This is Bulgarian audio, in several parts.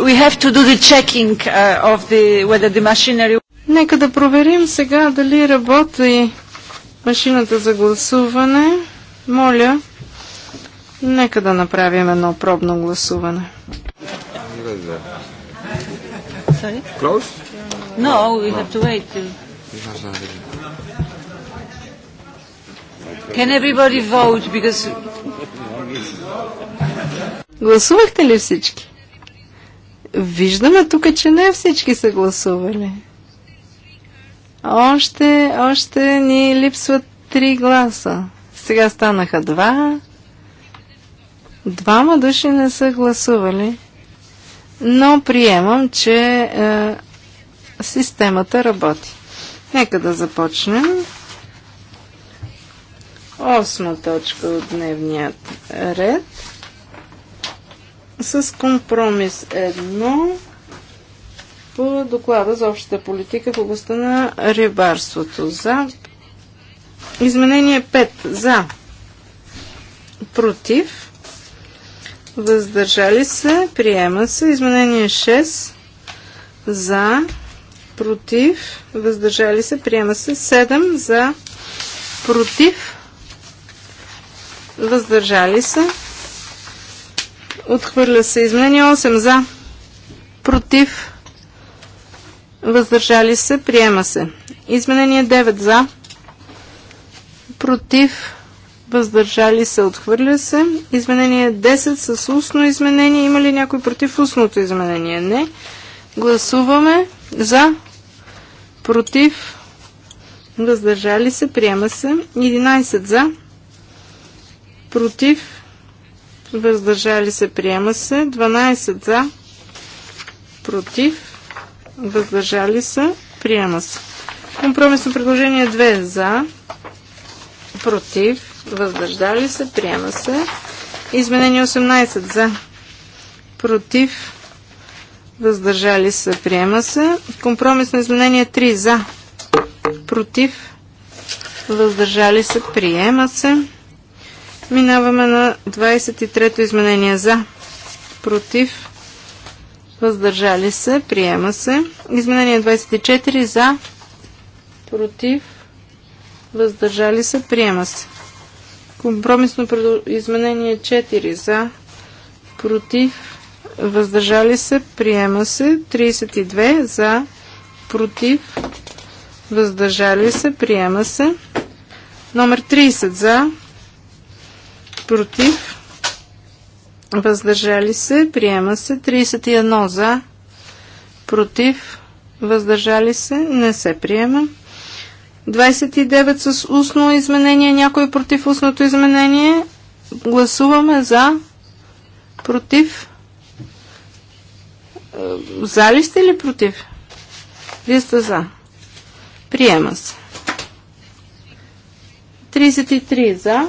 We have to do the checking uh, of the, whether the machinery... Нека да проверим сега дали работи машината за гласуване. Моля, нека да направим едно пробно гласуване. Close? No, we have to wait. Can everybody vote because... Гласувахте ли всички? Виждаме тук, че не всички са гласували. Още, още ни липсват три гласа. Сега станаха два. Двама души не са гласували. Но приемам, че е, системата работи. Нека да започнем. Осма точка от дневният ред с компромис 1 по доклада за общата политика в областта на рибарството. За. Изменение 5. За. Против. Въздържали се. Приема се. Изменение 6. За. Против. Въздържали се. Приема се. 7. За. Против. Въздържали се. Отхвърля се. Изменение 8 за. Против. Въздържали се. Приема се. Изменение 9 за. Против. Въздържали се. Отхвърля се. Изменение 10 с устно изменение. Има ли някой против устното изменение? Не. Гласуваме за. Против. Въздържали се. Приема се. 11 за. Против въздържали се, приема се. 12 за, против, въздържали се, приема се. Компромисно предложение 2 за, против, въздържали се, приема се. Изменение 18 за, против, въздържали се, приема се. Компромисно изменение 3 за, против, въздържали се, приема се. Минаваме на 23-то изменение за, против, въздържали се, приема се. Изменение 24 за, против, въздържали се, приема се. Компромисно изменение 4 за, против, въздържали се, приема се. 32 за, против, въздържали се, приема се. Номер 30 за, против, въздържали се, приема се. 31 за, против, въздържали се, не се приема. 29 с устно изменение, някой против устното изменение. Гласуваме за, против. За ли сте или против? Вие сте за. Приема се. 33 за,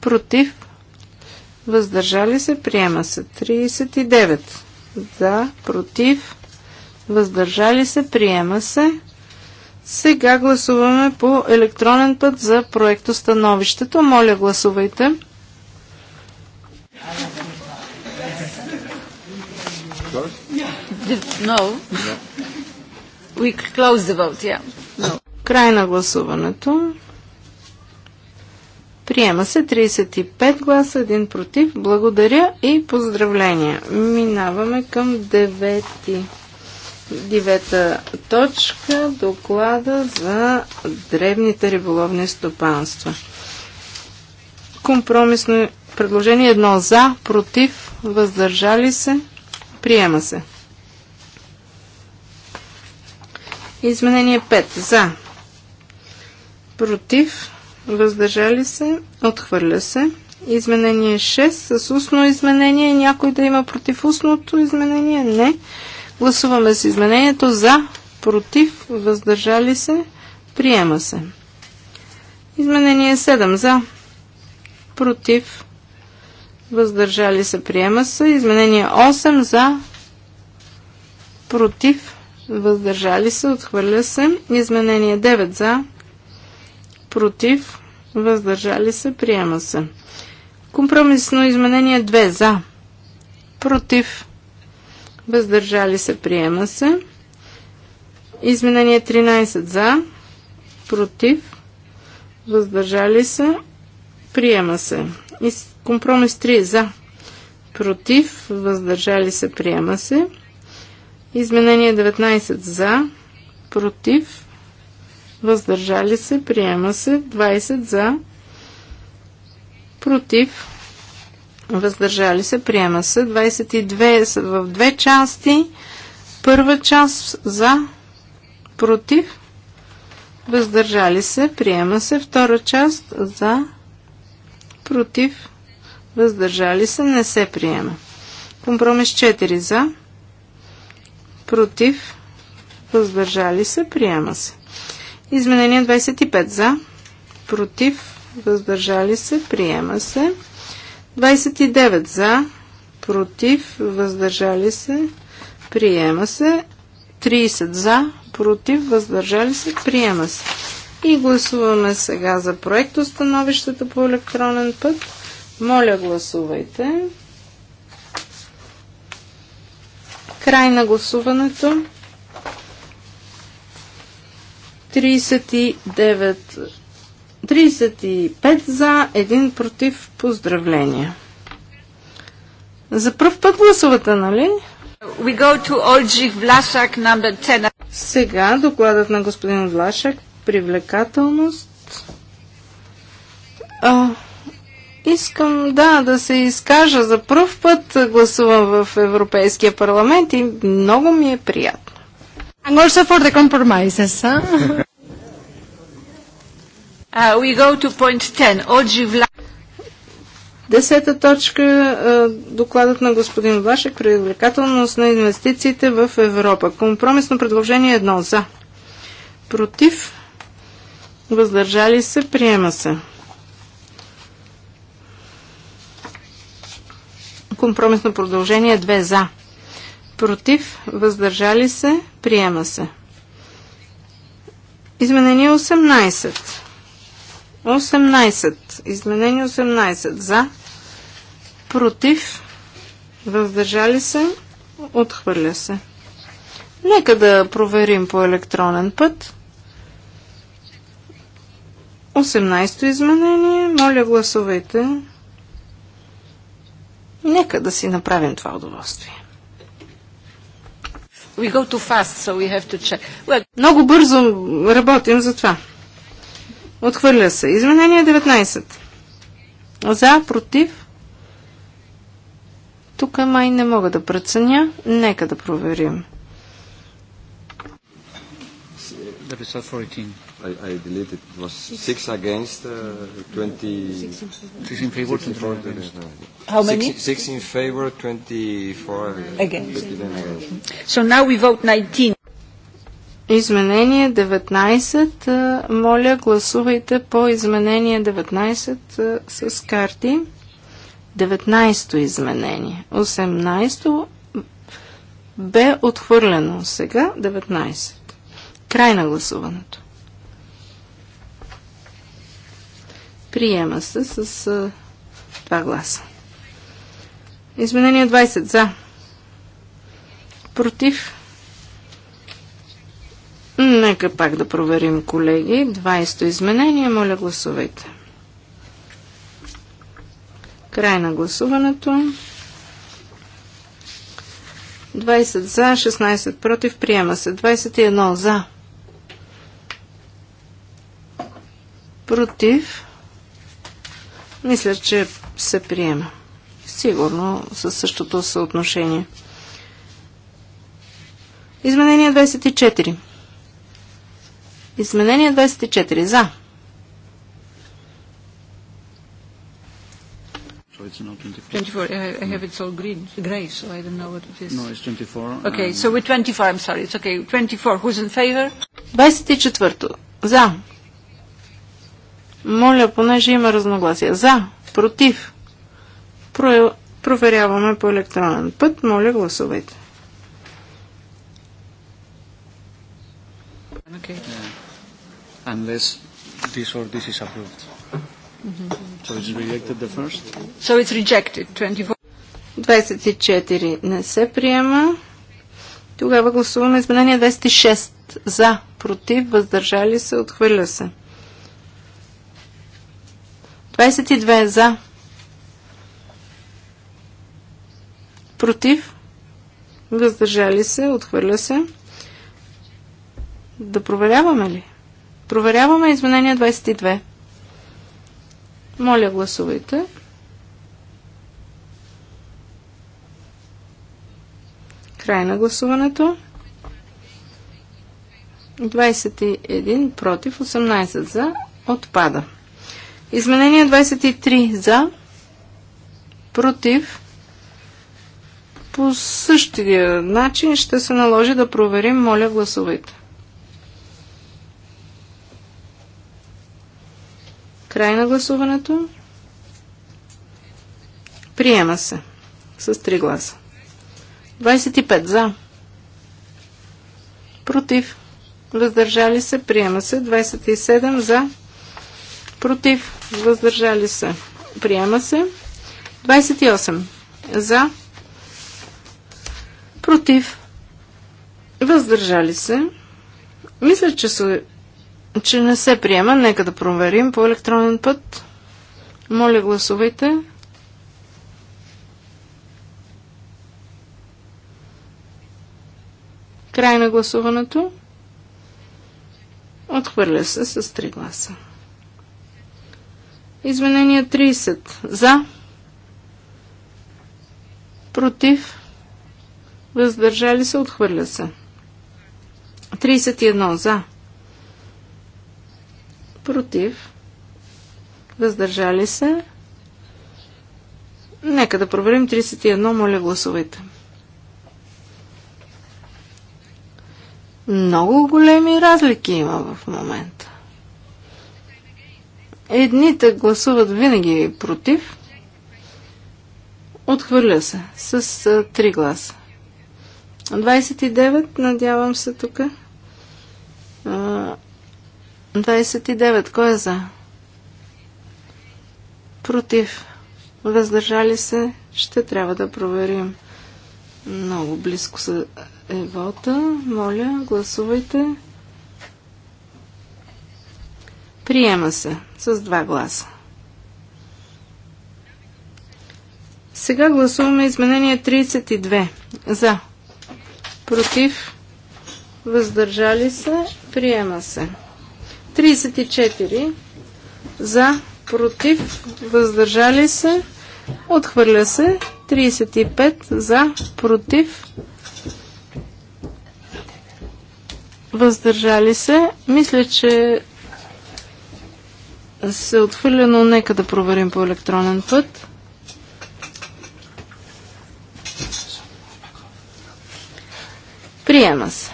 против, въздържали се, приема се. 39 за, против, въздържали се, приема се. Сега гласуваме по електронен път за становището. Моля, гласувайте. No. Vote, yeah. no. Край на гласуването. Приема се 35 гласа, 1 против. Благодаря и поздравления. Минаваме към 9. Девета точка доклада за древните риболовни стопанства. Компромисно предложение едно за, против, въздържали се, приема се. Изменение 5 за, против, въздържали се, отхвърля се. Изменение 6 с устно изменение. Някой да има против устното изменение? Не. Гласуваме с изменението за, против, въздържали се, приема се. Изменение 7 за, против, въздържали се, приема се. Изменение 8 за, против, въздържали се, отхвърля се. Изменение 9 за, против, против, въздържали се, приема се. Компромисно изменение 2 за, против, въздържали се, приема се. Изменение 13 за, против, въздържали се, приема се. Компромис 3 за, против, въздържали се, приема се. Изменение 19 за, против, въздържали се, приема се. 20 за, против, въздържали се, приема се. 22 са в две части. Първа част за, против, въздържали се, приема се. Втора част за, против, въздържали се, не се приема. Компромис 4 за, против, въздържали се, приема се. Изменение 25 за, против, въздържали се, приема се. 29 за, против, въздържали се, приема се. 30 за, против, въздържали се, приема се. И гласуваме сега за проект, установището по електронен път. Моля, гласувайте. Край на гласуването. 39, 35 за, 1 против. Поздравления. За първ път гласувате, нали? We go to Olgich Vlasak, number 10. Сега докладът на господин Влашак. Привлекателност. А, искам, да, да се изкажа. За първ път гласувам в Европейския парламент и много ми е приятно. And also for the compromises. Huh? uh, we go to point 10. Одживля... Десета точка е, докладът на господин Влашек привлекателност на инвестициите в Европа. Компромисно предложение едно за. Против. Въздържали се. Приема се. Компромисно предложение две за против, въздържали се, приема се. Изменение 18. 18. Изменение 18. За, против, въздържали се, отхвърля се. Нека да проверим по електронен път. 18-то изменение. Моля, гласувайте. Нека да си направим това удоволствие. We go too fast, so we have to check. Well... Много бързо работим за това. Отхвърля се. Изменение 19. За, против. Тук май не мога да преценя. Нека да проверим. 14. I, I deleted. It was six against, uh, 20. Six in favor. Six in favor. 24, no. How many? Six, six in favor, 24 against. against. So now we vote 19. Изменение 19. Моля, гласувайте по изменение 19 с карти. 19-то изменение. 18-то бе отхвърлено. Сега 19. Край на гласуването. Приема се с два гласа. Изменение 20 за. Против. Нека пак да проверим, колеги. 20-то изменение. Моля, гласувайте. Край на гласуването. 20 за, 16 против. Приема се. 21 за. Против. Мисля, че се приема. Сигурно със същото съотношение. Изменение 24. Изменение 24. За. it's not 24. 24. I, I have it's all green, grey, so I don't know what it is. No, it's 24. Okay, um, so we're 24. I'm sorry. It's okay. 24. Who's in favor? 24. За. Моля, понеже има разногласия. За, против. Про... Проверяваме по електронен път. Моля, гласувайте. Unless this or this is approved. So it's rejected the first? So it's rejected. 24. 24 не се приема. Тогава гласуваме изменение 26 за, против, въздържали се, отхвърля се. 22 за. Против. Въздържали се. Отхвърля се. Да проверяваме ли? Проверяваме изменение 22. Моля, гласувайте. Край на гласуването. 21 против, 18 за. Отпада. Изменение 23 за, против, по същия начин ще се наложи да проверим. Моля, гласовете. Край на гласуването. Приема се с 3 гласа. 25 за. Против. Въздържали се. Приема се. 27 за против, въздържали се, приема се. 28 за, против, въздържали се. Мисля, че, се, че не се приема. Нека да проверим по електронен път. Моля, гласувайте. Край на гласуването. Отхвърля се с 3 гласа. Изменение 30. За. Против. Въздържали се. Отхвърля се. 31. За. Против. Въздържали се. Нека да проверим 31. Моля, гласувайте. Много големи разлики има в момента. Едните гласуват винаги против. Отхвърля се с 3 гласа. 29, надявам се тук. 29, кой е за? Против. Въздържали се, ще трябва да проверим. Много близко са Евота. Моля, гласувайте. Приема се с два гласа. Сега гласуваме изменение 32. За. Против. Въздържали се. Приема се. 34. За. Против. Въздържали се. Отхвърля се. 35. За. Против. Въздържали се. Мисля, че се отхвърля, но нека да проверим по електронен път. Приема се.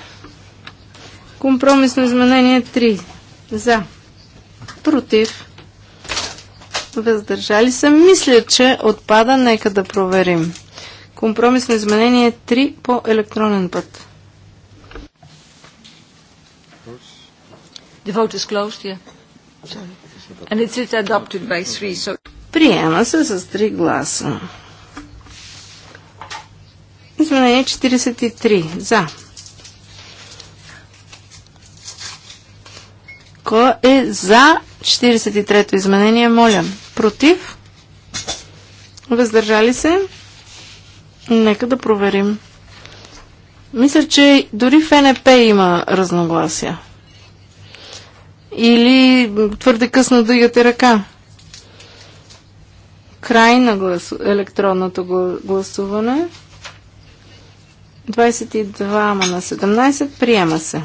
Компромисно изменение 3. За. Против. Въздържали се. Мисля, че отпада. Нека да проверим. Компромисно изменение 3 по електронен път. The vote is closed, yeah. Sorry. Three, so... Приема се с три гласа. Изменение 43. За. Кой е за 43-то изменение? Моля. Против? Въздържали се? Нека да проверим. Мисля, че дори в НП има разногласия или твърде късно дигате ръка. Край на глас... електронното гласуване. 22 на 17 приема се.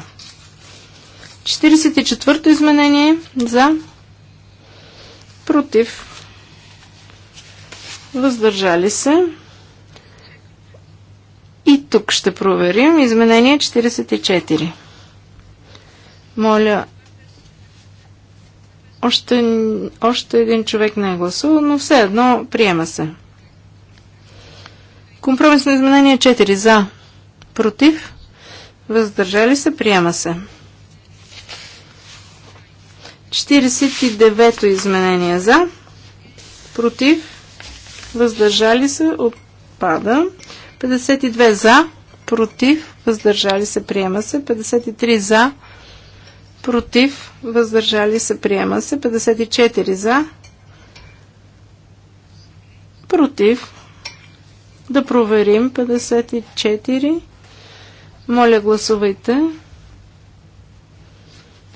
44-то изменение за против въздържали се и тук ще проверим изменение 44. Моля още, още един човек не е гласувал, но все едно приема се. Компромисно изменение 4 за, против, въздържали се, приема се. 49-то изменение за, против, въздържали се, отпада. 52 за, против, въздържали се, приема се. 53 за, против, против, въздържали се, приема се. 54 за, против, да проверим 54. Моля, гласувайте.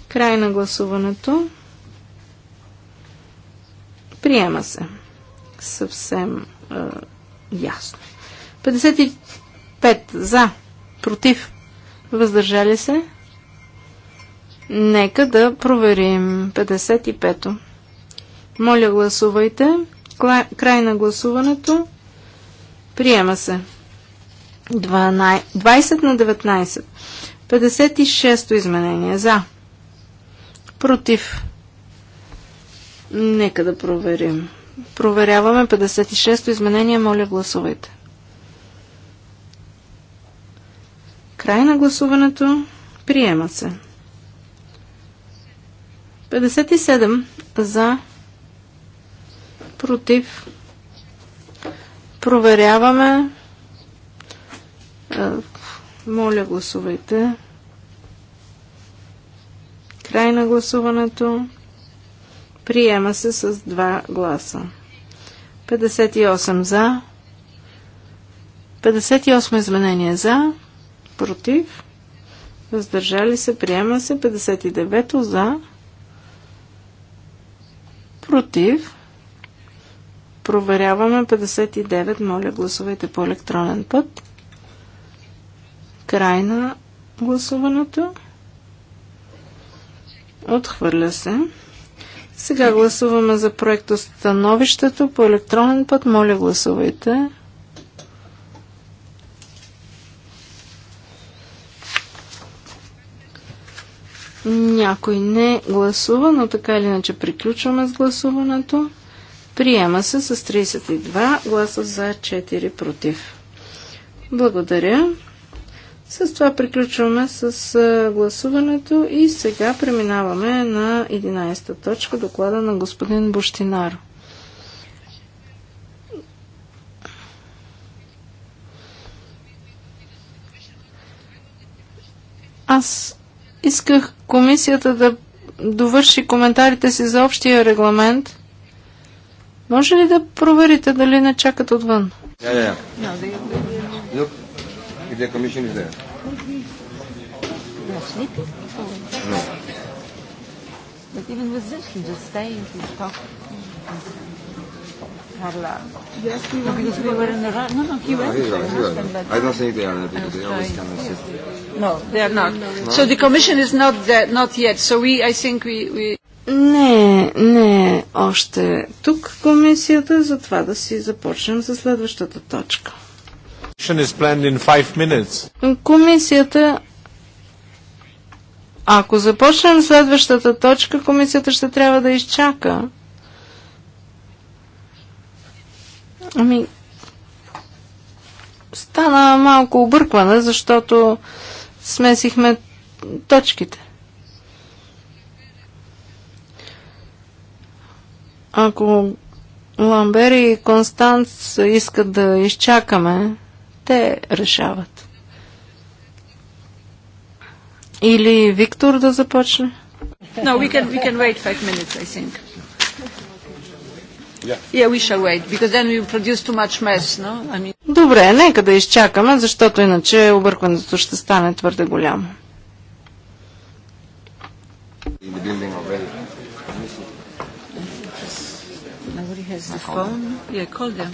Край на гласуването. Приема се. Съвсем е, ясно. 55 за, против, въздържали се, Нека да проверим 55-то. Моля гласувайте. Край на гласуването. Приема се. 20 на 19. 56-то изменение. За. Против. Нека да проверим. Проверяваме 56-то изменение. Моля гласувайте. Край на гласуването. Приема се. 57 за, против. Проверяваме. Е, моля, гласувайте. Край на гласуването. Приема се с 2 гласа. 58 за. 58 изменение за. Против. Въздържали се. Приема се. 59 за Против. Проверяваме 59. Моля, гласувайте по електронен път. Край на гласуването. Отхвърля се. Сега гласуваме за проекта становището по електронен път. Моля, гласувайте. Някой не гласува, но така или иначе приключваме с гласуването. Приема се с 32 гласа за 4 против. Благодаря. С това приключваме с гласуването и сега преминаваме на 11-та точка доклада на господин Буштинар. Аз Исках комисията да довърши коментарите си за общия регламент. Може ли да проверите дали не чакат отвън? Yeah, yeah. No, they, they... Look, if the commission is there. No. But even with this, you just stay and you talk parlando. Yes, we no, because we were in a rush. No, no, he went. He went. I don't think they are because they always can assist. No, they are not. No? So the commission is not there, not yet. So we, I think we, we... Не, не, още тук комисията, затова да си започнем за следващата точка. Комисията ако започнем следващата точка, комисията ще трябва да изчака. Ами, стана малко объркване, защото смесихме точките. Ако Ламбер и Констанц искат да изчакаме, те решават. Или Виктор да започне? No, we can, we can wait five minutes, I think. Добре, нека да изчакаме, защото иначе объркването ще стане твърде голямо. Nobody has the phone. Yeah, call them.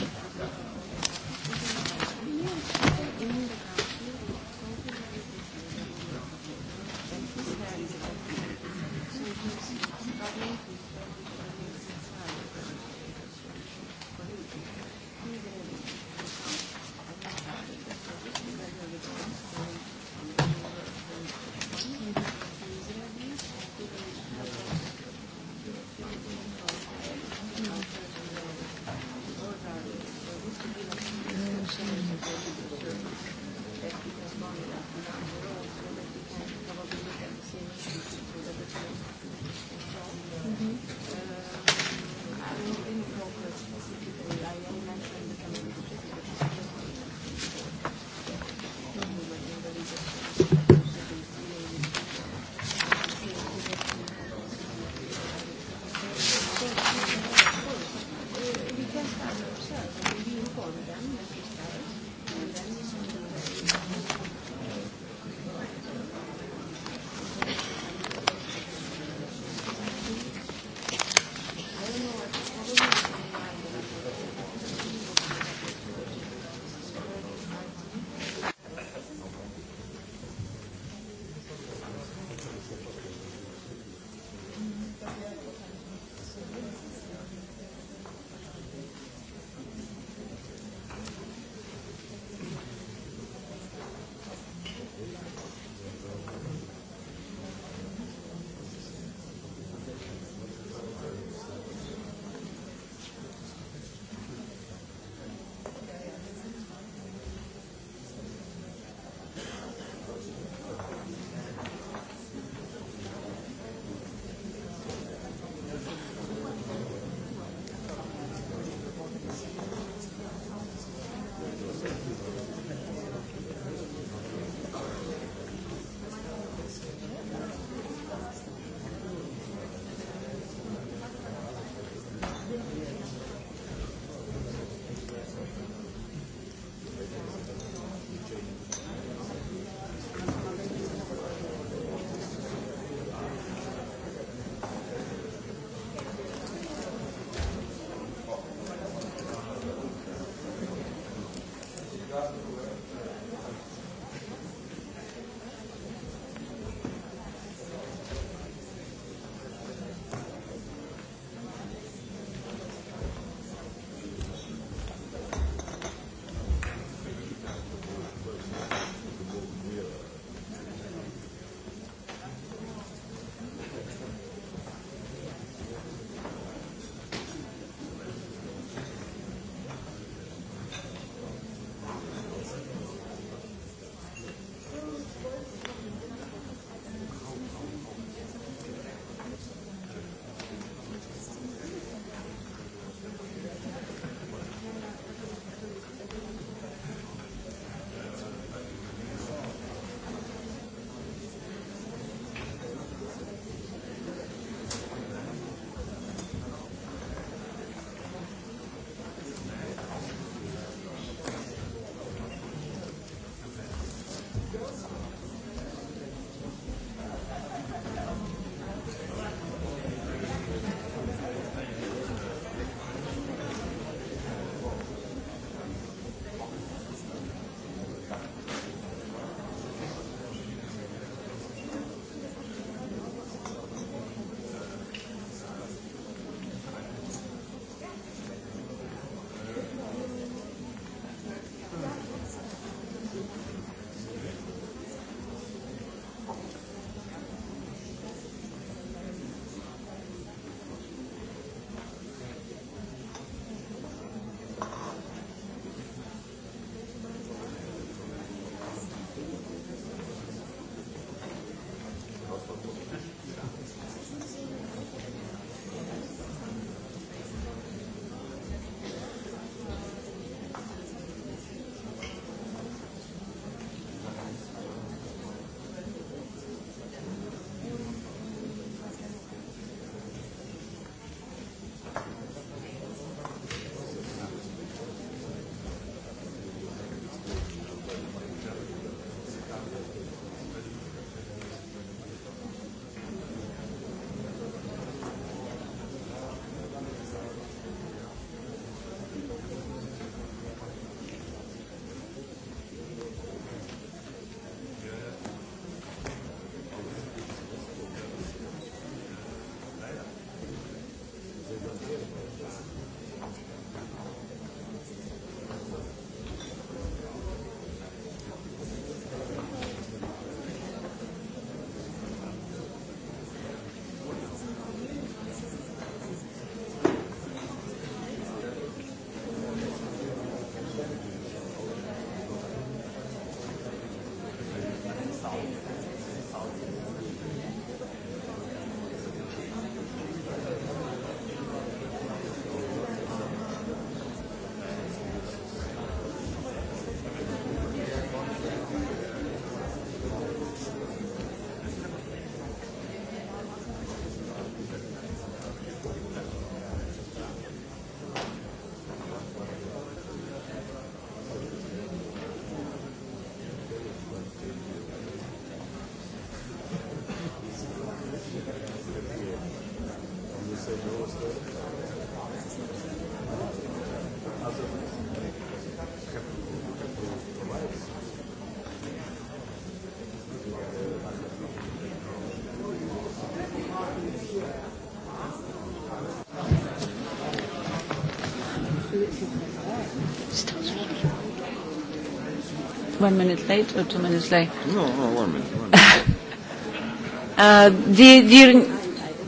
one minute late or two minutes late? No, no, one minute. One minute. uh, dear, dear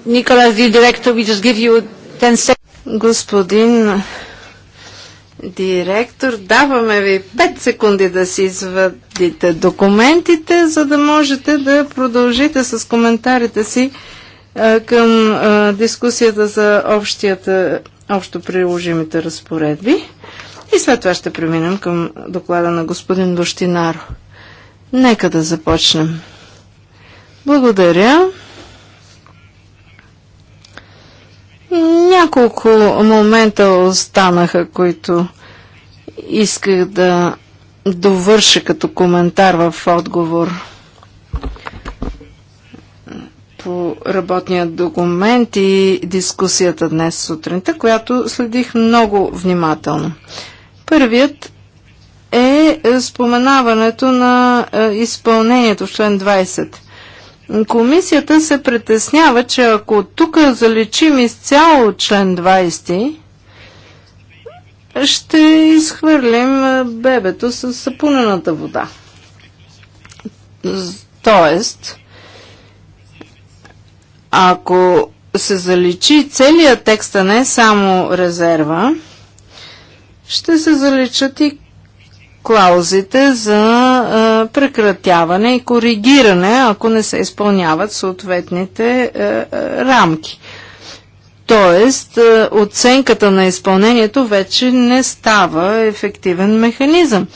Nicholas, dear director, we just give you 10 seconds. Господин директор, даваме ви 5 секунди да си извадите документите, за да можете да продължите с коментарите си а, е, към а, е, дискусията за общията, общо приложимите разпоредби след това ще преминем към доклада на господин Бощинаро. Нека да започнем. Благодаря. Няколко момента останаха, които исках да довърша като коментар в отговор по работния документ и дискусията днес сутринта, която следих много внимателно. Първият е, е споменаването на е, изпълнението в член 20. Комисията се притеснява, че ако тук заличим изцяло член 20, ще изхвърлим е, бебето с сапунената вода. Тоест, ако се заличи целият текст, а не само резерва, ще се заличат и клаузите за прекратяване и коригиране, ако не се изпълняват съответните е, е, рамки. Тоест, е, оценката на изпълнението вече не става ефективен механизъм.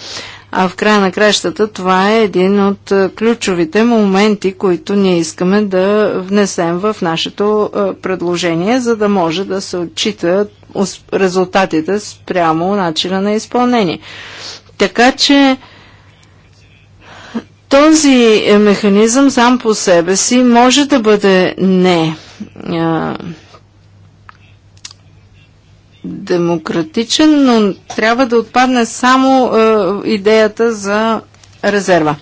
А в края на кращата това е един от ключовите моменти, които ние искаме да внесем в нашето предложение, за да може да се отчитат резултатите спрямо начина на изпълнение. Така че този механизъм сам по себе си може да бъде не а, демократичен, но трябва да отпадне само а, идеята за резерва.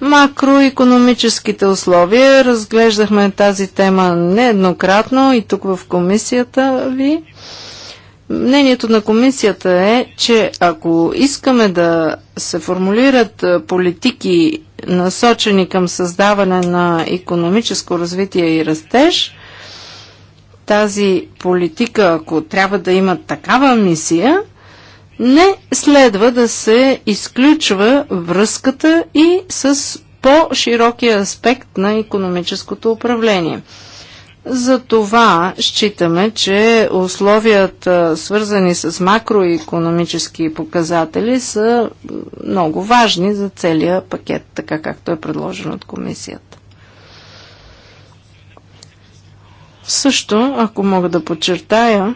Макроекономическите условия. Разглеждахме тази тема нееднократно и тук в комисията ви. Мнението на комисията е, че ако искаме да се формулират политики насочени към създаване на економическо развитие и растеж, тази политика, ако трябва да има такава мисия, не следва да се изключва връзката и с по-широкия аспект на економическото управление – за това считаме, че условията, свързани с макроекономически показатели, са много важни за целия пакет, така както е предложен от комисията. Също, ако мога да подчертая,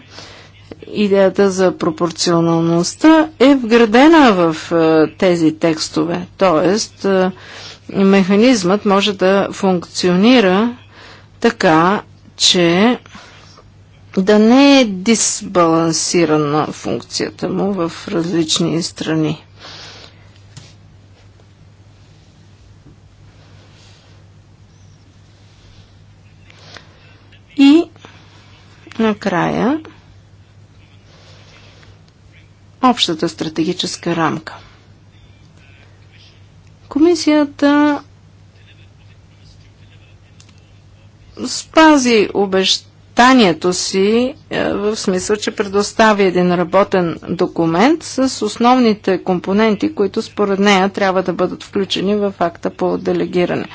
идеята за пропорционалността е вградена в е, тези текстове. Тоест, е, механизмът може да функционира така, че да не е дисбалансирана функцията му в различни страни. И накрая общата стратегическа рамка. Комисията спази обещанието си е, в смисъл, че предостави един работен документ с основните компоненти, които според нея трябва да бъдат включени в акта по делегиране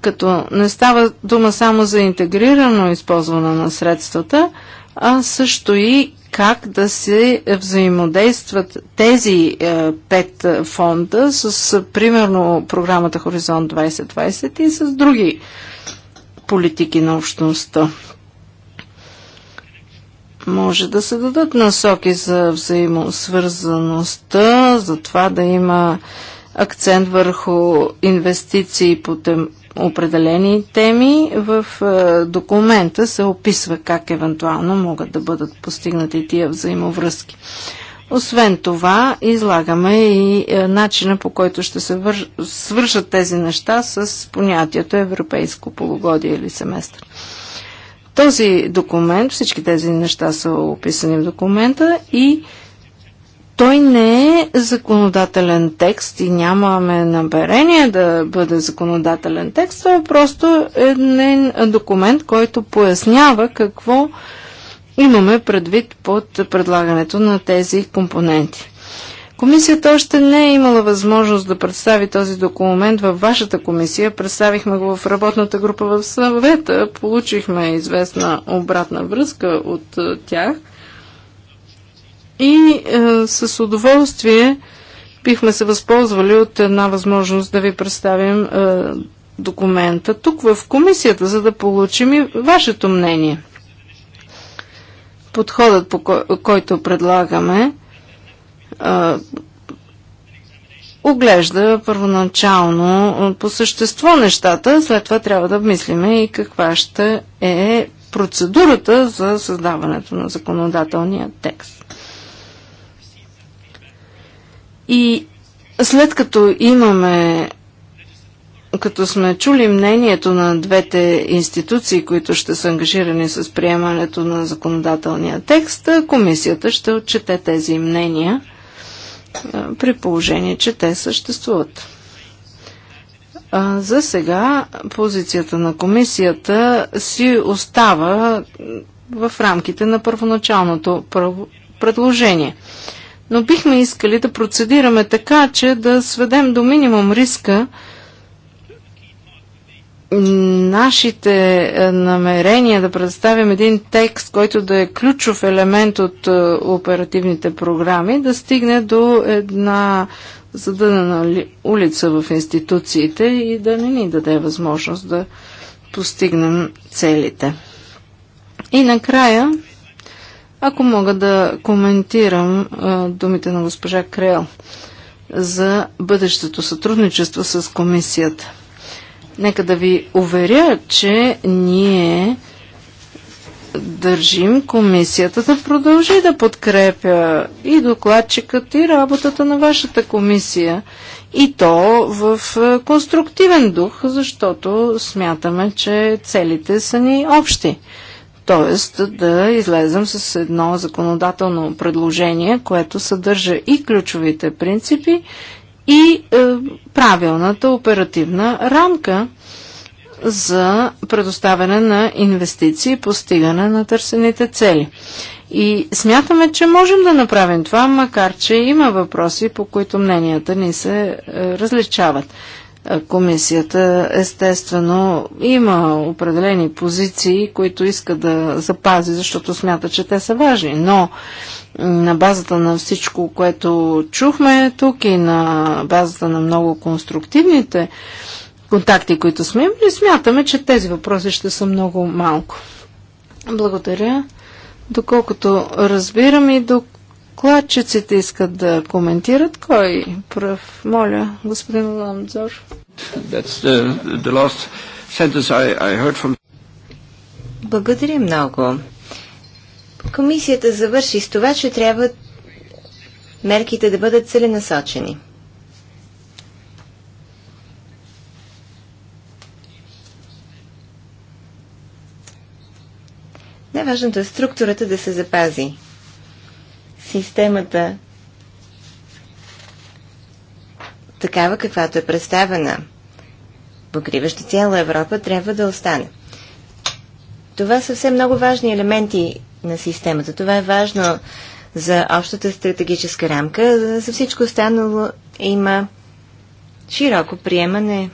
като не става дума само за интегрирано използване на средствата, а също и как да се взаимодействат тези е, пет фонда с, примерно, програмата Хоризонт 2020 и с други политики на общността. Може да се дадат насоки за взаимосвързаността, за това да има акцент върху инвестиции по тем, определени теми. В е, документа се описва как евентуално могат да бъдат постигнати тия взаимовръзки. Освен това, излагаме и е, начина по който ще се свършат тези неща с понятието европейско полугодие или семестър. Този документ, всички тези неща са описани в документа и той не е законодателен текст и нямаме намерение да бъде законодателен текст, Той е просто един документ, който пояснява какво имаме предвид под предлагането на тези компоненти. Комисията още не е имала възможност да представи този документ във вашата комисия. Представихме го в работната група в съвета. Получихме известна обратна връзка от е, тях. И е, с удоволствие бихме се възползвали от една възможност да ви представим е, документа тук в комисията, за да получим и вашето мнение подходът, по кой, който предлагаме, а, оглежда първоначално по същество нещата, след това трябва да обмислиме и каква ще е процедурата за създаването на законодателния текст. И след като имаме като сме чули мнението на двете институции, които ще са ангажирани с приемането на законодателния текст, комисията ще отчете тези мнения при положение, че те съществуват. За сега позицията на комисията си остава в рамките на първоначалното предложение. Но бихме искали да процедираме така, че да сведем до минимум риска, нашите е, намерения да представим един текст, който да е ключов елемент от е, оперативните програми, да стигне до една задънена улица в институциите и да не ни даде възможност да постигнем целите. И накрая, ако мога да коментирам е, думите на госпожа Крел за бъдещето сътрудничество с комисията – Нека да ви уверя, че ние държим комисията да продължи да подкрепя и докладчикът, и работата на вашата комисия. И то в е, конструктивен дух, защото смятаме, че целите са ни общи. Тоест да излезем с едно законодателно предложение, което съдържа и ключовите принципи, и е, правилната оперативна рамка за предоставяне на инвестиции и постигане на търсените цели. И смятаме, че можем да направим това, макар че има въпроси, по които мненията ни се е, различават. Комисията естествено има определени позиции, които иска да запази, защото смята, че те са важни. Но на базата на всичко, което чухме тук и на базата на много конструктивните контакти, които сме имали, смятаме, че тези въпроси ще са много малко. Благодаря. Доколкото разбирам и до Докладчиците искат да коментират. Кой пръв? Моля, господин Ламзор. Благодаря много. Комисията завърши с това, че трябва мерките да бъдат целенасочени. Най-важното е структурата да се запази системата такава, каквато е представена, покриваща цяла Европа, трябва да остане. Това са все много важни елементи на системата. Това е важно за общата стратегическа рамка. За всичко останало има широко приемане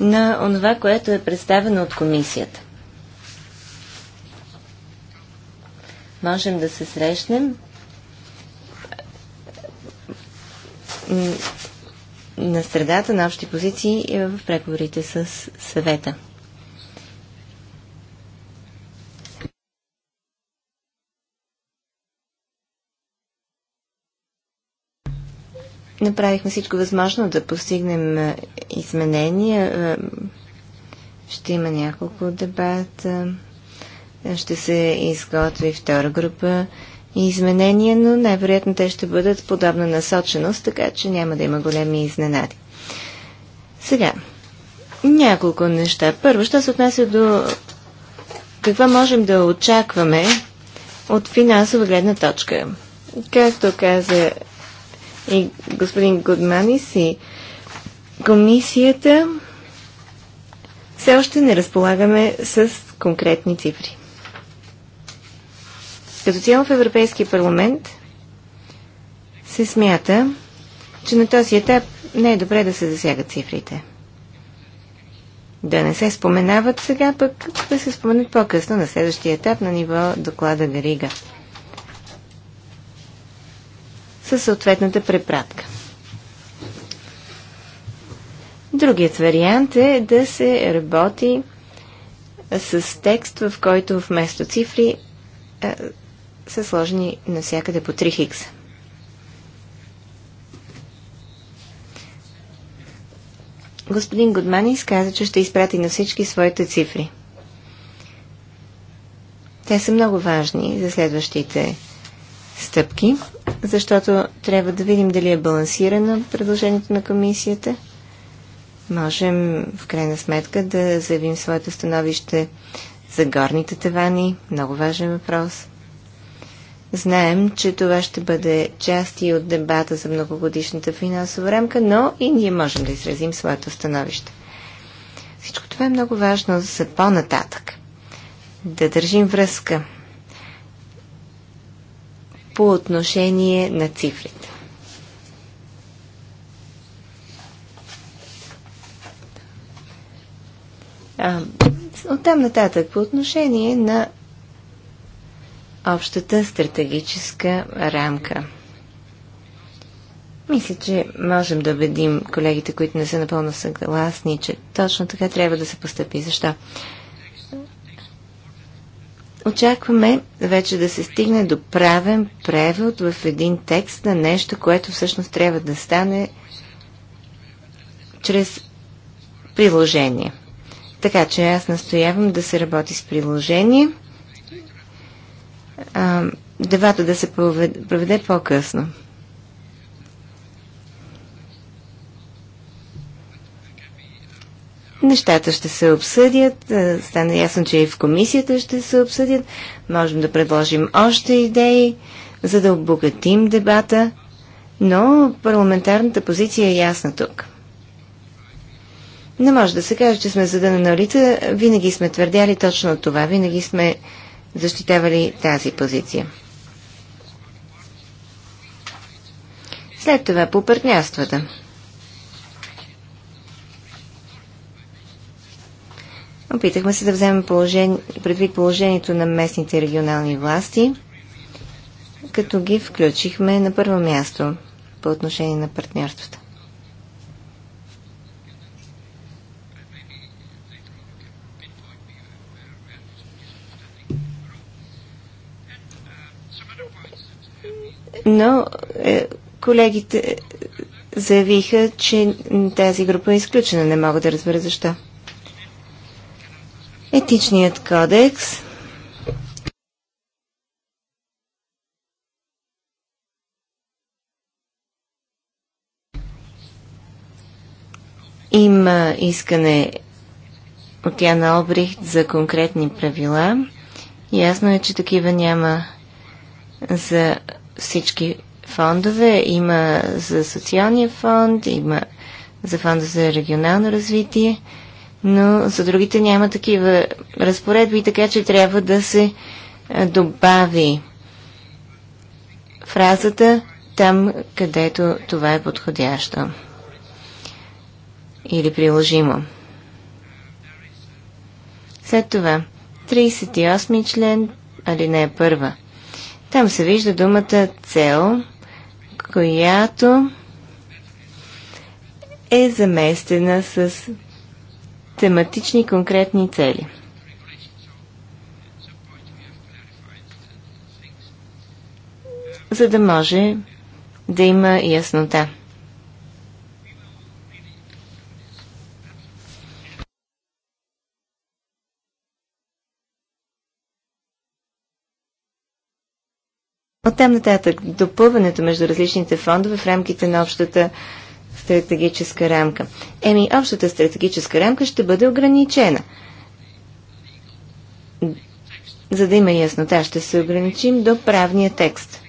на онова, което е представено от комисията. можем да се срещнем на средата на общи позиции е в преговорите с съвета. Направихме всичко възможно да постигнем е, изменения. Е, ще има няколко дебата ще се изготви втора група изменения, но най-вероятно те ще бъдат подобна насоченост, така че няма да има големи изненади. Сега, няколко неща. Първо, що се отнася до какво можем да очакваме от финансова гледна точка. Както каза и господин Гудманис и комисията, все още не разполагаме с конкретни цифри. Като цяло в Европейския парламент се смята, че на този етап не е добре да се засягат цифрите. Да не се споменават сега, пък да се споменат по-късно на следващия етап на ниво доклада Гарига. Със съответната препратка. Другият вариант е да се работи с текст, в който вместо цифри са сложени навсякъде по 3 хикса. Господин Гудманис каза, че ще изпрати на всички своите цифри. Те са много важни за следващите стъпки, защото трябва да видим дали е балансирано предложението на комисията. Можем в крайна сметка да заявим своето становище за горните тавани. Много важен въпрос. Знаем, че това ще бъде част и от дебата за многогодишната финансова рамка, но и ние можем да изразим своето становище. Всичко това е много важно за по-нататък. Да държим връзка по отношение на цифрите. А, оттам нататък по отношение на общата стратегическа рамка. Мисля, че можем да убедим колегите, които не са напълно съгласни, че точно така трябва да се постъпи. Защо? Очакваме вече да се стигне до правен превод в един текст на нещо, което всъщност трябва да стане чрез приложение. Така че аз настоявам да се работи с приложение – а, дебата да се проведе, проведе по-късно. Нещата ще се обсъдят. Стана ясно, че и в комисията ще се обсъдят. Можем да предложим още идеи, за да обогатим дебата, но парламентарната позиция е ясна тук. Не може да се каже, че сме задънена улица. Винаги сме твърдяли точно това. Винаги сме защитавали тази позиция. След това по партньорствата. Опитахме се да вземем положение, предвид положението на местните регионални власти, като ги включихме на първо място по отношение на партньорствата. но е, колегите заявиха, че тази група е изключена. Не мога да разбера защо. Етичният кодекс. Има искане от Яна Обрихт за конкретни правила. Ясно е, че такива няма за всички фондове. Има за социалния фонд, има за фонда за регионално развитие, но за другите няма такива разпоредби, така че трябва да се добави фразата там, където това е подходящо или приложимо. След това, 38 член, алинея е първа – там се вижда думата цел, която е заместена с тематични конкретни цели. За да може да има яснота. Оттам нататък допълването между различните фондове в рамките на общата стратегическа рамка. Еми, общата стратегическа рамка ще бъде ограничена. За да има яснота, ще се ограничим до правния текст.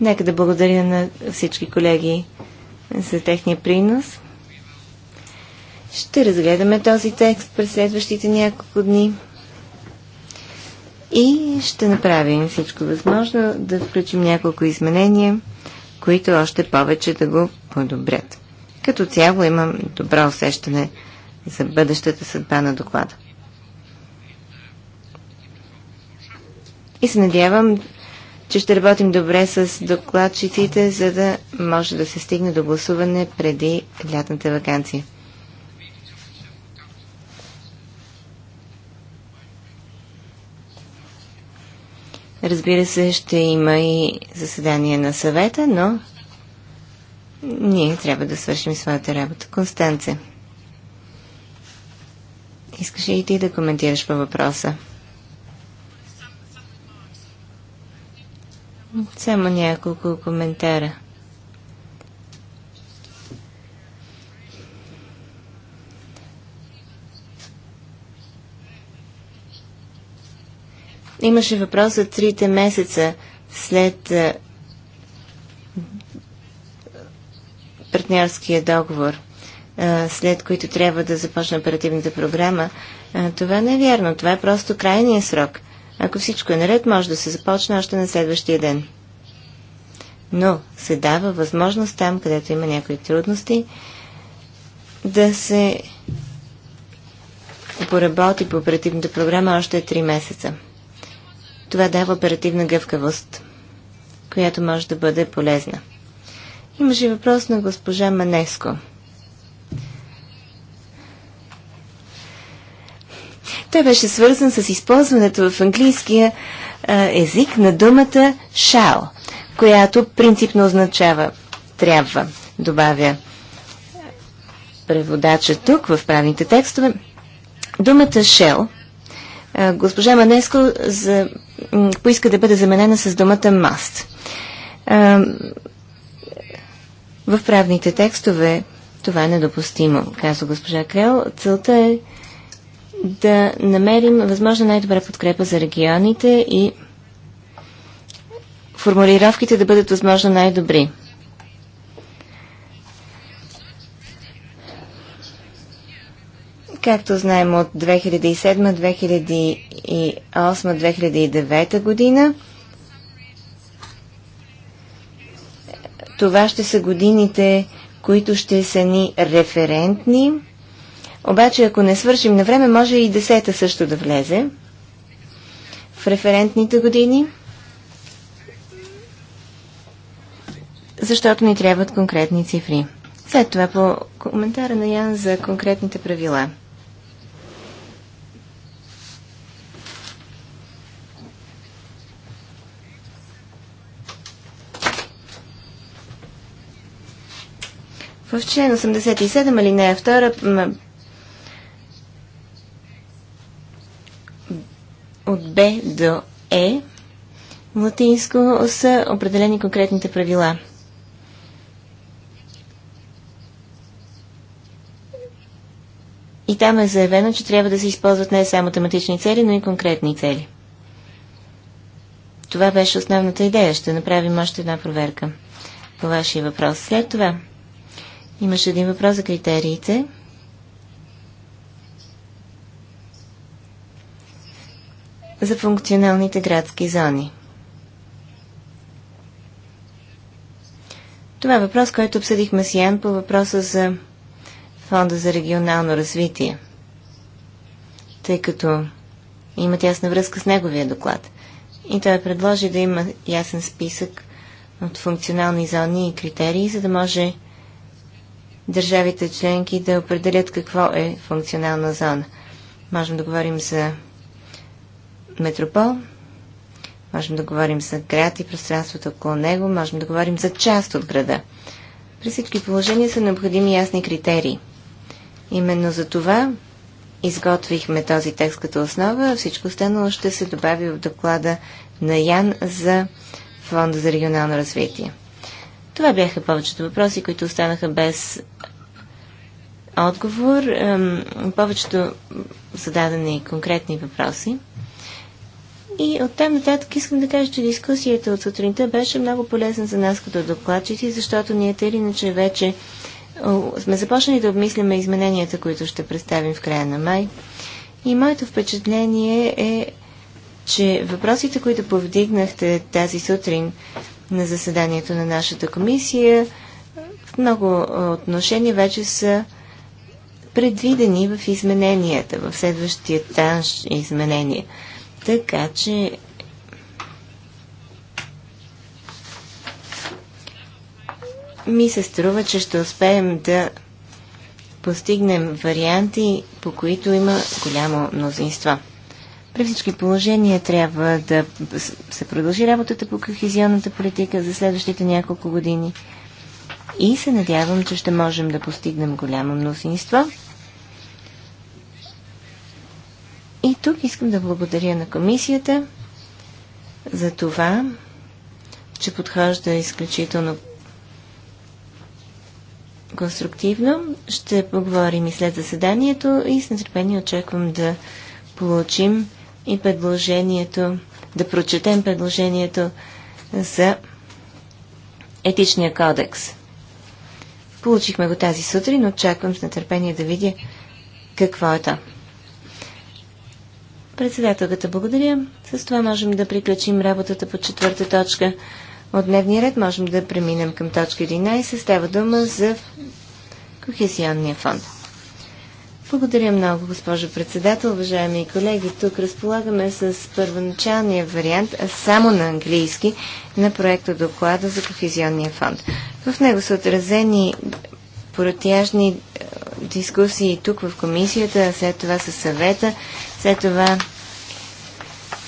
Нека да благодаря на всички колеги за техния принос. Ще разгледаме този текст през следващите няколко дни и ще направим всичко възможно да включим няколко изменения, които още повече да го подобрят. Като цяло имам добро усещане за бъдещата съдба на доклада. И се надявам, че ще работим добре с докладчиците, за да може да се стигне до гласуване преди лятната вакансия. Разбира се, ще има и заседание на съвета, но ние трябва да свършим своята работа. Констанце, искаш ли и ти да коментираш по въпроса? Само няколко коментара. Имаше въпрос за трите месеца след е, партньорския договор, е, след които трябва да започне оперативната програма. Е, това не е вярно. Това е просто крайния срок. Ако всичко е наред, може да се започне още на следващия ден. Но се дава възможност там, където има някои трудности, да се поработи по оперативната програма още 3 месеца. Това дава оперативна гъвкавост, която може да бъде полезна. Имаше въпрос на госпожа Манеско. Той беше свързан с използването в английския а, език на думата shall, която принципно означава трябва, добавя преводача тук в правните текстове. Думата shall, а, госпожа Манеско за поиска да бъде заменена с думата must. В правните текстове това е недопустимо, казва госпожа Крел. Целта е да намерим възможно най-добра подкрепа за регионите и формулировките да бъдат възможно най-добри. Както знаем от 2007, 2008, 2009 година, това ще са годините, които ще са ни референтни. Обаче, ако не свършим на време, може и десета също да влезе в референтните години, защото ни трябват конкретни цифри. След това по коментара на Ян за конкретните правила. В член 87 алинея 2 от Б до Е в латинско са определени конкретните правила. И там е заявено, че трябва да се използват не само тематични цели, но и конкретни цели. Това беше основната идея. Ще направим още една проверка по вашия въпрос. След това Имаше един въпрос за критериите. За функционалните градски зони. Това е въпрос, който обсъдихме с Ян по въпроса за Фонда за регионално развитие, тъй като има тясна връзка с неговия доклад. И той предложи да има ясен списък от функционални зони и критерии, за да може държавите членки да определят какво е функционална зона. Можем да говорим за метропол, можем да говорим за град и пространството около него, можем да говорим за част от града. При всички положения са необходими ясни критерии. Именно за това изготвихме този текст като основа, а всичко останало ще се добави в доклада на Ян за Фонда за регионално развитие. Това бяха повечето въпроси, които останаха без отговор. Повечето зададени конкретни въпроси. И оттам нататък искам да кажа, че дискусията от сутринта беше много полезна за нас като докладчици, защото ние те или иначе вече сме започнали да обмисляме измененията, които ще представим в края на май. И моето впечатление е, че въпросите, които повдигнахте тази сутрин на заседанието на нашата комисия в много отношения вече са предвидени в измененията, в следващия танж изменения. Така че ми се струва, че ще успеем да постигнем варианти, по които има голямо мнозинство. При всички положения трябва да се продължи работата по кохезионната политика за следващите няколко години. И се надявам, че ще можем да постигнем голямо мнозинство. И тук искам да благодаря на комисията за това, че подхожда изключително конструктивно. Ще поговорим и след заседанието и с нетърпение очаквам да получим и предложението, да прочетем предложението за етичния кодекс. Получихме го тази сутрин, очаквам с нетърпение да видя какво е то. Председателката благодаря. С това можем да приключим работата по четвърта точка. От дневния ред можем да преминем към точка 11. Става дума за Кохезионния фонд. Благодаря много, госпожо председател, уважаеми колеги. Тук разполагаме с първоначалния вариант, а само на английски, на проекта доклада за Кохезионния фонд. В него са отразени протяжни е, дискусии тук в комисията, след това със съвета, след това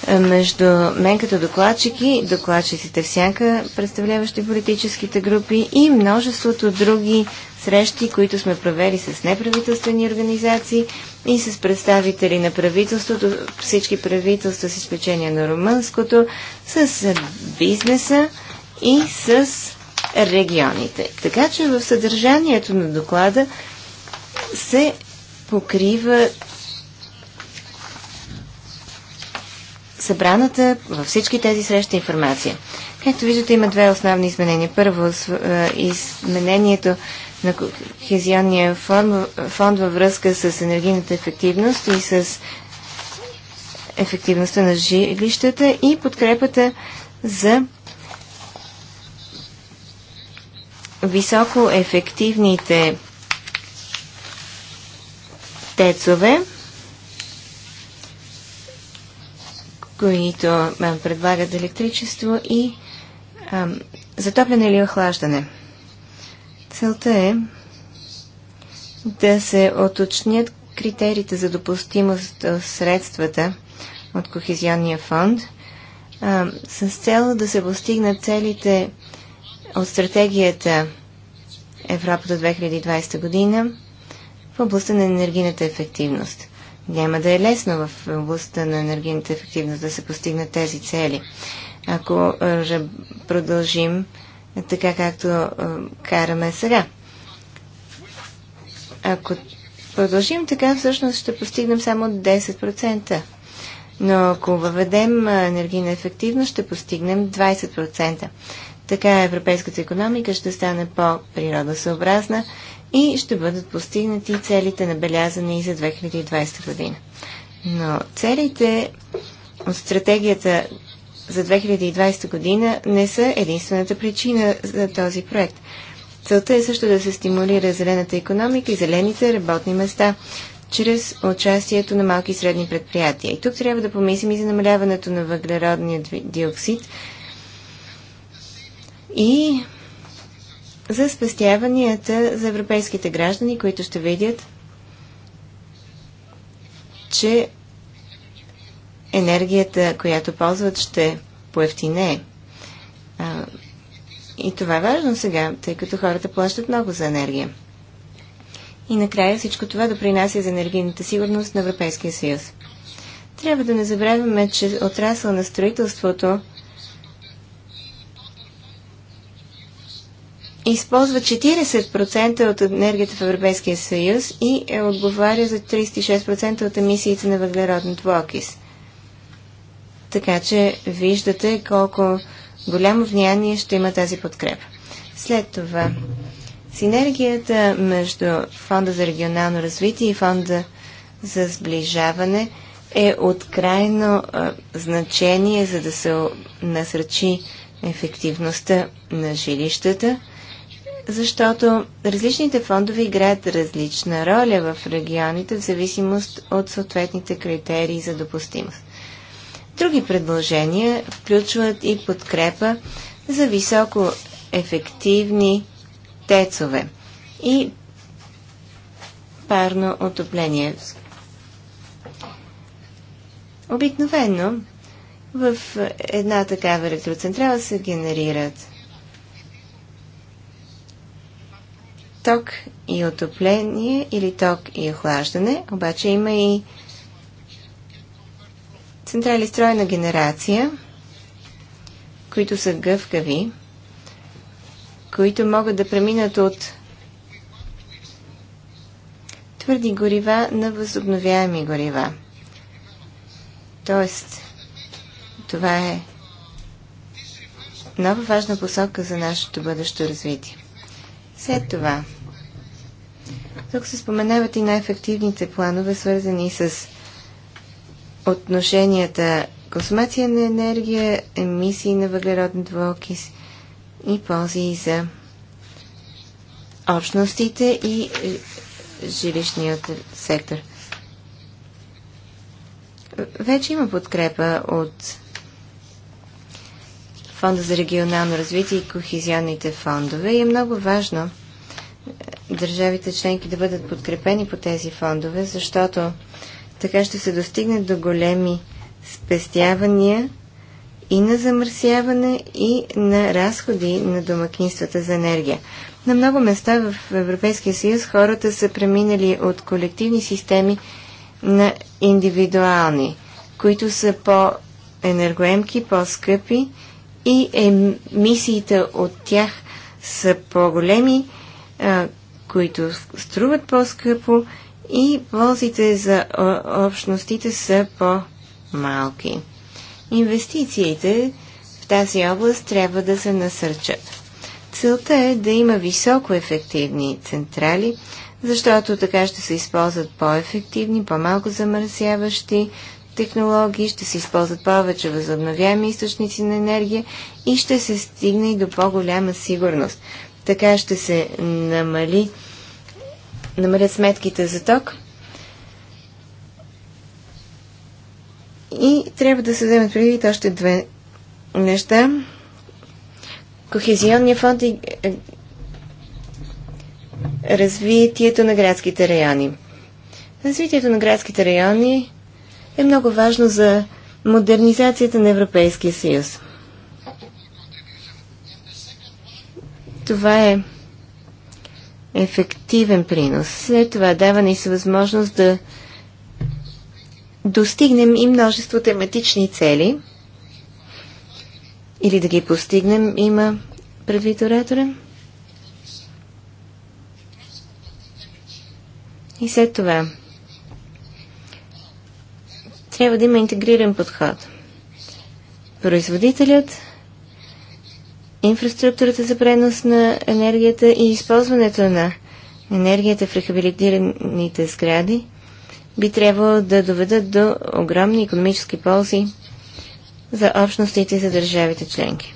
между мен като докладчик и докладчиците в сянка, представляващи политическите групи и множеството други срещи, които сме провели с неправителствени организации и с представители на правителството, всички правителства с изключение на румънското, с бизнеса и с регионите. Така че в съдържанието на доклада се покриват събраната във всички тези срещи информация. Както виждате, има две основни изменения. Първо, изменението на Кохезионния фонд, фонд във връзка с енергийната ефективност и с ефективността на жилищата и подкрепата за високо ефективните тецове които предлагат електричество и а, затопляне или охлаждане. Целта е да се оточнят критериите за допустимост от средствата от Кохезионния фонд а, с цел да се постигнат целите от стратегията Европа до 2020 година в областта на енергийната ефективност. Няма да е лесно в областта на енергийната ефективност да се постигнат тези цели. Ако продължим така както караме сега. Ако продължим така, всъщност ще постигнем само 10%. Но ако въведем енергийна ефективност, ще постигнем 20%. Така европейската економика ще стане по-природосъобразна и ще бъдат постигнати целите набелязани за 2020 година. Но целите от стратегията за 2020 година не са единствената причина за този проект. Целта е също да се стимулира зелената економика и зелените работни места чрез участието на малки и средни предприятия. И тук трябва да помислим и за намаляването на въглеродния диоксид и за спестяванията за европейските граждани, които ще видят, че енергията, която ползват, ще поевтине. И това е важно сега, тъй като хората плащат много за енергия. И накрая всичко това допринася за енергийната сигурност на Европейския съюз. Трябва да не забравяме, че отрасъл на строителството – използва 40% от енергията в Европейския съюз и е отговаря за 36% от емисиите на въглероден двуокис. Така че виждате колко голямо влияние ще има тази подкрепа. След това, синергията между Фонда за регионално развитие и Фонда за сближаване е от крайно а, значение, за да се насръчи ефективността на жилищата – защото различните фондове играят различна роля в регионите в зависимост от съответните критерии за допустимост. Други предложения включват и подкрепа за високо ефективни тецове и парно отопление. Обикновено в една такава електроцентрала се генерират ток и отопление или ток и охлаждане, обаче има и централи стройна генерация, които са гъвкави, които могат да преминат от твърди горива на възобновяеми горива. Тоест, това е нова важна посока за нашето бъдещо развитие. След това, тук се споменават и най-ефективните планове, свързани с отношенията консумация на енергия, емисии на въглероден двуокис и ползи за общностите и е, жилищният сектор. Вече има подкрепа от Фонда за регионално развитие и кохезионните фондове и е много важно е, държавите членки да бъдат подкрепени по тези фондове, защото така ще се достигне до големи спестявания и на замърсяване, и на разходи на домакинствата за енергия. На много места в Европейския съюз хората са преминали от колективни системи на индивидуални, които са по-енергоемки, по-скъпи и емисиите от тях са по-големи, които струват по-скъпо и ползите за общностите са по-малки. Инвестициите в тази област трябва да се насърчат. Целта е да има високо ефективни централи, защото така ще се използват по-ефективни, по-малко замърсяващи технологии, ще се използват повече възобновяеми източници на енергия и ще се стигне и до по-голяма сигурност. Така ще се намали, намалят сметките за ток. И трябва да се вземат предвид още две неща. Кохезионния фонд и е, развитието на градските райони. Развитието на градските райони е много важно за модернизацията на Европейския съюз. Това е ефективен принос. След това дава ни се възможност да достигнем и множество тематични цели или да ги постигнем, има предвид оратора. И след това трябва да има интегриран подход. Производителят, инфраструктурата за пренос на енергията и използването на енергията в рехабилитираните сгради би трябвало да доведат до огромни економически ползи за общностите и за държавите членки.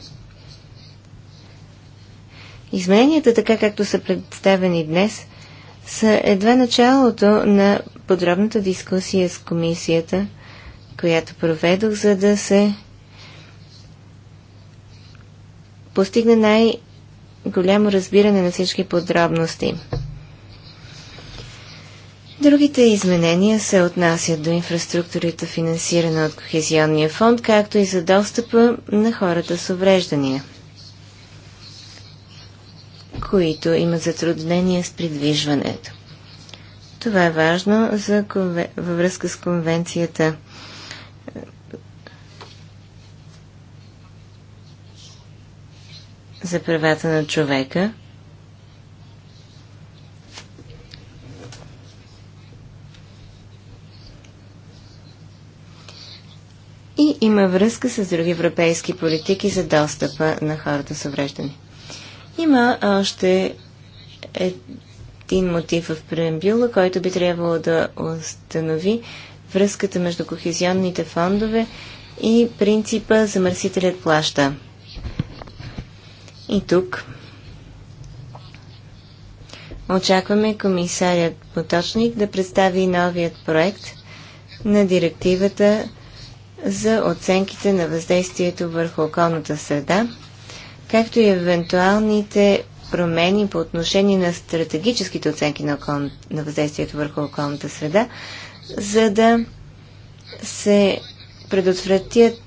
Измененията, така както са представени днес, са едва началото на подробната дискусия с комисията, която проведох, за да се постигне най-голямо разбиране на всички подробности. Другите изменения се отнасят до инфраструктурата, финансирана от Кохезионния фонд, както и за достъпа на хората с увреждания, които имат затруднения с придвижването. Това е важно за, във връзка с конвенцията за правата на човека. И има връзка с други европейски политики за достъпа на хората с увреждане. Има още един мотив в преамбюла, който би трябвало да установи връзката между кохезионните фондове и принципа замърсителят плаща. И тук очакваме комисарят Поточник да представи новият проект на директивата за оценките на въздействието върху околната среда, както и евентуалните промени по отношение на стратегическите оценки на, окол... на въздействието върху околната среда, за да се предотвратят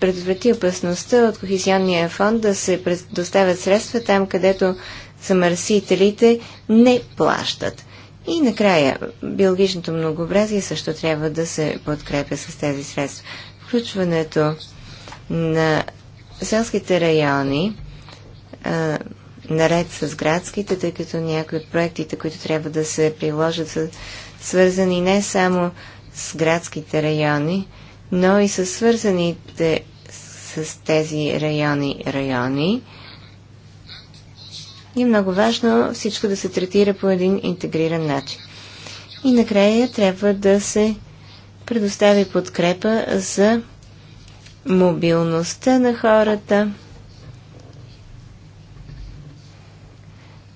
предотврати опасността от Кохизионния фонд да се предоставят средства там, където замърсителите не плащат. И накрая, биологичното многообразие също трябва да се подкрепя с тези средства. Включването на селските райони а, наред с градските, тъй като някои от проектите, които трябва да се приложат, са свързани не само с градските райони, но и с свързаните с тези райони райони. И е много важно всичко да се третира по един интегриран начин. И накрая трябва да се предостави подкрепа за мобилността на хората,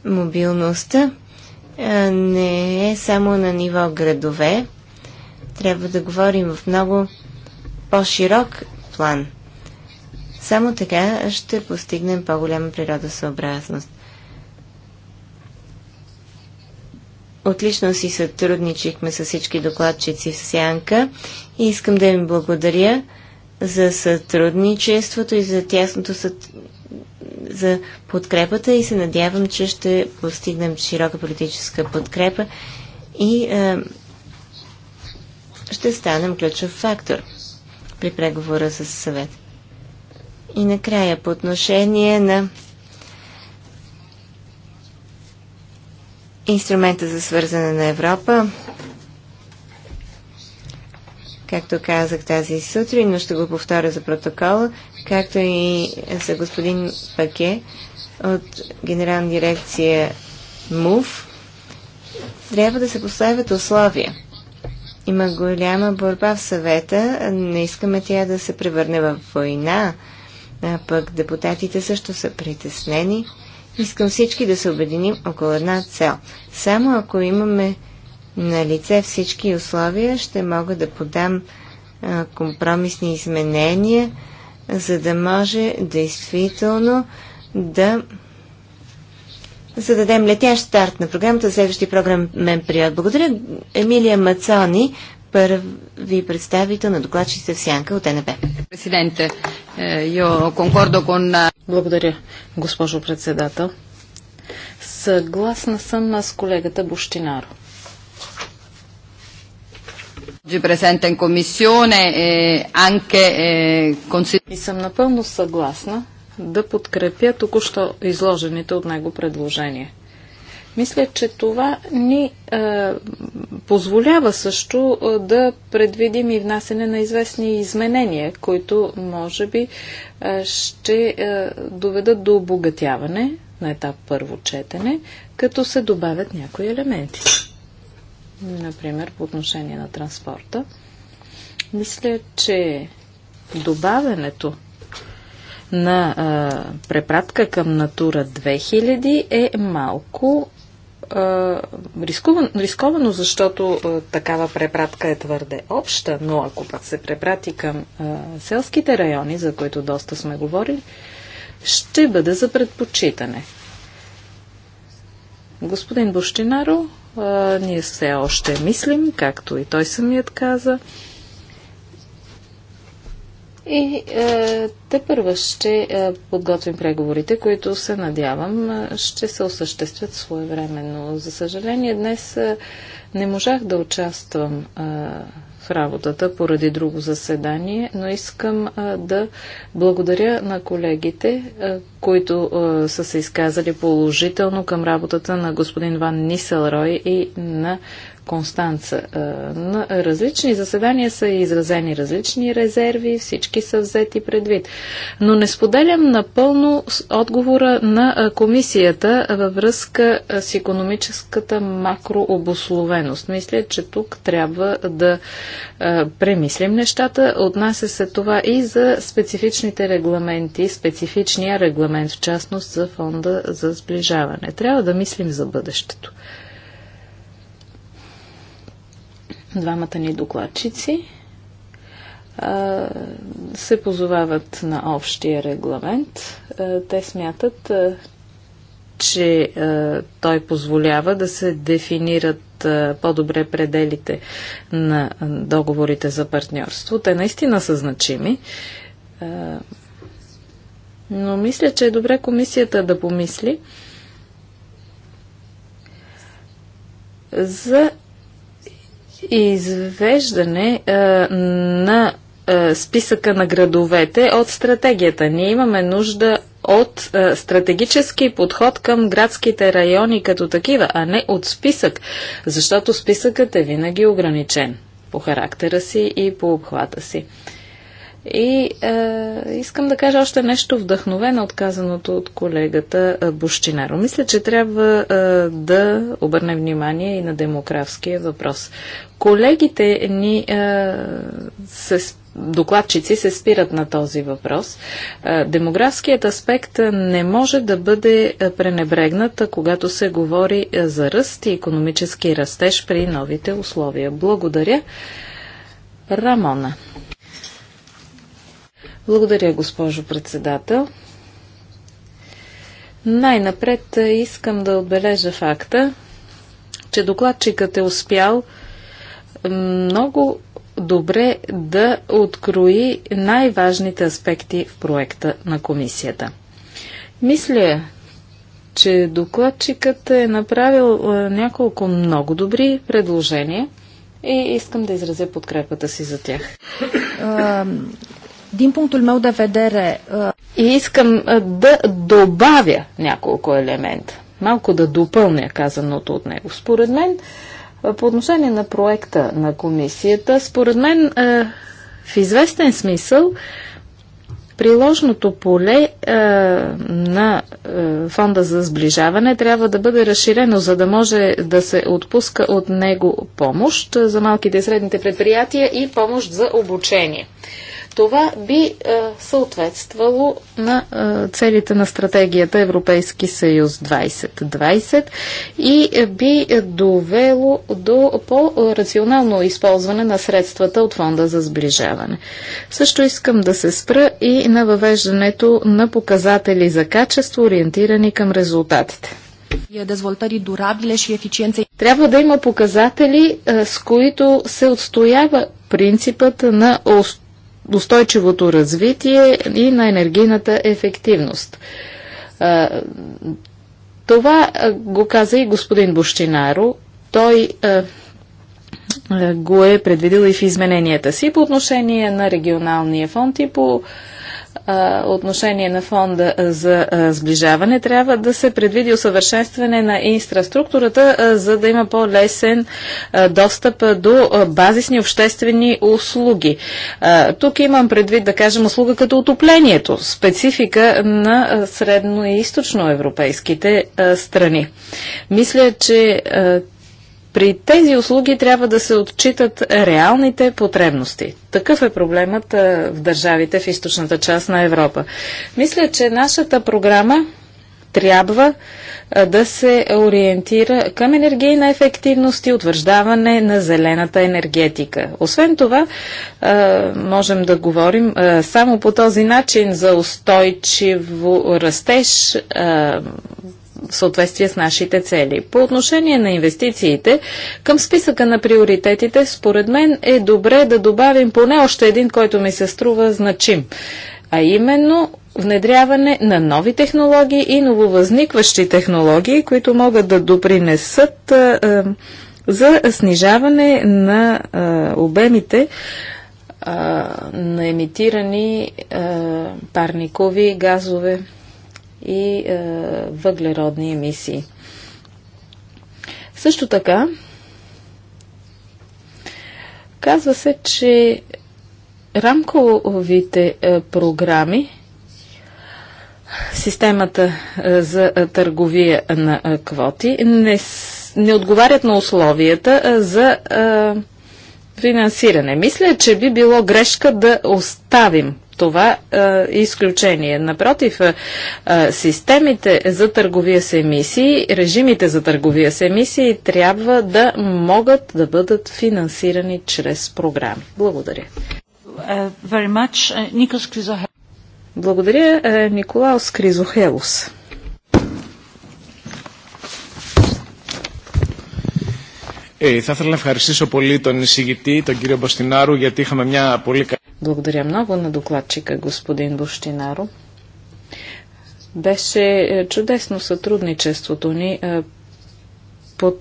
мобилността не е само на ниво градове. Трябва да говорим в много по-широк план. Само така ще постигнем по-голяма природосъобразност. Отлично си сътрудничихме с всички докладчици в Сянка и искам да им благодаря за сътрудничеството и за тясното сът... за подкрепата и се надявам, че ще постигнем широка политическа подкрепа и е, ще станем ключов фактор при преговора с съвет. И накрая, по отношение на инструмента за свързане на Европа, както казах тази сутрин, но ще го повторя за протокола, както и за господин Паке от генерална дирекция МУВ, трябва да се поставят условия – има голяма борба в съвета. Не искаме тя да се превърне в война. А пък депутатите също са притеснени. Искам всички да се обединим около една цел. Само ако имаме на лице всички условия, ще мога да подам а, компромисни изменения, за да може действително да за да дадем летящ старт на програмата за следващия програмен период. Благодаря Емилия Мацони, първи представител на докладчите в Сянка от НБ. Президенте, е, конкордо кон... Благодаря, госпожо председател. Съгласна съм с колегата Бощинаро. E е, И съм напълно съгласна да подкрепя току-що изложените от него предложения. Мисля, че това ни е, позволява също е, да предвидим и внасене на известни изменения, които може би е, ще е, доведат до обогатяване на етап първо четене, като се добавят някои елементи. Например, по отношение на транспорта. Мисля, че добавянето на а, препратка към Натура 2000 е малко а, рисковано, рисковано, защото а, такава препратка е твърде обща, но ако пък се препрати към а, селските райони, за които доста сме говорили, ще бъде за предпочитане. Господин Бощинаро, а, ние все още мислим, както и той самият каза. А, и е, те първа ще е, подготвим преговорите, които се надявам е, ще се осъществят своевременно. За съжаление, днес е, не можах да участвам е, в работата поради друго заседание, но искам е, да благодаря на колегите, е, които е, са се изказали положително към работата на господин Ван Рой и на Констанца. На различни заседания са изразени различни резерви, всички са взети предвид. Но не споделям напълно отговора на комисията във връзка с економическата макрообословеност. Мисля, че тук трябва да премислим нещата. Отнася се това и за специфичните регламенти, специфичния регламент, в частност за фонда за сближаване. Трябва да мислим за бъдещето. двамата ни докладчици се позовават на общия регламент. Те смятат, че той позволява да се дефинират по-добре пределите на договорите за партньорство. Те наистина са значими. Но мисля, че е добре комисията да помисли за извеждане а, на а, списъка на градовете от стратегията. Ние имаме нужда от а, стратегически подход към градските райони като такива, а не от списък, защото списъкът е винаги ограничен по характера си и по обхвата си. И е, искам да кажа още нещо вдъхновено отказаното от колегата е, Бущинаро. Мисля, че трябва е, да обърнем внимание и на демографския въпрос. Колегите ни е, се докладчици се спират на този въпрос. Е, демографският аспект не може да бъде е, пренебрегнат, когато се говори за ръст и економически растеж при новите условия. Благодаря. Рамона. Благодаря, госпожо председател. Най-напред е, искам да отбележа факта, че докладчикът е успял много добре да открои най-важните аспекти в проекта на комисията. Мисля, че докладчикът е направил е, няколко много добри предложения и искам да изразя подкрепата си за тях. Din punctul meu de vedere... И искам да добавя няколко елемента. Малко да допълня казаното от него. Според мен, по отношение на проекта на комисията, според мен в известен смисъл приложното поле на фонда за сближаване трябва да бъде разширено, за да може да се отпуска от него помощ за малките и средните предприятия и помощ за обучение. Това би е, съответствало на е, целите на стратегията Европейски съюз 2020 и е, би довело до по-рационално използване на средствата от фонда за сближаване. Също искам да се спра и на въвеждането на показатели за качество, ориентирани към резултатите. Трябва да има показатели, с които се отстоява принципът на устойчивост устойчивото развитие и на енергийната ефективност. Това го каза и господин Бощинаро. Той го е предвидил и в измененията си по отношение на регионалния фонд и по отношение на фонда за сближаване, трябва да се предвиди усъвършенстване на инфраструктурата, за да има по-лесен достъп до базисни обществени услуги. Тук имам предвид, да кажем, услуга като отоплението, специфика на средно и източно европейските страни. Мисля, че при тези услуги трябва да се отчитат реалните потребности. Такъв е проблемът в държавите в източната част на Европа. Мисля, че нашата програма трябва да се ориентира към енергийна ефективност и утвърждаване на зелената енергетика. Освен това, можем да говорим само по този начин за устойчиво растеж, в съответствие с нашите цели. По отношение на инвестициите, към списъка на приоритетите, според мен е добре да добавим поне още един, който ми се струва значим, а именно внедряване на нови технологии и нововъзникващи технологии, които могат да допринесат а, а, за снижаване на а, обемите на емитирани парникови газове и е, въглеродни емисии. Също така, казва се, че рамковите е, програми, системата е, за е, търговия на е, квоти, не, не отговарят на условията е, за е, финансиране. Мисля, че би било грешка да оставим това е, изключение. Напротив, е, е, системите за търговия с емисии, режимите за търговия с емисии трябва да могат да бъдат финансирани чрез програми. Благодаря. Е, Благодаря, е, Николаус Кризохелус. Ε, θα ήθελα να ευχαριστήσω πολύ τον εισηγητή, τον κύριο Μποστινάρου, γιατί είχαμε μια πολύ καλή... Благодаря много на докладчика господин Бощинаро. Беше е, чудесно сътрудничеството ни е, под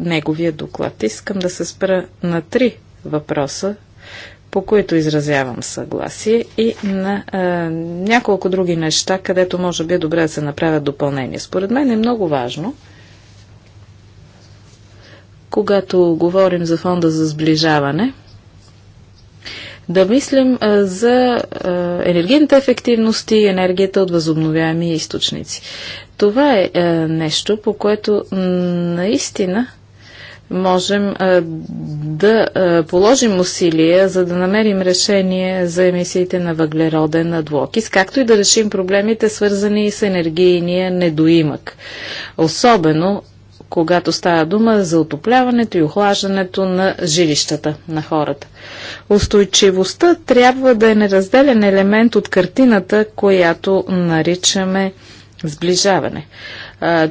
неговия доклад. Искам да се спра на три въпроса, по които изразявам съгласие и на а, е, няколко други неща, където може би е добре да се направят допълнения. Според мен е много важно, когато говорим за фонда за сближаване – да мислим за енергийната ефективност и енергията от възобновяеми източници. Това е нещо, по което наистина можем да положим усилия, за да намерим решение за емисиите на въглероден двуокис, както и да решим проблемите, свързани с енергийния недоимък. Особено когато става дума за отопляването и охлаждането на жилищата на хората. Устойчивостта трябва да е неразделен елемент от картината, която наричаме сближаване.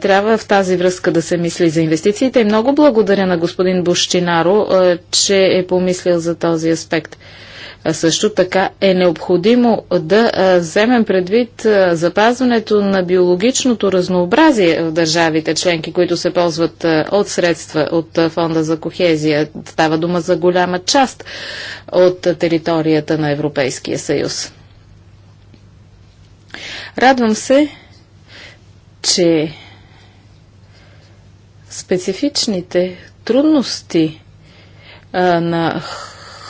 Трябва в тази връзка да се мисли за инвестициите и много благодаря на господин Бущинаро, че е помислил за този аспект. Също така е необходимо да вземем предвид запазването на биологичното разнообразие в държавите членки, които се ползват от средства от Фонда за кохезия. Става дума за голяма част от територията на Европейския съюз. Радвам се, че специфичните трудности на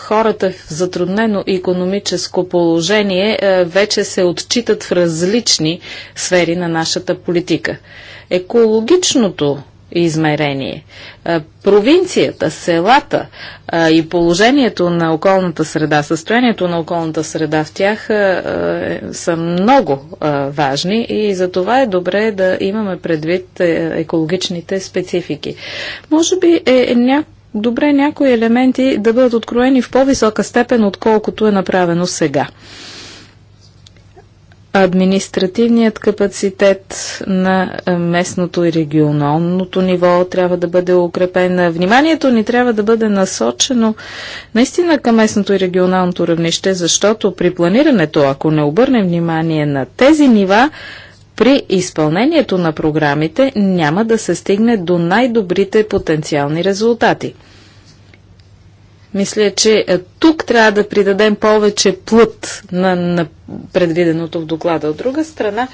хората в затруднено економическо положение е, вече се отчитат в различни сфери на нашата политика. Екологичното измерение. Е, провинцията, селата е, и положението на околната среда, състоянието на околната среда в тях са много важни и за това е добре да имаме предвид екологичните специфики. Може би е, е, добре някои елементи да бъдат откроени в по-висока степен, отколкото е направено сега. Административният капацитет на е, местното и регионалното ниво трябва да бъде укрепен. Вниманието ни трябва да бъде насочено наистина към местното и регионалното равнище, защото при планирането, ако не обърнем внимание на тези нива, при изпълнението на програмите няма да се стигне до най-добрите потенциални резултати. Мисля, че е, тук трябва да придадем повече плът на, на предвиденото в доклада. От друга страна,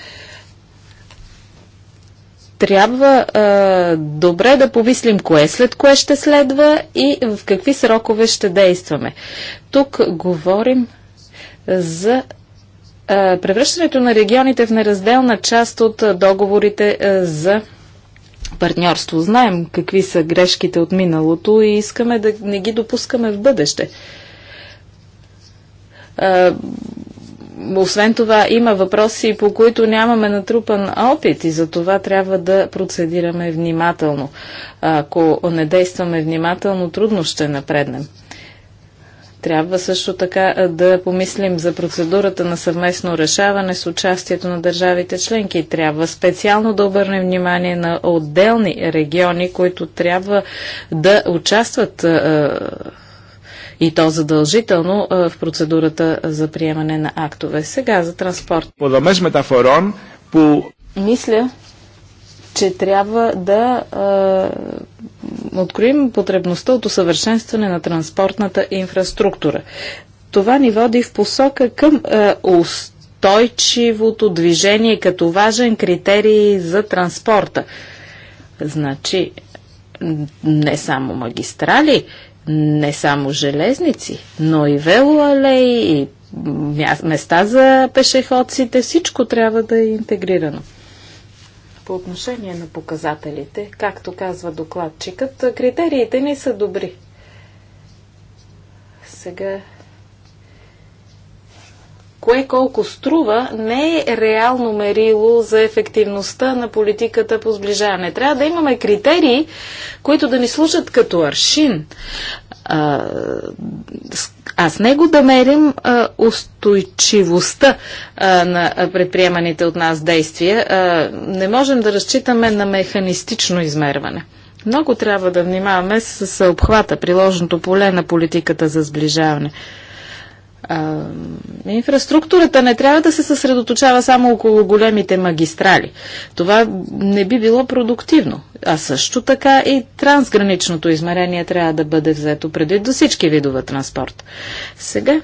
трябва а, е, добре да помислим кое след кое ще следва и в какви срокове ще действаме. Тук говорим за а, е, превръщането на регионите в неразделна част от е, договорите а, е, за партньорство. Знаем какви са грешките от миналото и искаме да не ги допускаме в бъдеще. А, освен това, има въпроси, по които нямаме натрупан опит и за това трябва да процедираме внимателно. Ако не действаме внимателно, трудно ще напреднем. Трябва също така да помислим за процедурата на съвместно решаване с участието на държавите членки. Трябва специално да обърнем внимание на отделни региони, които трябва да участват и то задължително в процедурата за приемане на актове. Сега за транспорт. Подамеш метафорон по... Мисля, че трябва да откроим потребността от усъвършенстване на транспортната инфраструктура. Това ни води в посока към е, устойчивото движение като важен критерий за транспорта. Значи, не само магистрали, не само железници, но и велоалеи, и места за пешеходците, всичко трябва да е интегрирано. По отношение на показателите, както казва докладчикът, критериите ни са добри. Сега кое колко струва, не е реално мерило за ефективността на политиката по сближаване. Трябва да имаме критерии, които да ни служат като аршин а, с него да мерим а, устойчивостта а, на предприеманите от нас действия. А, не можем да разчитаме на механистично измерване. Много трябва да внимаваме с обхвата, приложното поле на политиката за сближаване. А, инфраструктурата не трябва да се съсредоточава само около големите магистрали. Това не би било продуктивно. А също така и трансграничното измерение трябва да бъде взето преди до всички видове транспорт. Сега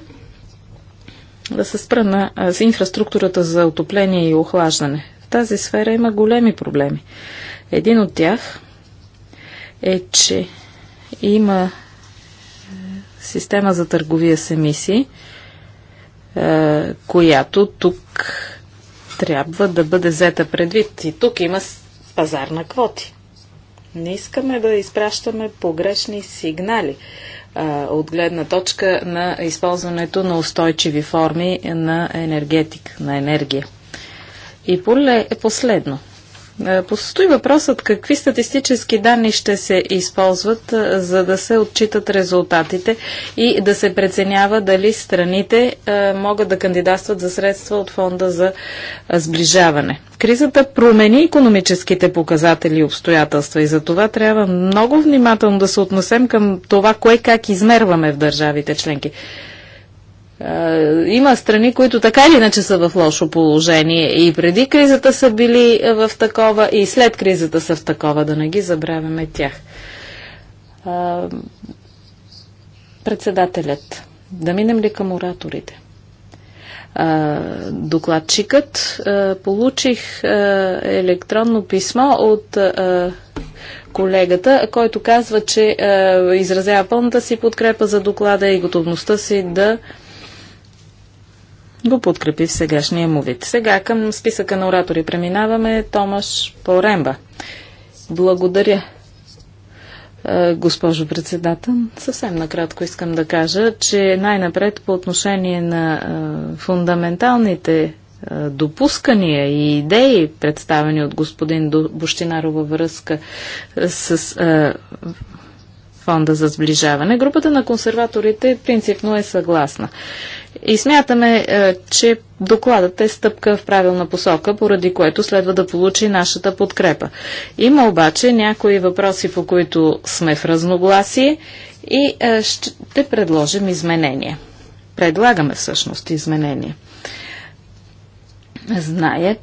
да се спра на с инфраструктурата за отопление и охлаждане. В тази сфера има големи проблеми. Един от тях е, че има е, система за търговия с емисии, е, която тук трябва да бъде взета предвид. И тук има пазар на квоти. Не искаме да изпращаме погрешни сигнали а, е, от гледна точка на използването на устойчиви форми на енергетик, на енергия. И поле е последно. Е, Постои въпросът какви статистически данни ще се използват, е, за да се отчитат резултатите и да се преценява дали страните е, могат да кандидатстват за средства от фонда за сближаване. Кризата промени економическите показатели и обстоятелства и за това трябва много внимателно да се отнесем към това, кое как измерваме в държавите членки. Е, има страни, които така или иначе са в лошо положение и преди кризата са били е, в такова и след кризата са в такова, да не ги забравяме тях. Е, председателят. Да минем ли към ораторите? докладчикът. Получих електронно писмо от колегата, който казва, че изразява пълната си подкрепа за доклада и готовността си да го подкрепи в сегашния му вид. Сега към списъка на оратори преминаваме Томаш Поремба. Благодаря. Е, госпожо председател, съвсем накратко искам да кажа, че най-напред по отношение на е, фундаменталните е, допускания и идеи, представени от господин Бощинаро във връзка с фонда за сближаване, групата на консерваторите принципно е съгласна. И смятаме, е, че докладът е стъпка в правилна посока, поради което следва да получи нашата подкрепа. Има обаче някои въпроси, по които сме в разногласие и е, ще предложим изменения. Предлагаме всъщност изменения. Зная,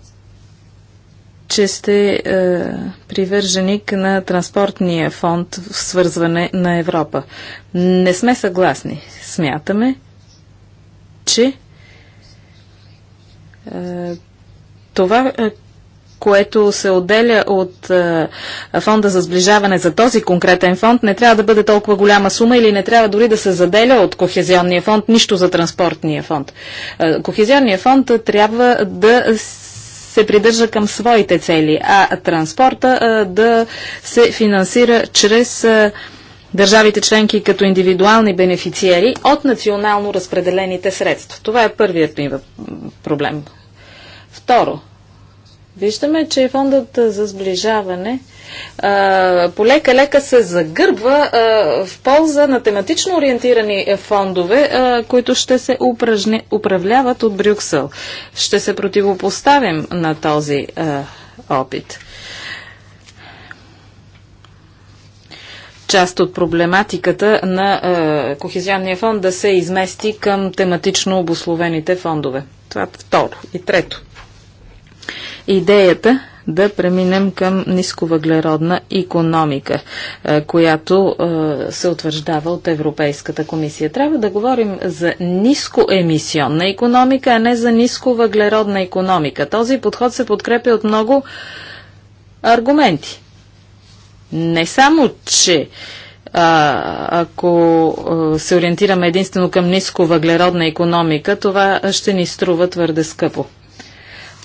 че сте е, привърженик на транспортния фонд в свързване на Европа. Не сме съгласни. Смятаме, че е, това, е, което се отделя от е, фонда за сближаване за този конкретен фонд, не трябва да бъде толкова голяма сума или не трябва дори да се заделя от Кохезионния фонд, нищо за транспортния фонд. кохезионния фонд трябва да се придържа към своите цели, а транспорта да се финансира чрез държавите членки като индивидуални бенефициери от национално разпределените средства. Това е първият ми проблем. Второ, виждаме, че фондът за сближаване полека-лека се загърбва в полза на тематично ориентирани фондове, които ще се управляват от Брюксел. Ще се противопоставим на този опит. част от проблематиката на е, Кохезионния фонд да се измести към тематично обословените фондове. Това е второ. И трето. Идеята да преминем към нисковъглеродна економика, е, която е, се утвърждава от Европейската комисия. Трябва да говорим за нискоемисионна економика, а не за нисковъглеродна економика. Този подход се подкрепя от много аргументи. Не само, че а, ако се ориентираме единствено към ниско въглеродна економика, това ще ни струва твърде скъпо.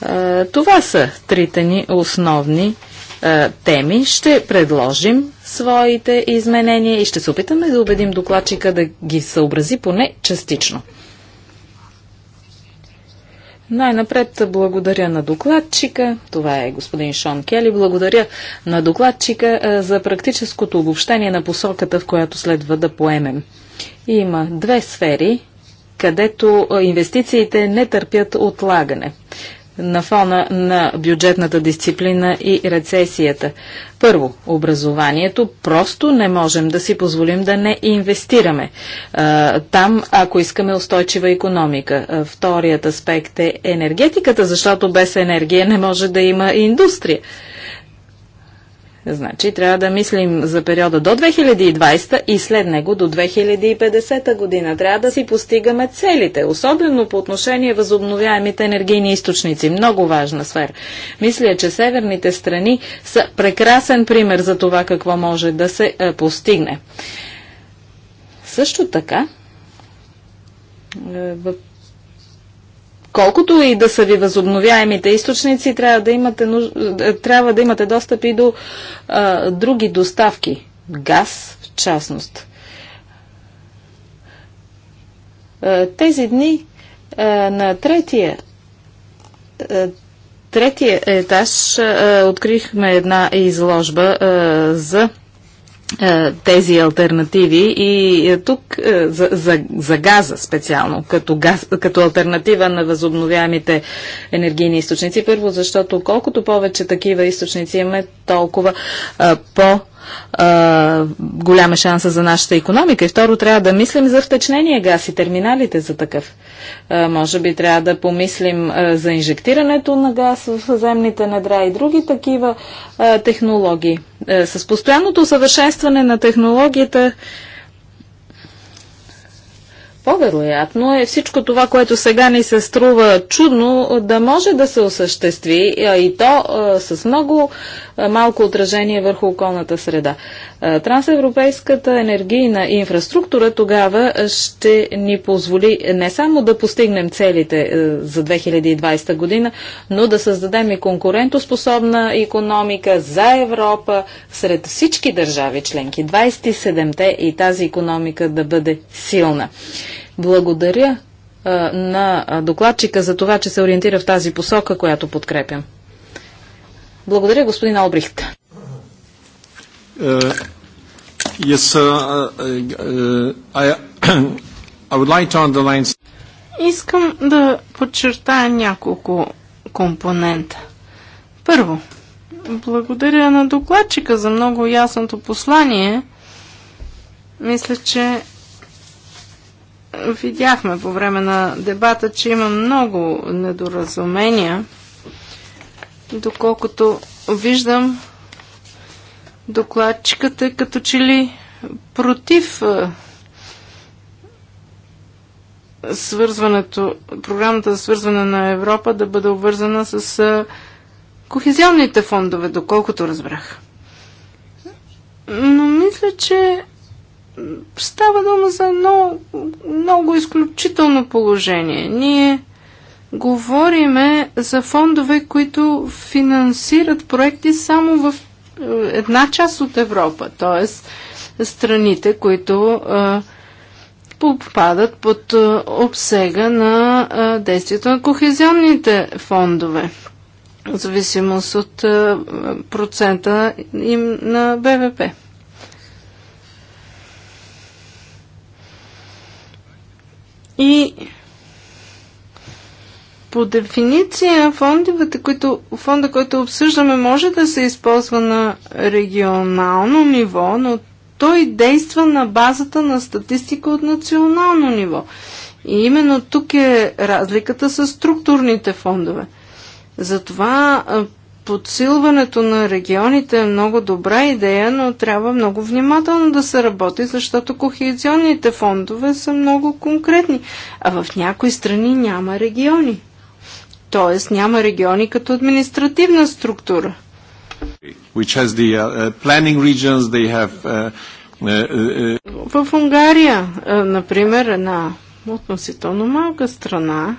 А, това са трите ни основни а, теми. Ще предложим своите изменения и ще се опитаме да убедим докладчика да ги съобрази поне частично. Най-напред благодаря на докладчика, това е господин Шон Кели, благодаря на докладчика за практическото обобщение на посоката, в която следва да поемем. Има две сфери, където инвестициите не търпят отлагане на фона на бюджетната дисциплина и рецесията. Първо, образованието просто не можем да си позволим да не инвестираме. Там, ако искаме устойчива економика. Вторият аспект е енергетиката, защото без енергия не може да има индустрия. Значи трябва да мислим за периода до 2020 и след него до 2050 година. Трябва да си постигаме целите, особено по отношение възобновяемите енергийни източници. Много важна сфера. Мисля, че северните страни са прекрасен пример за това какво може да се е, постигне. Също така, е, в Колкото и да са ви възобновяемите източници, трябва да имате, нуж... Е, трябва да имате достъп и до а, други доставки. Газ, в частност. А, тези дни а, на третия а, третия етаж а, открихме една изложба а, за е, тези альтернативи и е, тук е, за, за, за газа специално, като, газ, като альтернатива на възобновяемите енергийни източници. Първо, защото колкото повече такива източници имаме, толкова по- а, голяма шанса за нашата економика. И второ, трябва да мислим за втечнения газ и терминалите за такъв. А, може би трябва да помислим а, за инжектирането на газ в земните недра и други такива а, технологии. А, с постоянното усъвършенстване на технологията, а, по-вероятно е всичко това, което сега ни се струва чудно, да може да се осъществи и то с много малко отражение върху околната среда. Трансевропейската енергийна инфраструктура тогава ще ни позволи не само да постигнем целите е, за 2020 година, но да създадем и конкурентоспособна економика за Европа сред всички държави членки, 27-те и тази економика да бъде силна. Благодаря е, на докладчика за това, че се ориентира в тази посока, която подкрепям. Благодаря, господин Албрихт. Uh, yes, sir. Uh, uh, I would like to underline... Искам да подчертая няколко компонента. Първо, благодаря на докладчика за много ясното послание. Мисля, че видяхме по време на дебата, че има много недоразумения. Доколкото виждам, Докладчиката, е като че ли против свързването, програмата за свързване на Европа да бъде обвързана с кохезионните фондове, доколкото разбрах. Но мисля, че става дума за едно много изключително положение. Ние говориме за фондове, които финансират проекти само в една част от Европа, т.е. страните, които попадат под обсега на действието на кохезионните фондове в зависимост от процента им на БВП. И по дефиниция фондовете, които, фонда, който обсъждаме, може да се използва на регионално ниво, но той действа на базата на статистика от национално ниво. И именно тук е разликата с структурните фондове. Затова подсилването на регионите е много добра идея, но трябва много внимателно да се работи, защото кохезионните фондове са много конкретни, а в някои страни няма региони. Т.е. няма региони като административна структура. Which has the uh, uh, planning regions, they have, uh, uh, uh... В Унгария, например, една относително малка страна,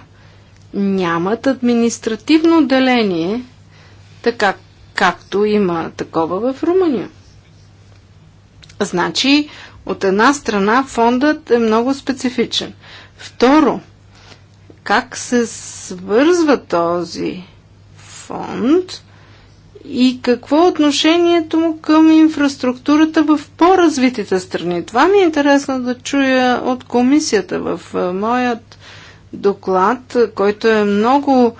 нямат административно отделение, така както има такова в Румъния. Значи, от една страна фондът е много специфичен. Второ, как се свързва този фонд и какво е отношението му към инфраструктурата в по-развитите страни. Това ми е интересно да чуя от комисията в моят доклад, който е много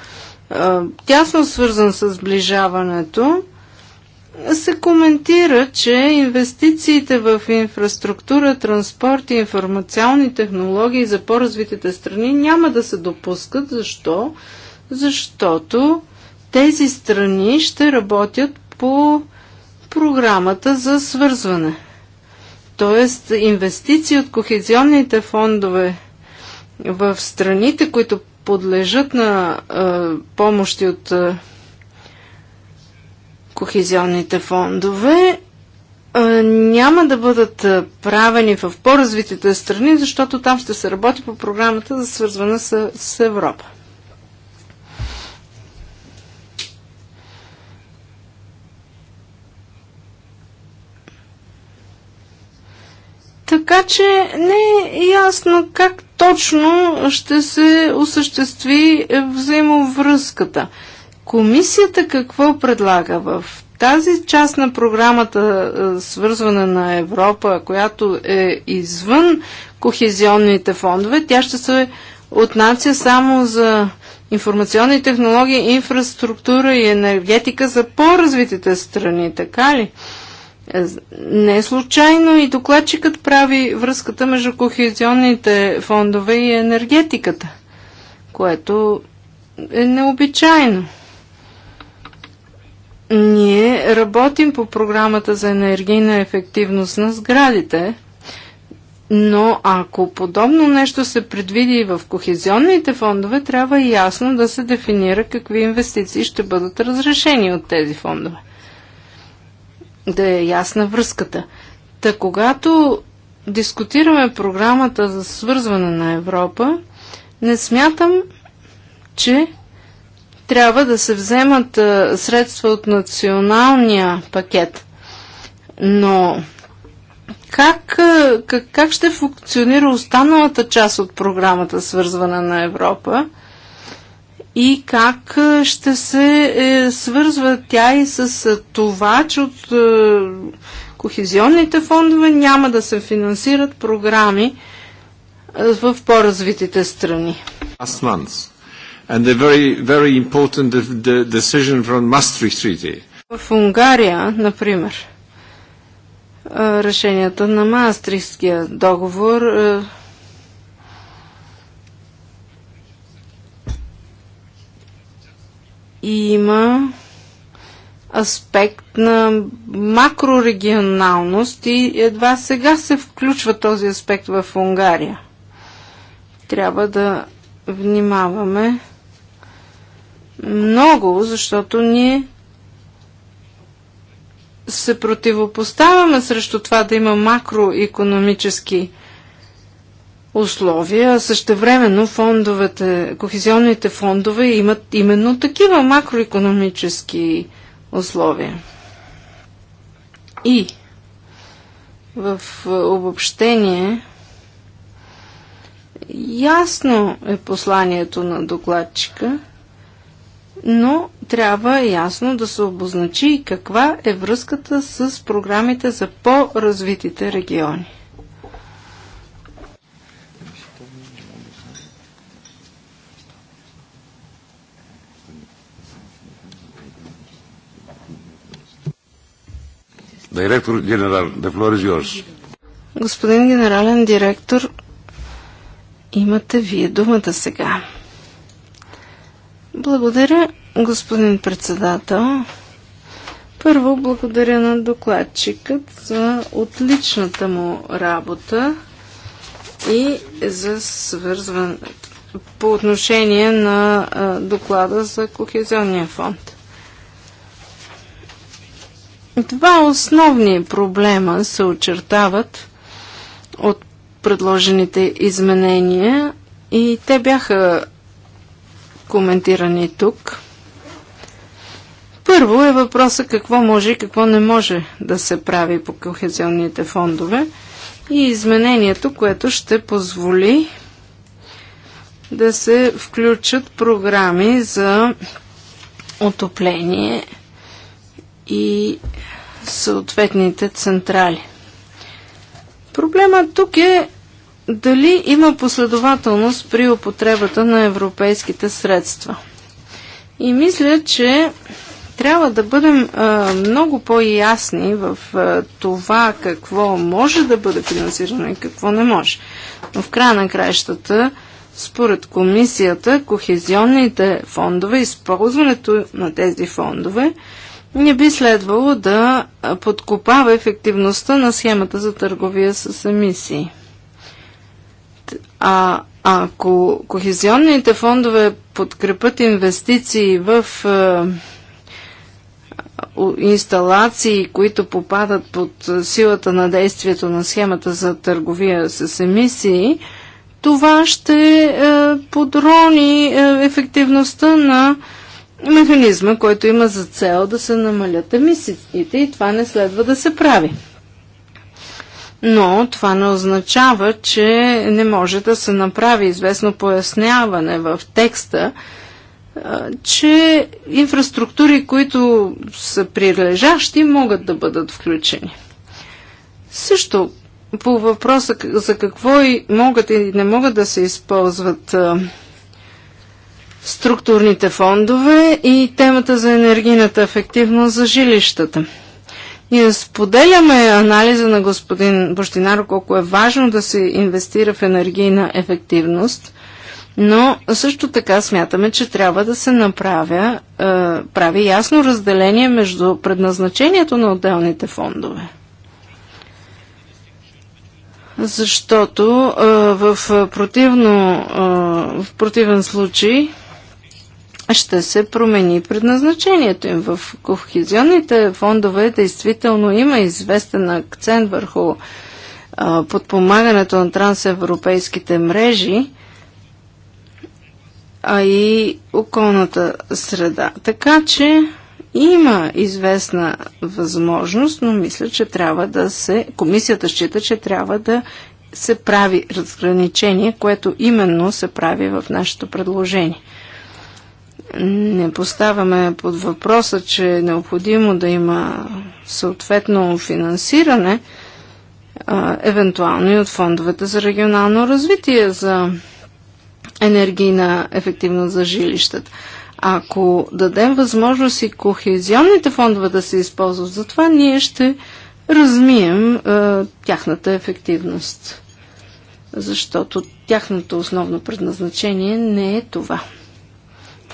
тясно свързан с сближаването се коментира, че инвестициите в инфраструктура, транспорт и информационни технологии за по-развитите страни няма да се допускат. Защо? Защото тези страни ще работят по програмата за свързване. Тоест, инвестиции от кохезионните фондове в страните, които подлежат на е, помощи от е, кохезионните фондове няма да бъдат правени в по-развитите страни, защото там ще се работи по програмата за свързване с, с Европа. Така че не е ясно как точно ще се осъществи е, взаимовръзката. Комисията какво предлага в тази част на програмата е, Свързване на Европа, която е извън кохезионните фондове, тя ще се отнася само за информационни технологии, инфраструктура и енергетика за по-развитите страни, така ли? Е, не е случайно и докладчикът прави връзката между кохезионните фондове и енергетиката, което е необичайно. Ние работим по програмата за енергийна ефективност на сградите, но ако подобно нещо се предвиди и в кохезионните фондове, трябва ясно да се дефинира какви инвестиции ще бъдат разрешени от тези фондове. Да е ясна връзката. Та когато дискутираме програмата за свързване на Европа, не смятам, че трябва да се вземат средства от националния пакет. Но как, как, как ще функционира останалата част от програмата Свързване на Европа и как ще се е, свързва тя и с това, че от е, кохезионните фондове няма да се финансират програми е, в по-развитите страни? Асманс and the very, very important de de decision from Maastricht Treaty. В Унгария, например, решенията на Маастрихтския договор има аспект на макрорегионалност и едва сега се включва този аспект в Унгария. Трябва да внимаваме много, защото ние се противопоставяме срещу това да има макроекономически условия, а същевременно фондовете, кохезионните фондове имат именно такива макроекономически условия. И в обобщение ясно е посланието на докладчика – но трябва ясно да се обозначи каква е връзката с програмите за по-развитите региони. Директор генерал, the floor is yours. Господин генерален директор, имате вие думата сега. Благодаря, господин председател. Първо, благодаря на докладчикът за отличната му работа и за свързване по отношение на а, доклада за Кохезионния фонд. Два основни проблема се очертават от предложените изменения и те бяха коментирани тук. Първо е въпроса какво може и какво не може да се прави по кохезионните фондове и изменението, което ще позволи да се включат програми за отопление и съответните централи. Проблема тук е дали има последователност при употребата на европейските средства. И мисля, че трябва да бъдем а, много по-ясни в а, това какво може да бъде финансирано и какво не може. Но в края на краищата, според комисията, кохезионните фондове, използването на тези фондове не би следвало да подкопава ефективността на схемата за търговия с емисии. А ако кохезионните фондове подкрепят инвестиции в е, инсталации, които попадат под силата на действието на схемата за търговия с емисии, това ще а, е, подрони а, е, ефективността на механизма, който има за цел да се намалят емисиите и това не следва да се прави но това не означава, че не може да се направи известно поясняване в текста, че инфраструктури, които са прилежащи, могат да бъдат включени. Също по въпроса за какво и могат и не могат да се използват структурните фондове и темата за енергийната ефективност за жилищата. Ние споделяме анализа на господин Бощинар, колко е важно да се инвестира в енергийна ефективност, но също така смятаме, че трябва да се направя, е, прави ясно разделение между предназначението на отделните фондове защото е, в, противно, е, в противен случай ще се промени предназначението им. В кохезионните фондове действително има известен акцент върху а, подпомагането на трансевропейските мрежи, а и околната среда. Така че има известна възможност, но мисля, че трябва да се. Комисията счита, че трябва да се прави разграничение, което именно се прави в нашето предложение не поставяме под въпроса, че е необходимо да има съответно финансиране, а, евентуално и от фондовете за регионално развитие, за енергийна ефективност за жилищата. Ако дадем възможност и кохезионните фондове да се използват, затова ние ще размием а, тяхната ефективност, защото тяхното основно предназначение не е това.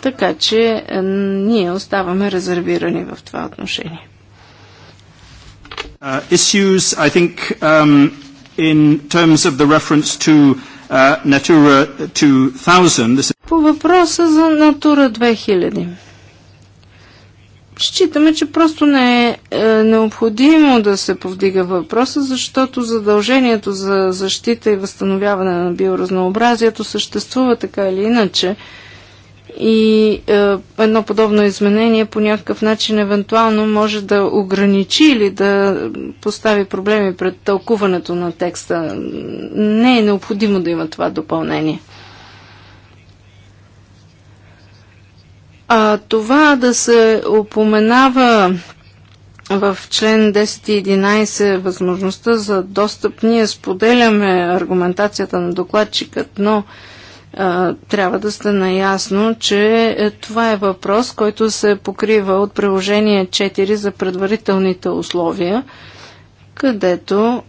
Така че е, ние оставаме резервирани в това отношение. Uh, issues, I think, um, in terms of the reference to uh, Natura 2000, this... По въпроса за Натура 2000. Считаме, че просто не е, е необходимо да се повдига въпроса, защото задължението за защита и възстановяване на биоразнообразието съществува така или иначе и е, едно подобно изменение по някакъв начин евентуално може да ограничи или да постави проблеми пред тълкуването на текста. Не е необходимо да има това допълнение. А това да се упоменава в член 10 и 11 възможността за достъп, ние споделяме аргументацията на докладчикът, но трябва да сте наясно, че е, това е въпрос, който се покрива от приложение 4 за предварителните условия, където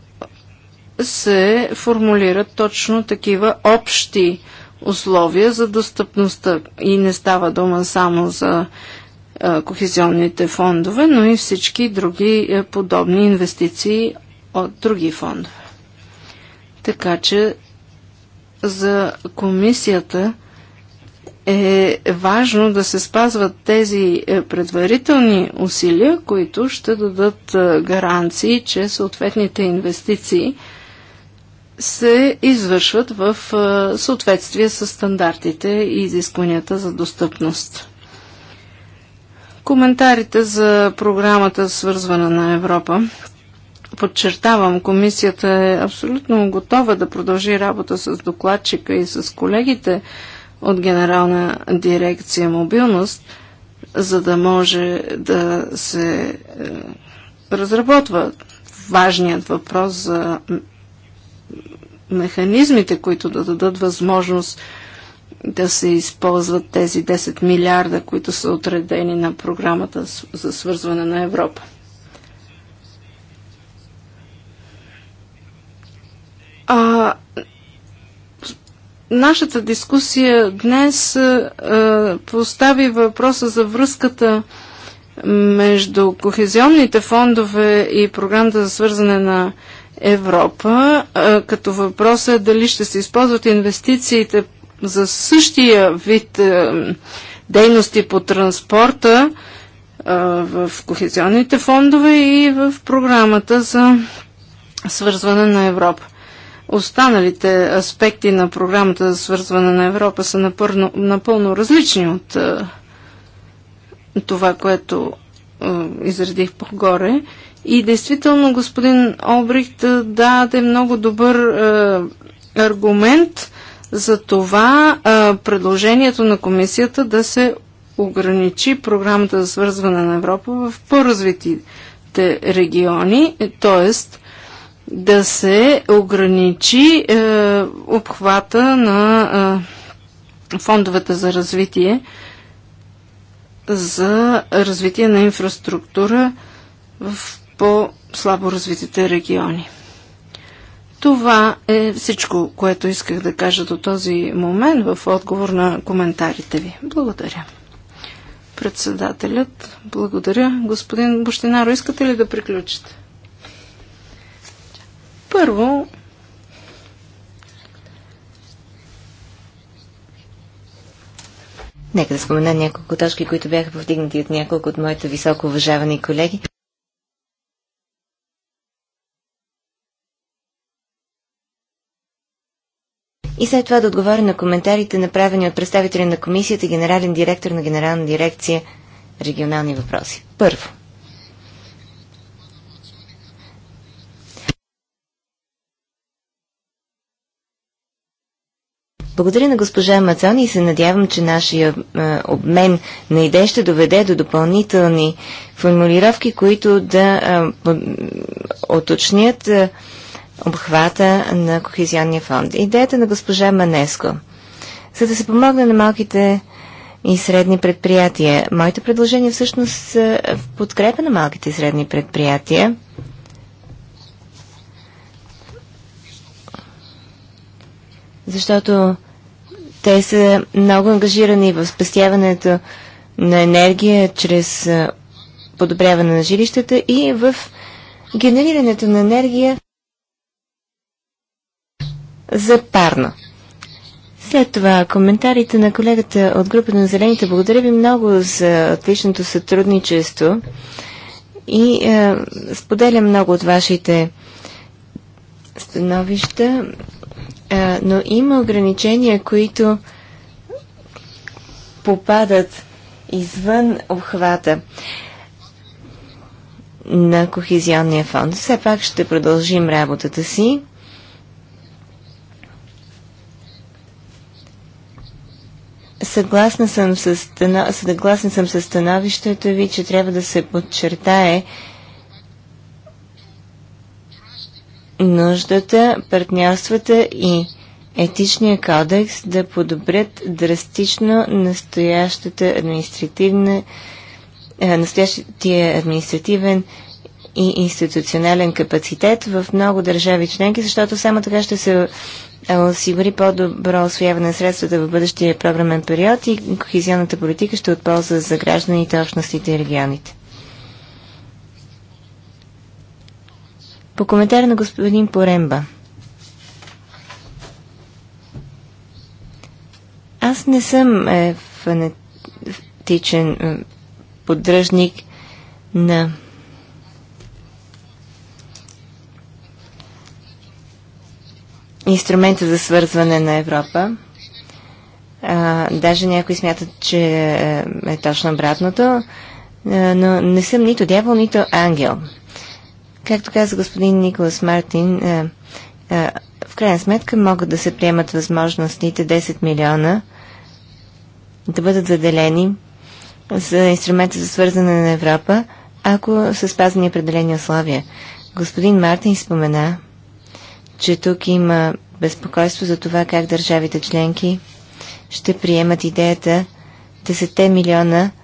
се формулират точно такива общи условия за достъпността. И не става дума само за кохезионните фондове, но и всички други е, подобни инвестиции от други фондове. Така че за комисията е важно да се спазват тези е, предварителни усилия, които ще дадат е, гаранции, че съответните инвестиции се извършват в е, съответствие с стандартите и изискванията за достъпност. Коментарите за програмата Свързване на Европа подчертавам, комисията е абсолютно готова да продължи работа с докладчика и с колегите от Генерална дирекция мобилност, за да може да се е, разработва важният въпрос за механизмите, които да дадат възможност да се използват тези 10 милиарда, които са отредени на програмата за свързване на Европа. А, нашата дискусия днес а, е, е, постави въпроса за връзката между кохезионните фондове и програмата за свързане на Европа, а, е, като въпросът е дали ще се използват инвестициите за същия вид а, дейности по транспорта а, в кохезионните фондове и в програмата за свързване на Европа. Останалите аспекти на програмата за свързване на Европа са напълно, напълно различни от е, това, което е, изредих по-горе. И действително господин Обрихт е, даде много добър е, аргумент за това предложението на комисията да се ограничи програмата за свързване на Европа в по-развитите региони, т.е да се ограничи е, обхвата на е, фондовете за развитие за развитие на инфраструктура в по-слабо развитите региони. Това е всичко, което исках да кажа до този момент в отговор на коментарите ви. Благодаря. Председателят, благодаря. Господин Бощинаро, искате ли да приключите? Първо, Нека да спомена няколко точки, които бяха повдигнати от няколко от моите високо уважавани колеги. И след това да отговоря на коментарите, направени от представителя на комисията, генерален директор на генерална дирекция регионални въпроси. Първо. Благодаря на госпожа Мацони и се надявам, че нашия а, е, обмен на идеи ще доведе до допълнителни формулировки, които да е, оточнят е, обхвата на Кохезионния фонд. Идеята на госпожа Манеско. За да се помогне на малките и средни предприятия. Моите предложения всъщност са в подкрепа на малките и средни предприятия. Защото те са много ангажирани в спасяването на енергия чрез подобряване на жилищата и в генерирането на енергия за парно. След това коментарите на колегата от групата на Зелените. Благодаря ви много за отличното сътрудничество и е, споделям много от вашите становища. А, е, но има ограничения, които попадат извън обхвата на Кохезионния фонд. Все пак ще продължим работата си. Съгласна съм с, съгласна съм с становището ви, че трябва да се подчертае, нуждата, партньорствата и етичния кодекс да подобрят драстично настоящата административна, е, настоящия административен и институционален капацитет в много държави членки, защото само така ще се е, осигури по-добро освояване на средствата в бъдещия програмен период и кохезионната политика ще отползва за гражданите, общностите и регионите. По коментар на господин Поремба. Аз не съм е, фанатичен е, поддръжник на инструмента за свързване на Европа. А, даже някои смятат, че е, е точно обратното, а, но не съм нито дявол, нито ангел. Както каза господин Николас Мартин, а, е, а, е, в крайна сметка могат да се приемат възможностите 10 милиона да бъдат заделени за инструмента за свързане на Европа, ако са спазени определени условия. Господин Мартин спомена, че тук има безпокойство за това как държавите членки ще приемат идеята 10 милиона –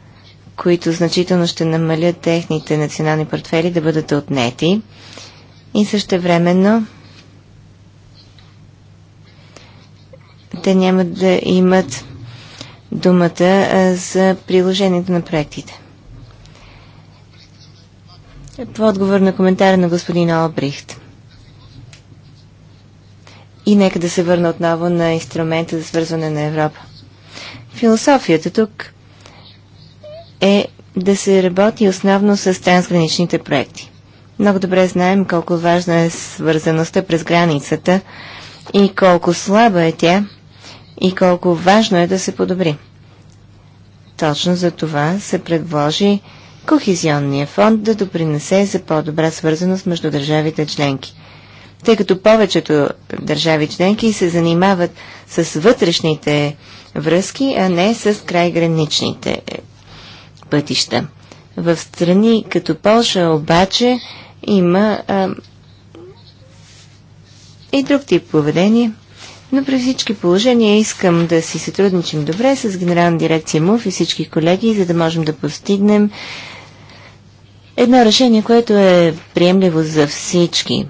които значително ще намалят техните национални портфели да бъдат отнети и също времено те няма да имат думата за приложението на проектите. По е отговор на коментара на господин Олбрихт. И нека да се върна отново на инструмента за свързване на Европа. Философията тук е да се работи основно с трансграничните проекти. Много добре знаем колко важна е свързаността през границата и колко слаба е тя и колко важно е да се подобри. Точно за това се предложи Кохизионния фонд да допринесе за по-добра свързаност между държавите членки. Тъй като повечето държави членки се занимават с вътрешните връзки, а не с крайграничните пътища. В страни като Польша обаче има а, и друг тип поведение. Но при всички положения искам да си сътрудничим добре с Генерална дирекция МУФ и всички колеги, за да можем да постигнем едно решение, което е приемливо за всички.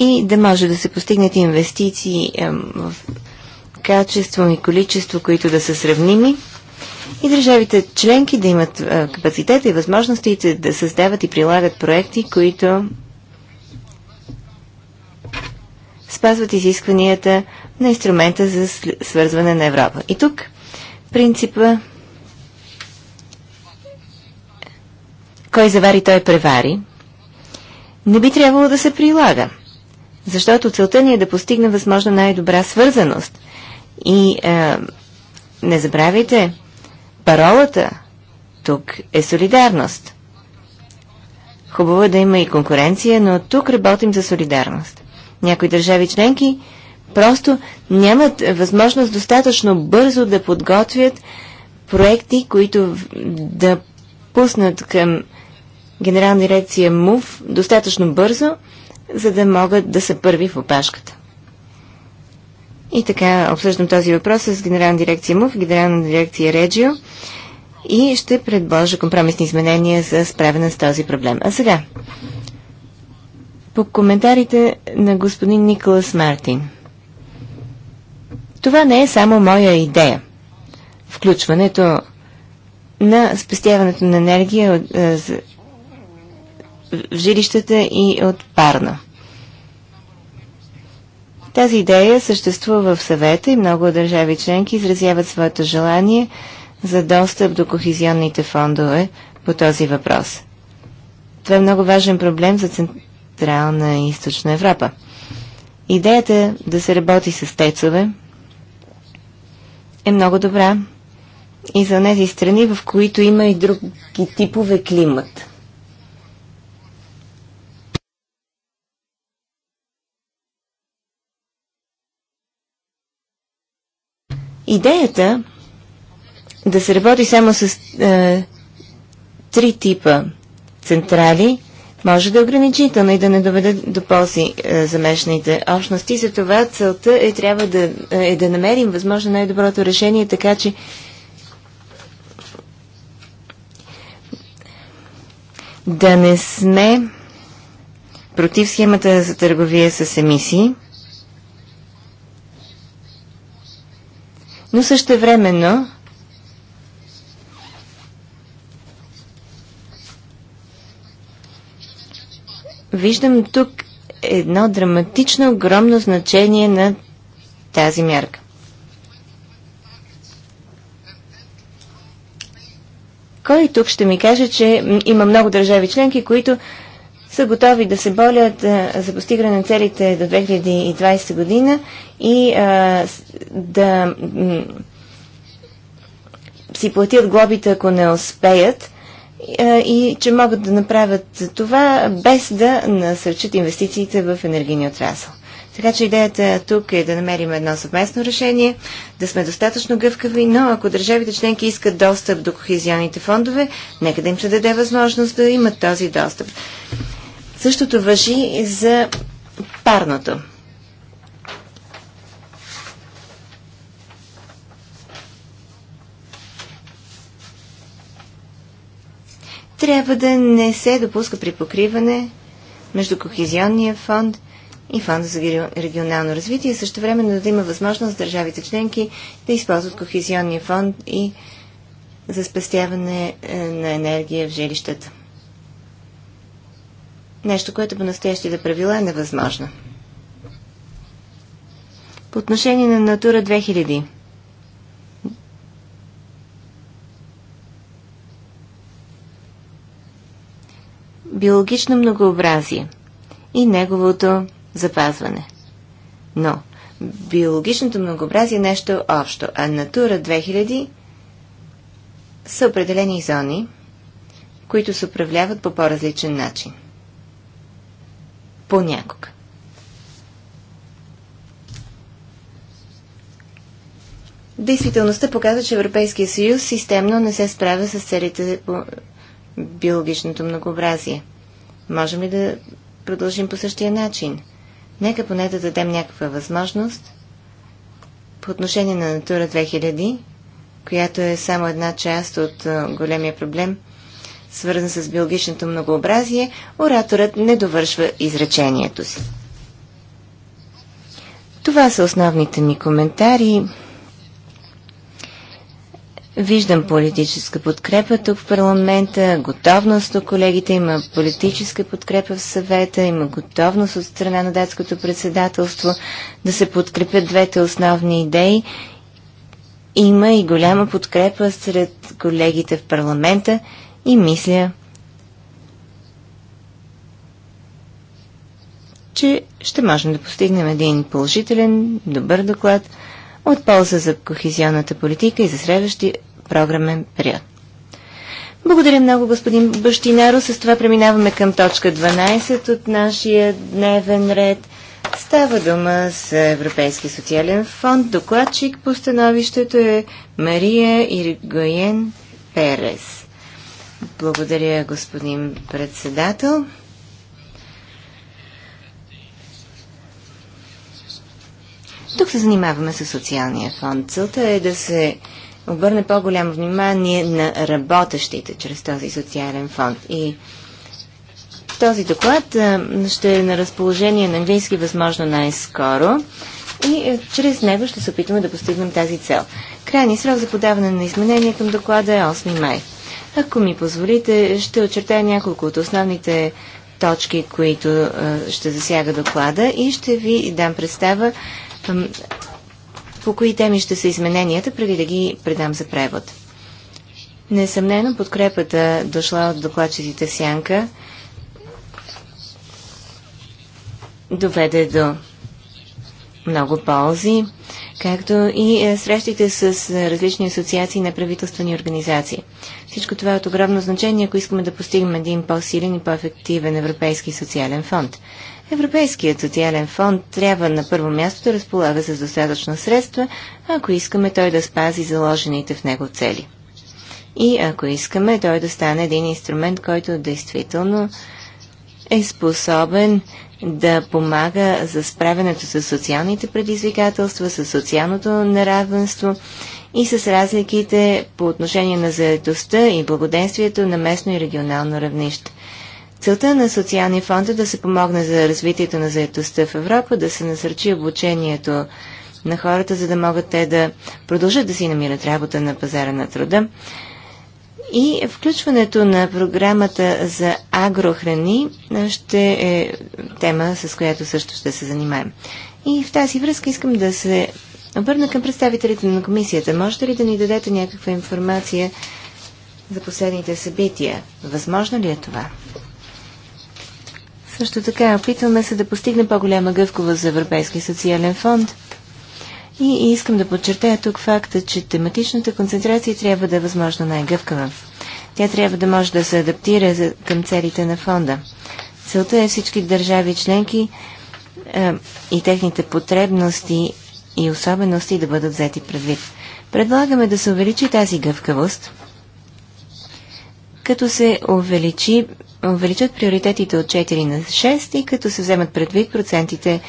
и да може да се постигнат инвестиции в качество и количество, които да са сравними и държавите членки да имат е, капацитета и възможностите да създават и прилагат проекти, които спазват изискванията на инструмента за свързване на Европа. И тук принципа кой завари, той превари, не би трябвало да се прилага. Защото целта ни е да постигне възможно най-добра свързаност. И е, не забравяйте, паролата тук е солидарност. Хубаво е да има и конкуренция, но тук работим за солидарност. Някои държави членки просто нямат възможност достатъчно бързо да подготвят проекти, които да пуснат към генерална дирекция МУВ достатъчно бързо, за да могат да са първи в опашката. И така обсъждам този въпрос с генерална дирекция МУФ, генерална дирекция Реджио и ще предложа компромисни изменения за справяне с този проблем. А сега, по коментарите на господин Николас Мартин. Това не е само моя идея. Включването на спестяването на енергия е, в жилищата и от парна. Тази идея съществува в съвета и много държави членки изразяват своето желание за достъп до кохизионните фондове по този въпрос. Това е много важен проблем за Централна и Източна Европа. Идеята да се работи с тецове е много добра и за тези страни, в които има и други типове климат. Идеята да се работи само с е, три типа централи може да е ограничително и да не доведе до ползи е, за общности. За това целта е трябва да, е, да намерим възможно най-доброто решение, така че да не сме против схемата за търговия с емисии – но същевременно виждам тук едно драматично огромно значение на тази мярка. Кой тук ще ми каже, че има много държави членки, които са готови да се борят за постигане на целите до 2020 година и а, да си платят глобите, ако не успеят и че могат да направят това без да насърчат инвестициите в енергийния отрасъл. Така че идеята тук е да намерим едно съвместно решение, да сме достатъчно гъвкави, но ако държавите членки искат достъп до кохезионните фондове, нека да им се даде възможност да имат този достъп. Същото въжи за парното. Трябва да не се допуска при покриване между Кохезионния фонд и Фонда за регионално развитие, също времено да има възможност държавите членки да използват Кохезионния фонд и за спестяване е, на енергия в жилищата. Нещо, което по настоящите правила е невъзможно. По отношение на Натура 2000. Биологично многообразие и неговото запазване. Но биологичното многообразие е нещо общо, а Натура 2000 са определени зони, които се управляват по по-различен начин понякога. Действителността показва, че Европейския съюз системно не се справя с целите по биологичното многообразие. Можем ли да продължим по същия начин? Нека поне да дадем някаква възможност по отношение на Натура 2000, която е само една част от големия проблем – свързан с биологичното многообразие, ораторът не довършва изречението си. Това са основните ми коментари. Виждам политическа подкрепа тук в парламента, готовност от колегите, има политическа подкрепа в съвета, има готовност от страна на датското председателство да се подкрепят двете основни идеи. Има и голяма подкрепа сред колегите в парламента и мисля, че ще можем да постигнем един положителен, добър доклад от полза за кохезионната политика и за следващи програмен период. Благодаря много, господин Бащинаро. С това преминаваме към точка 12 от нашия дневен ред. Става дума с Европейски социален фонд. Докладчик по становището е Мария Иргоен Перес. Благодаря, господин председател. Тук се занимаваме с социалния фонд. Целта е да се обърне по-голямо внимание на работещите чрез този социален фонд. И този доклад ще е на разположение на английски възможно най-скоро и чрез него ще се опитаме да постигнем тази цел. Крайният срок за подаване на изменения към доклада е 8 май. Ако ми позволите, ще очертая няколко от основните точки, които е, ще засяга доклада и ще ви дам представа по кои теми ще са измененията, преди да ги предам за превод. Несъмнено подкрепата дошла от докладчиците Сянка доведе до много ползи както и е, срещите с е, различни асоциации на правителствени организации. Всичко това е от огромно значение, ако искаме да постигнем един по-силен и по-ефективен Европейски социален фонд. Европейският социален фонд трябва на първо място да разполага с достатъчно средства, ако искаме той да спази заложените в него цели. И ако искаме той да стане един инструмент, който действително е способен да помага за справянето с социалните предизвикателства, с социалното неравенство и с разликите по отношение на заедостта и благоденствието на местно и регионално равнище. Целта на социалния фонд е да се помогне за развитието на заедостта в Европа, да се насърчи обучението на хората, за да могат те да продължат да си намират работа на пазара на труда, и включването на програмата за агрохрани ще е тема, с която също ще се занимаем. И в тази връзка искам да се обърна към представителите на комисията. Можете ли да ни дадете някаква информация за последните събития? Възможно ли е това? Също така, опитваме се да постигне по-голяма гъвкова за Европейски социален фонд – и искам да подчертая тук факта, че тематичната концентрация трябва да е възможно най-гъвкава. Тя трябва да може да се адаптира към целите на фонда. Целта е всички държави членки е, и техните потребности и особености да бъдат взети предвид. Предлагаме да се увеличи тази гъвкавост, като се увеличи, увеличат приоритетите от 4 на 6 и като се вземат предвид процентите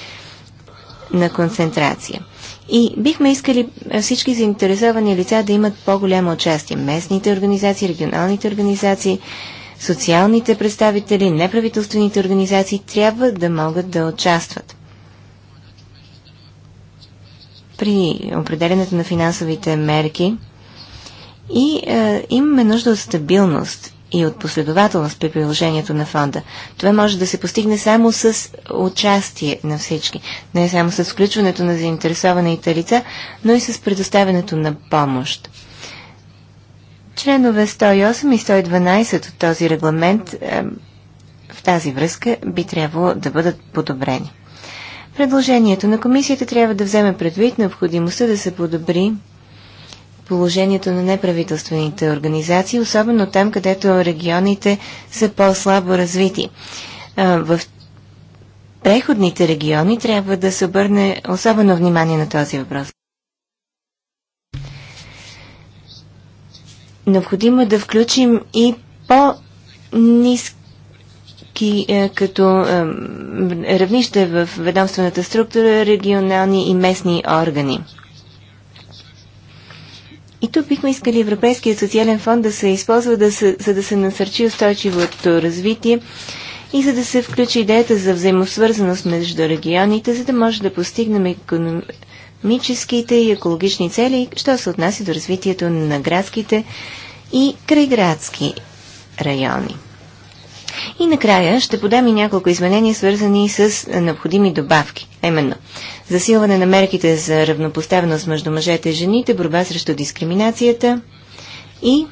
на концентрация. И бихме искали е, всички заинтересовани лица да имат по-голямо участие. Местните организации, регионалните организации, социалните представители, неправителствените организации трябва да могат да участват. При определенето на финансовите мерки и е, имаме нужда от стабилност и от последователност при приложението на фонда. Това може да се постигне само с участие на всички, не само с включването на заинтересованите лица, но и с предоставянето на помощ. Членове 108 и 112 от този регламент е, в тази връзка би трябвало да бъдат подобрени. Предложението на комисията трябва да вземе предвид необходимостта да се подобри положението на неправителствените организации, особено там, където регионите са по-слабо развити. В преходните региони трябва да се обърне особено внимание на този въпрос. Необходимо е да включим и по-низки е, като е, равнище в ведомствената структура, регионални и местни органи. И тук бихме искали Европейския социален фонд да се използва, да се, за да се насърчи устойчивото развитие и за да се включи идеята за взаимосвързаност между регионите, за да може да постигнем економическите и екологични цели, що се отнася до развитието на градските и крайградски райони. И накрая ще подам и няколко изменения, свързани с е, необходими добавки. Именно засилване на мерките за равнопоставеност между мъжете и жените, борба срещу дискриминацията и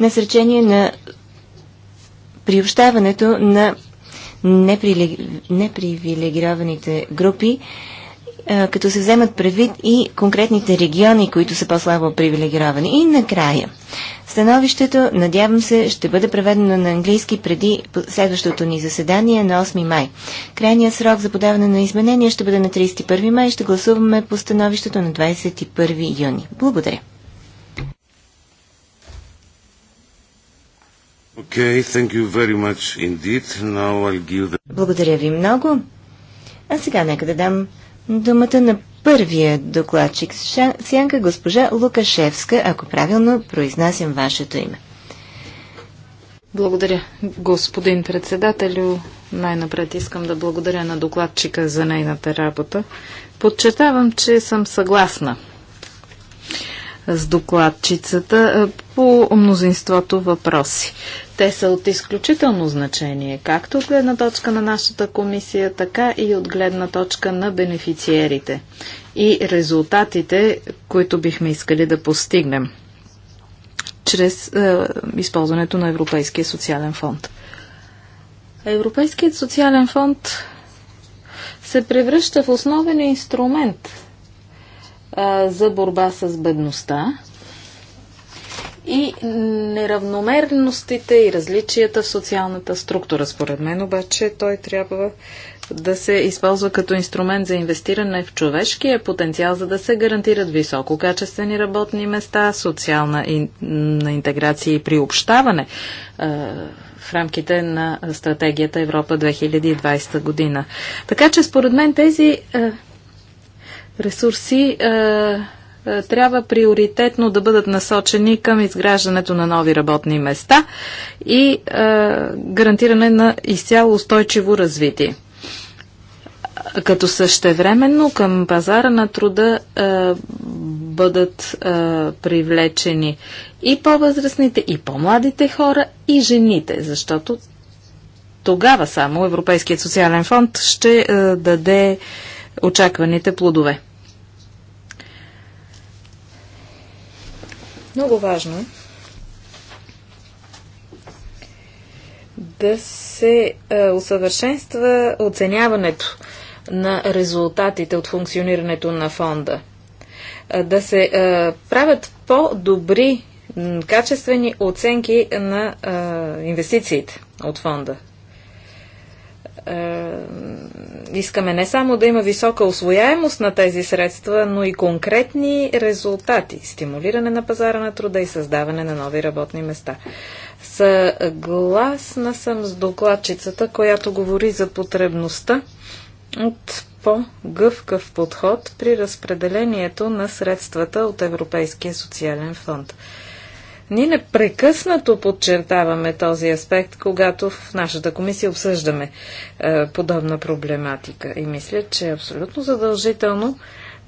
насречение на приобщаването на непривилегированите групи е, като се вземат предвид и конкретните региони, които са по-слабо привилегировани. И накрая, становището, надявам се, ще бъде преведено на английски преди следващото ни заседание на 8 май. Крайният срок за подаване на изменения ще бъде на 31 май и ще гласуваме по становището на 21 юни. Благодаря. Okay, thank you very much indeed. Now I'll give the... Благодаря ви много. А сега нека да дам думата на първия докладчик сянка госпожа Лукашевска, ако правилно произнасям вашето име. Благодаря, господин председателю. Най-напред искам да благодаря на докладчика за нейната работа. Подчертавам, че съм съгласна с докладчицата е, по мнозинството въпроси. Те са от изключително значение, както от гледна точка на нашата комисия, така и от гледна точка на бенефициерите и резултатите, които бихме искали да постигнем чрез е, използването на Европейския социален фонд. Европейският социален фонд се превръща в основен инструмент а, за борба с бедността и неравномерностите и различията в социалната структура. Според мен обаче той трябва да се използва като инструмент за инвестиране в човешкия потенциал, за да се гарантират висококачествени работни места, социална ин, на интеграция и приобщаване в рамките на стратегията Европа 2020 година. Така че според мен тези ресурси е, е, трябва приоритетно да бъдат насочени към изграждането на нови работни места и е, гарантиране на изцяло устойчиво развитие. Като същевременно към пазара на труда е, бъдат е, привлечени и по-възрастните, и по-младите хора, и жените, защото тогава само Европейският социален фонд ще е, даде очакваните плодове. много важно да се е, усъвършенства оценяването на резултатите от функционирането на фонда. Е, да се е, правят по-добри качествени оценки на инвестициите от фонда. Е, искаме не само да има висока освояемост на тези средства, но и конкретни резултати. Стимулиране на пазара на труда и създаване на нови работни места. Съгласна съм с докладчицата, която говори за потребността от по-гъвкав подход при разпределението на средствата от Европейския социален фонд. Ние непрекъснато подчертаваме този аспект, когато в нашата комисия обсъждаме е, подобна проблематика. И мисля, че е абсолютно задължително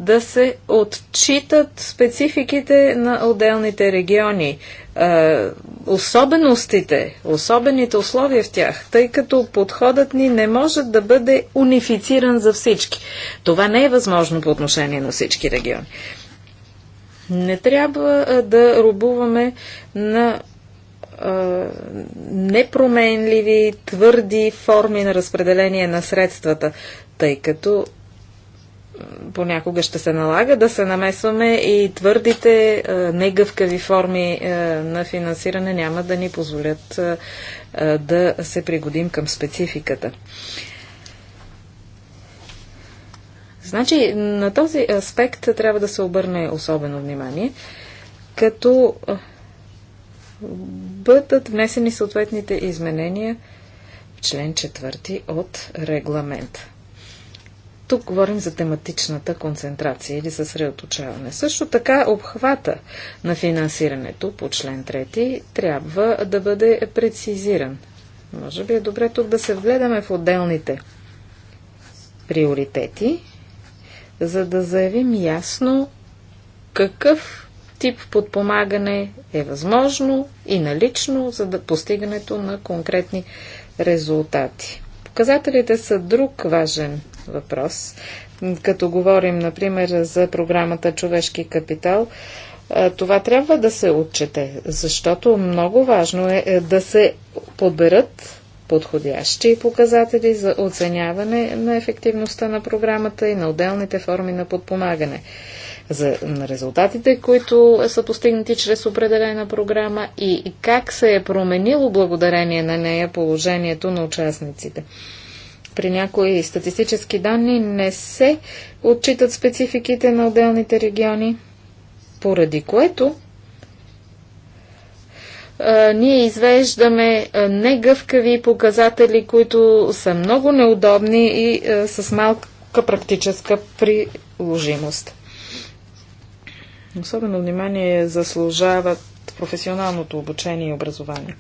да се отчитат спецификите на отделните региони, е, особеностите, особените условия в тях, тъй като подходът ни не може да бъде унифициран за всички. Това не е възможно по отношение на всички региони. Не трябва да робуваме на непроменливи, твърди форми на разпределение на средствата, тъй като понякога ще се налага да се намесваме и твърдите негъвкави форми на финансиране няма да ни позволят да се пригодим към спецификата. Значи на този аспект трябва да се обърне особено внимание, като бъдат внесени съответните изменения в член 4 от регламент. Тук говорим за тематичната концентрация или съсредоточаване. Също така обхвата на финансирането по член 3 трябва да бъде прецизиран. Може би е добре тук да се вгледаме в отделните приоритети за да заявим ясно какъв тип подпомагане е възможно и налично за да постигането на конкретни резултати. Показателите са друг важен въпрос. Като говорим, например, за програмата Човешки капитал, това трябва да се отчете, защото много важно е, е да се подберат подходящи показатели за оценяване на ефективността на програмата и на отделните форми на подпомагане за резултатите, които са постигнати чрез определена програма и как се е променило благодарение на нея положението на участниците. При някои статистически данни не се отчитат спецификите на отделните региони, поради което е, ние извеждаме е, негъвкави показатели, които са много неудобни и е, с малка практическа приложимост. Особено внимание заслужават професионалното обучение и образование.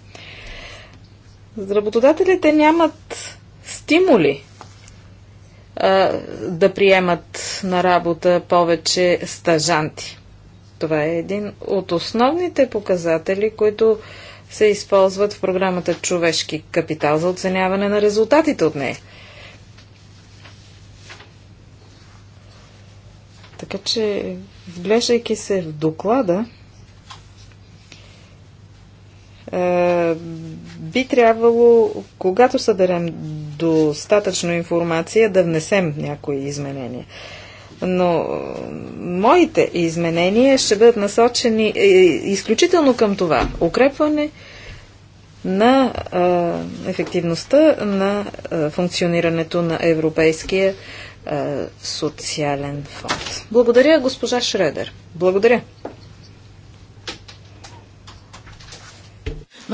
Работодателите нямат стимули а, да приемат на работа повече стажанти. Това е един от основните показатели, които се използват в програмата Човешки капитал за оценяване на резултатите от нея. Така че, вглеждайки се в доклада, е, би трябвало, когато съберем достатъчно информация, да внесем някои изменения но моите изменения ще бъдат насочени е, изключително към това укрепване на а, ефективността на а, функционирането на Европейския а, социален фонд. Благодаря, госпожа Шредер. Благодаря.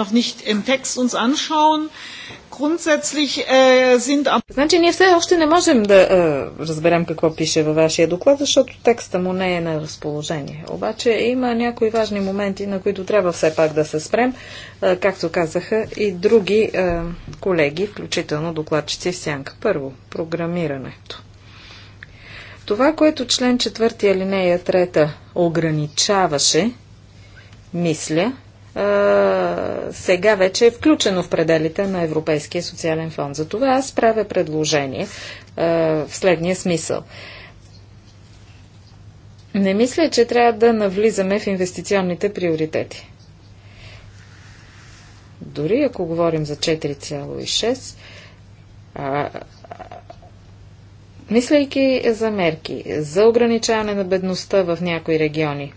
Noch nicht im Text uns anschauen. Äh, значи ние все още не можем да е, разберем какво пише във вашия доклад, защото текста му не е на разположение. Обаче има някои важни моменти, на които трябва все пак да се спрем, е, както казаха и други е, колеги, включително докладчици в сянка. Първо, програмирането. Това, което член 4 алинея 3 ограничаваше, мисля, сега вече е включено в пределите на Европейския социален фонд. Затова аз правя предложение в следния смисъл. Не мисля, че трябва да навлизаме в инвестиционните приоритети. Дори ако говорим за 4,6, а, мислейки за мерки за ограничаване на бедността в някои региони,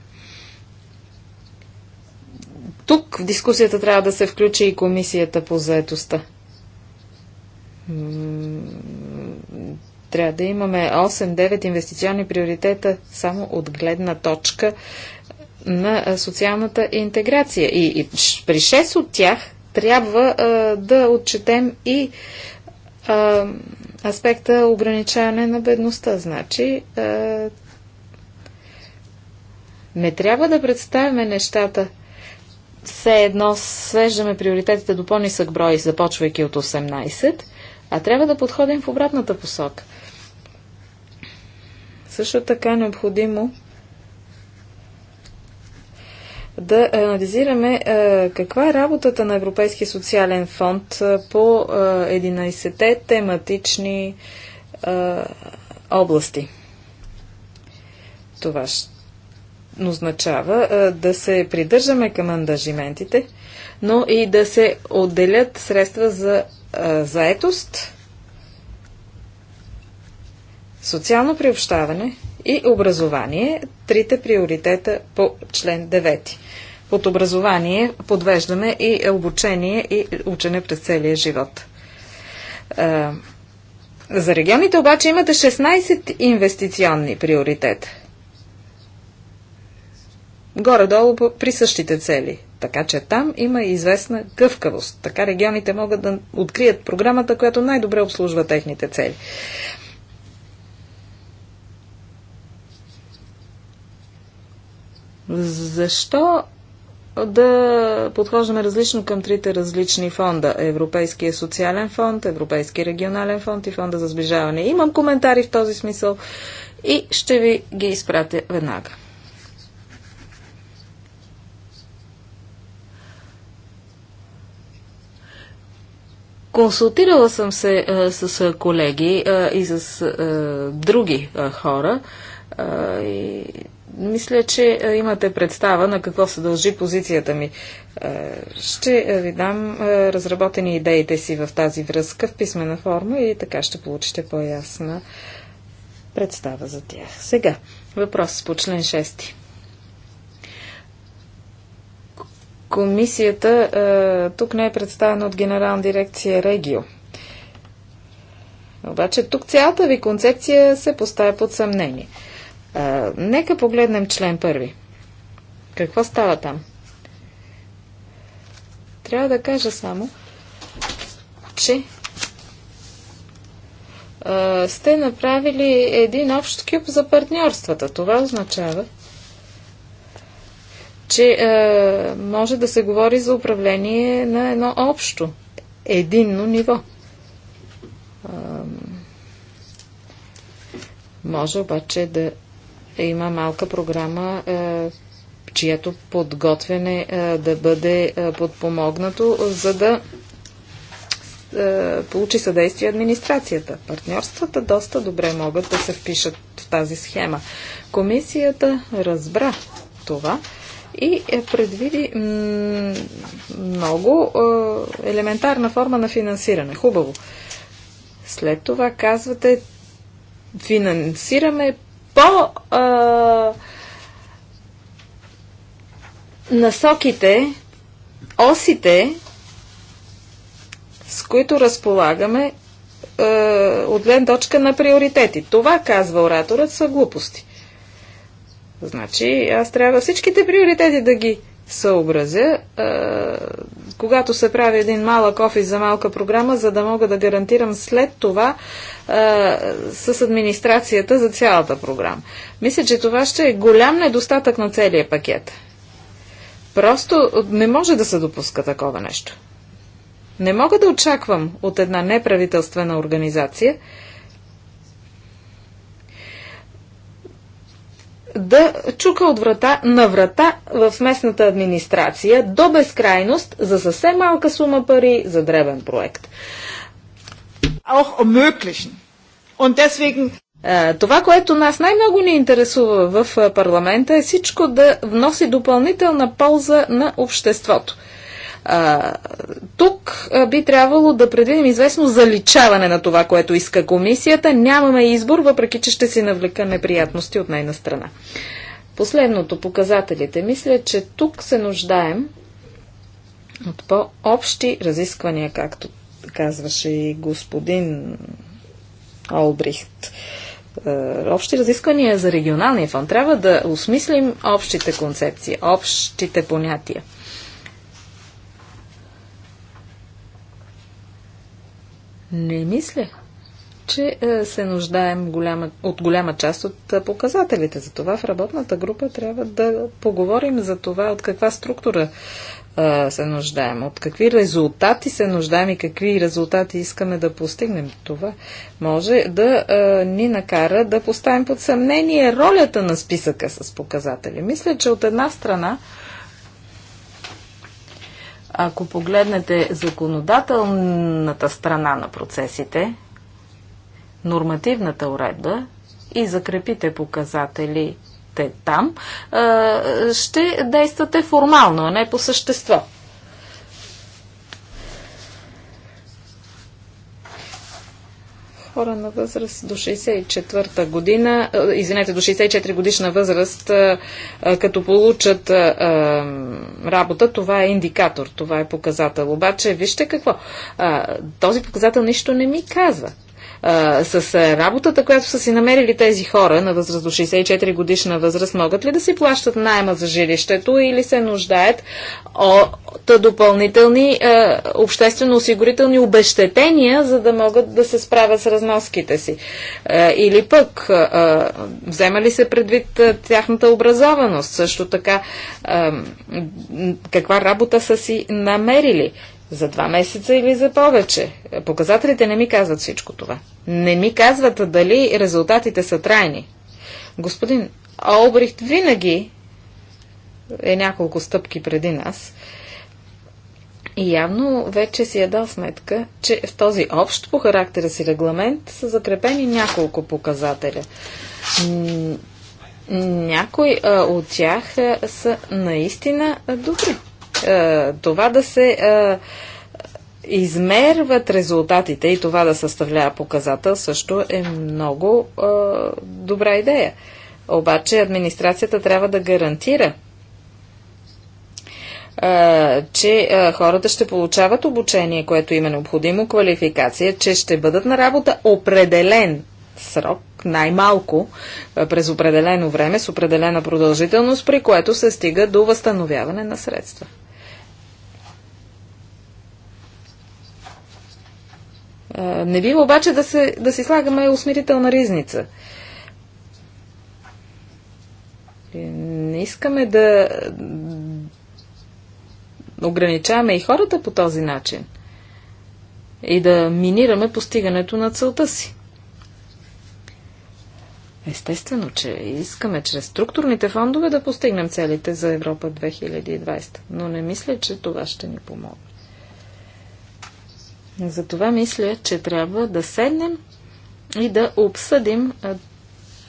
тук в дискусията трябва да се включи и комисията по заетостта. Трябва да имаме 8-9 инвестиционни приоритета само от гледна точка на социалната интеграция. И, и при 6 от тях трябва а, да отчетем и а, аспекта ограничаване на бедността. Значи, а, не трябва да представяме нещата все едно свеждаме приоритетите до по-нисък брой, започвайки от 18, а трябва да подходим в обратната посока. Също така е необходимо да анализираме каква е работата на Европейския социален фонд по 11-те тематични области. Това ще означава да се придържаме към ангажиментите, но и да се отделят средства за заетост, социално приобщаване и образование, трите приоритета по член 9. Под образование подвеждаме и обучение и учене през целия живот. За регионите обаче имате 16 инвестиционни приоритета – горе-долу при същите цели. Така че там има известна гъвкавост. Така регионите могат да открият програмата, която най-добре обслужва техните цели. Защо да подхождаме различно към трите различни фонда? Европейския социален фонд, Европейския регионален фонд и фонда за сближаване. Имам коментари в този смисъл и ще ви ги изпратя веднага. Консултирала съм се а, с колеги а, и с а, други а, хора. А, и мисля, че а, имате представа на какво се дължи позицията ми. А, ще ви дам а, разработени идеите си в тази връзка в писмена форма и така ще получите по-ясна представа за тях. Сега, въпрос по член 6. Комисията е, тук не е представена от Генерална дирекция Регио. Обаче тук цялата ви концепция се поставя под съмнение. А, е, нека погледнем член първи. Какво става там? Трябва да кажа само, че а, е, сте направили един общ кюб за партньорствата. Това означава, че е, може да се говори за управление на едно общо, единно ниво. Е, може обаче да има малка програма, е, чието подготвяне е, да бъде е, подпомогнато, за да е, получи съдействие администрацията. Партньорствата доста добре могат да се впишат в тази схема. Комисията разбра това и е предвиди много е, елементарна форма на финансиране. Хубаво. След това казвате, финансираме по а, е, насоките, осите, с които разполагаме е, от гледна точка на приоритети. Това, казва ораторът, са глупости. Значи аз трябва всичките приоритети да ги съобразя, е, когато се прави един малък офис за малка програма, за да мога да гарантирам след това е, с администрацията за цялата програма. Мисля, че това ще е голям недостатък на целия пакет. Просто не може да се допуска такова нещо. Не мога да очаквам от една неправителствена организация, да чука от врата на врата в местната администрация до безкрайност за съвсем малка сума пари за дребен проект. Auch ermöglichen. Und deswegen е, това, което нас най-много ни интересува в е, парламента е всичко да вноси допълнителна полза на обществото. А, тук би трябвало да предвидим известно заличаване на това, което иска комисията. Нямаме избор, въпреки че ще си навлека неприятности от нейна страна. Последното, показателите. Мисля, че тук се нуждаем от по-общи разисквания, както казваше и господин Олбрихт. Е, общи разисквания за регионалния фонд. Трябва да осмислим общите концепции, общите понятия. Не мисля, че е, се нуждаем голяма, от голяма част от е, показателите. Затова в работната група трябва да поговорим за това от каква структура е, се нуждаем, от какви резултати се нуждаем и какви резултати искаме да постигнем. Това може да е, ни накара да поставим под съмнение ролята на списъка с показатели. Мисля, че от една страна ако погледнете законодателната страна на процесите, нормативната уредба и закрепите показателите там, ще действате формално, а не по същество. хора на възраст до 64-та година, е, извинете, до 64 годишна възраст, е, е, като получат работа, това е индикатор, това е показател. Обаче, вижте какво, този показател нищо не ми казва а, с работата, която са си намерили тези хора на възраст до 64 годишна възраст, могат ли да си плащат найма за жилището или се нуждаят от допълнителни а, обществено-осигурителни обещетения, за да могат да се справят с разноските си? А, или пък а, взема ли се предвид а, тяхната образованост? Също така, а, каква работа са си намерили? За два месеца или за повече. Показателите не ми казват всичко това. Не ми казват дали резултатите са трайни. Господин Олбрихт винаги е няколко стъпки преди нас. И явно вече си е дал сметка, че в този общ по характера си регламент са закрепени няколко показателя. Някои от тях са наистина добри. Е, това да се е, измерват резултатите и това да съставлява показател също е много е, добра идея. Обаче администрацията трябва да гарантира, че хората ще получават обучение, което им е необходимо, квалификация, че ще бъдат на работа определен срок, най-малко през определено време, с определена продължителност, при което се стига до възстановяване на средства. Не бива обаче да, се, да си слагаме усмирителна ризница. Е, не искаме да ограничаваме и хората по този начин и да минираме постигането на целта си. Естествено, че искаме чрез структурните фондове да постигнем целите за Европа 2020, но не мисля, че това ще ни помогне. Затова мисля, че трябва да седнем и да обсъдим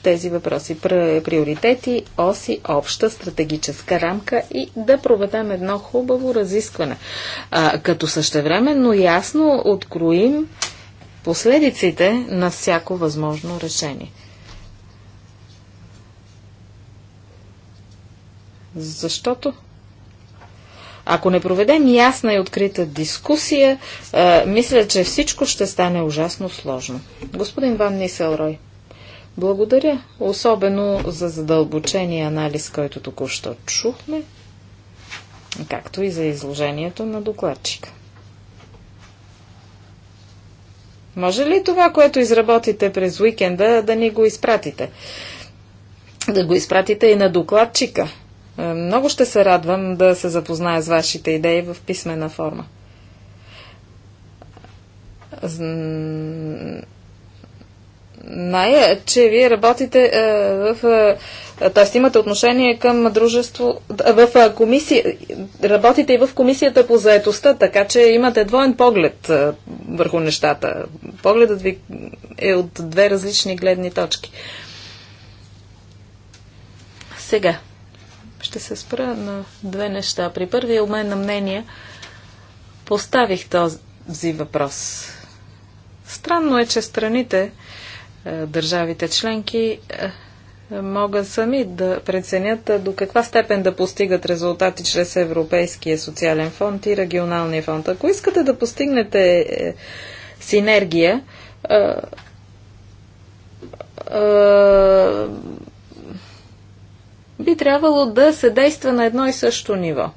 тези въпроси. Приоритети, оси, обща стратегическа рамка и да проведем едно хубаво разискване. А, като същевременно ясно откроим последиците на всяко възможно решение. Защото ако не проведем ясна и открита дискусия, а, е, мисля, че всичко ще стане ужасно сложно. Господин Ван Ниселрой, благодаря, особено за задълбочения анализ, който току-що чухме, както и за изложението на докладчика. Може ли това, което изработите през уикенда, да ни го изпратите? Да го изпратите и на докладчика, е, много ще се радвам да се запозная с вашите идеи в писмена форма. Зная, че вие работите е, в. т.е. имате отношение към дружество. Е, в комисия. Работите и в комисията по заетостта, така че имате двоен поглед върху нещата. Погледът ви е от две различни гледни точки. Сега. Ще се спра на две неща. При първия обмен на мнения поставих този въпрос. Странно е, че страните, е, държавите членки, е, могат сами да преценят е, до каква степен да постигат резултати чрез Европейския социален фонд и регионалния фонд. Ако искате да постигнете синергия, би трябвало да се действа на едно и също ниво.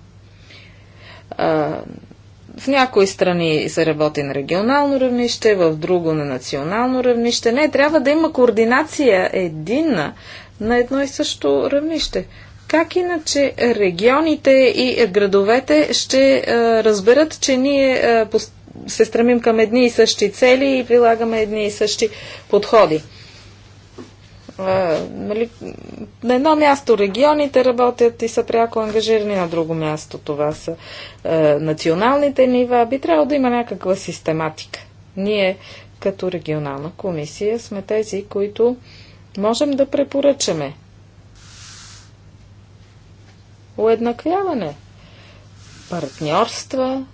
В някои страни се работи на регионално равнище, в друго на национално равнище. Не, трябва да има координация единна на едно и също равнище. Как иначе регионите и градовете ще разберат, че ние се стремим към едни и същи цели и прилагаме едни и същи подходи? нали, на едно място регионите работят и са пряко ангажирани, на друго място това са е, националните нива. Би трябвало да има някаква систематика. Ние като регионална комисия сме тези, които можем да препоръчаме уеднаквяване, партньорства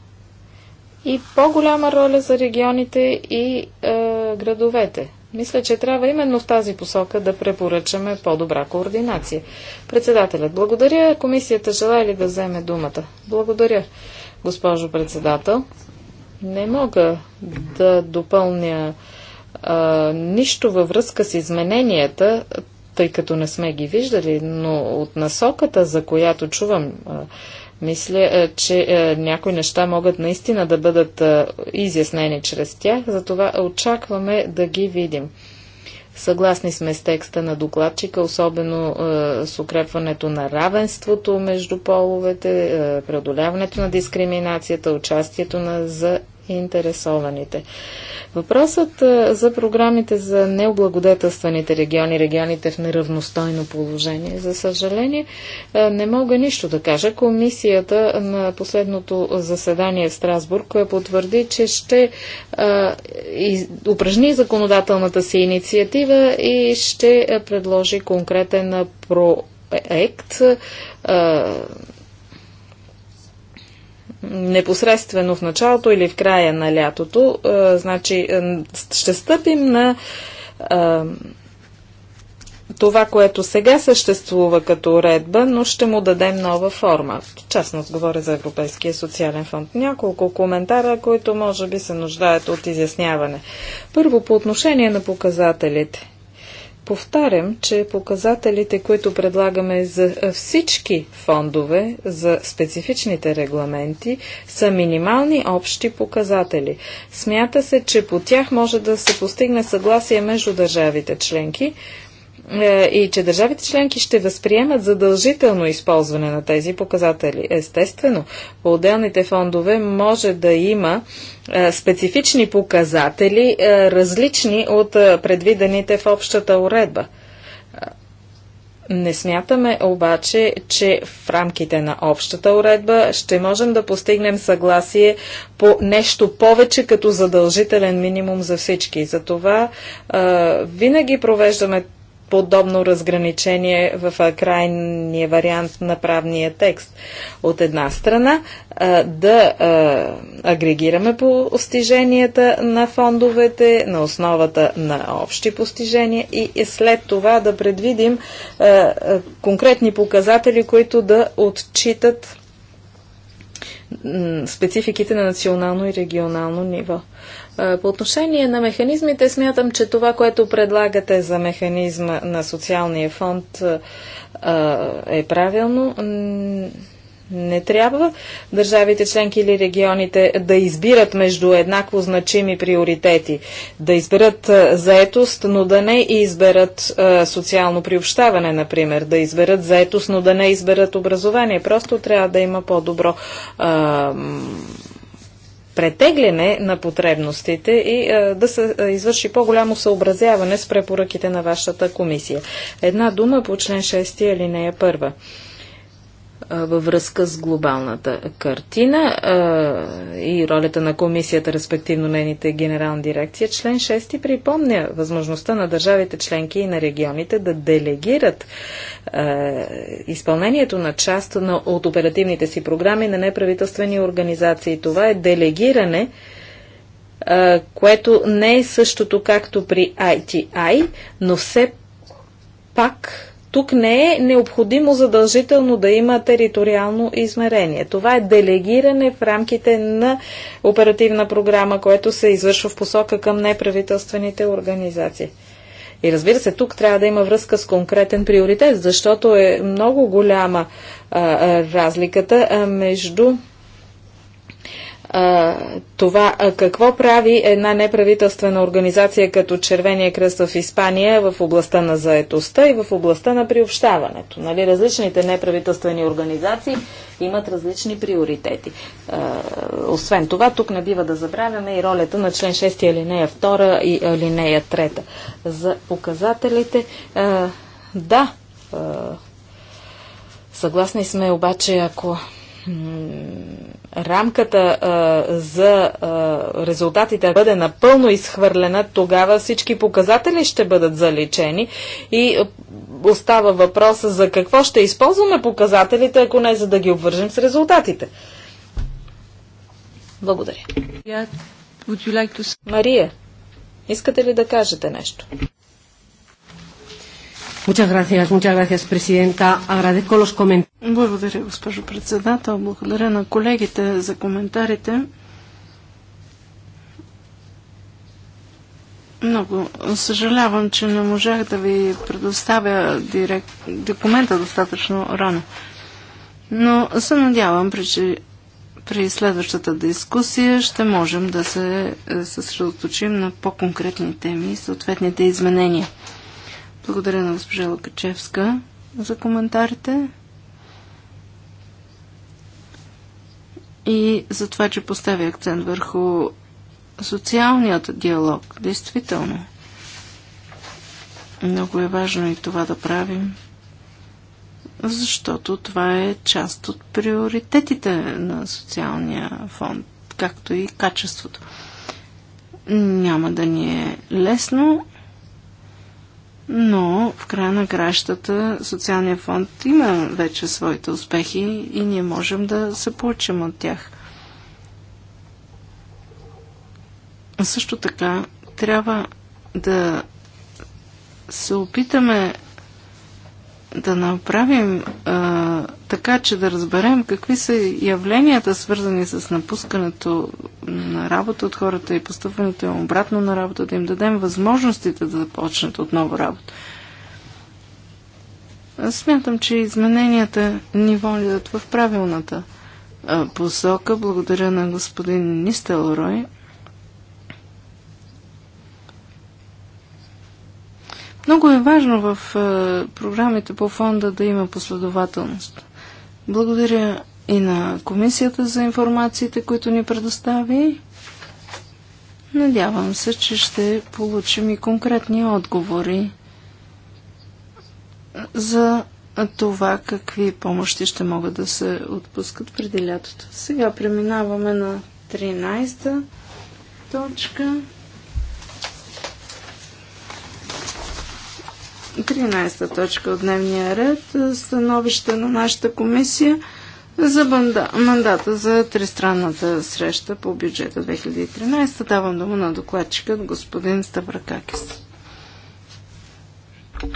и по-голяма роля за регионите и е, градовете мисля, че трябва именно в тази посока да препоръчаме по-добра координация. Председателят, благодаря. Комисията желая ли да вземе думата? Благодаря, госпожо председател. Не мога да допълня а, нищо във връзка с измененията, тъй като не сме ги виждали, но от насоката, за която чувам а, мисля, е, че е, някои неща могат наистина да бъдат е, изяснени чрез тях, затова очакваме да ги видим. Съгласни сме с текста на докладчика, особено е, с укрепването на равенството между половете, е, преодоляването на дискриминацията, участието на за интересованите. Въпросът е, за програмите за необлагодетелстваните региони, регионите в неравностойно положение, за съжаление, е, не мога нищо да кажа. Комисията на последното заседание в Страсбург е, потвърди, че ще упражни законодателната си инициатива и ще предложи конкретен проект непосредствено в началото или в края на лятото. А, е, значи, е, ще стъпим на а, е, това, което сега съществува като уредба, но ще му дадем нова форма. В частност говоря за Европейския социален фонд. Няколко коментара, които може би се нуждаят от изясняване. Първо, по отношение на показателите. Повтарям, че показателите, които предлагаме за всички фондове, за специфичните регламенти, са минимални общи показатели. Смята се, че по тях може да се постигне съгласие между държавите членки, е, и че държавите членки ще възприемат задължително използване на тези показатели. Естествено, по отделните фондове може да има е, специфични показатели, е, различни от предвидените в общата уредба. Не смятаме обаче, че в рамките на общата уредба ще можем да постигнем съгласие по нещо повече като задължителен минимум за всички. Затова е, винаги провеждаме подобно разграничение в крайния вариант на правния текст. От една страна да агрегираме постиженията на фондовете на основата на общи постижения и след това да предвидим конкретни показатели, които да отчитат спецификите на национално и регионално ниво. По отношение на механизмите, смятам, че това, което предлагате за механизма на социалния фонд е правилно. Не трябва държавите членки или регионите да избират между еднакво значими приоритети, да изберат заетост, но да не изберат социално приобщаване, например, да изберат заетост, но да не изберат образование. Просто трябва да има по-добро претегляне на потребностите и е, да се е, извърши по-голямо съобразяване с препоръките на вашата комисия. Една дума по член 6 алинея 1 във връзка с глобалната картина и ролята на комисията, респективно нейните генерални дирекция, Член 6 припомня възможността на държавите членки и на регионите да делегират изпълнението на част от оперативните си програми на неправителствени организации. Това е делегиране което не е същото както при ITI, но все пак тук не е необходимо задължително да има териториално измерение. Това е делегиране в рамките на оперативна програма, което се извършва в посока към неправителствените организации. И разбира се, тук трябва да има връзка с конкретен приоритет, защото е много голяма а, а, разликата а, между това какво прави една неправителствена организация като Червения кръст в Испания в областта на заетостта и в областта на приобщаването. Нали, различните неправителствени организации имат различни приоритети. Освен това, тук не бива да забравяме и ролята на член 6 алинея 2 и алинея 3. За показателите, да, съгласни сме обаче, ако рамката а, за а, резултатите бъде напълно изхвърлена, тогава всички показатели ще бъдат заличени и остава въпроса за какво ще използваме показателите, ако не за да ги обвържем с резултатите. Благодаря. Мария, искате ли да кажете нещо? Muchas gracias, muchas gracias, presidenta. Agradezco los comentarios. Благодаря, госпожо председател. Благодаря на колегите за коментарите. Много съжалявам, че не можах да ви предоставя директ... документа достатъчно рано. Но се надявам, че при следващата дискусия ще можем да се е, съсредоточим на по-конкретни теми и съответните изменения. Благодаря на госпожа Лукачевска за коментарите и за това, че поставя акцент върху социалният диалог. Действително. Много е важно и това да правим, защото това е част от приоритетите на социалния фонд, както и качеството. Няма да ни е лесно, но в края на кращата социалния фонд има вече своите успехи и ние можем да се получим от тях. Също така трябва да се опитаме да направим а, така, че да разберем какви са явленията, свързани с напускането на работа от хората и поступването им обратно на работа, да им дадем възможностите да започнат отново работа. Аз смятам, че измененията ни водят в правилната а, посока. Благодаря на господин Нистелрой Много е важно в е, програмите по фонда да има последователност. Благодаря и на комисията за информациите, които ни предостави. Надявам се, че ще получим и конкретни отговори за това какви помощи ще могат да се отпускат преди лятото. Сега преминаваме на 13-та точка. 13-та точка от дневния ред е, становище на нашата комисия за банда, мандата за тристранната среща по бюджета 2013. Давам дума на докладчика господин Ставракакис.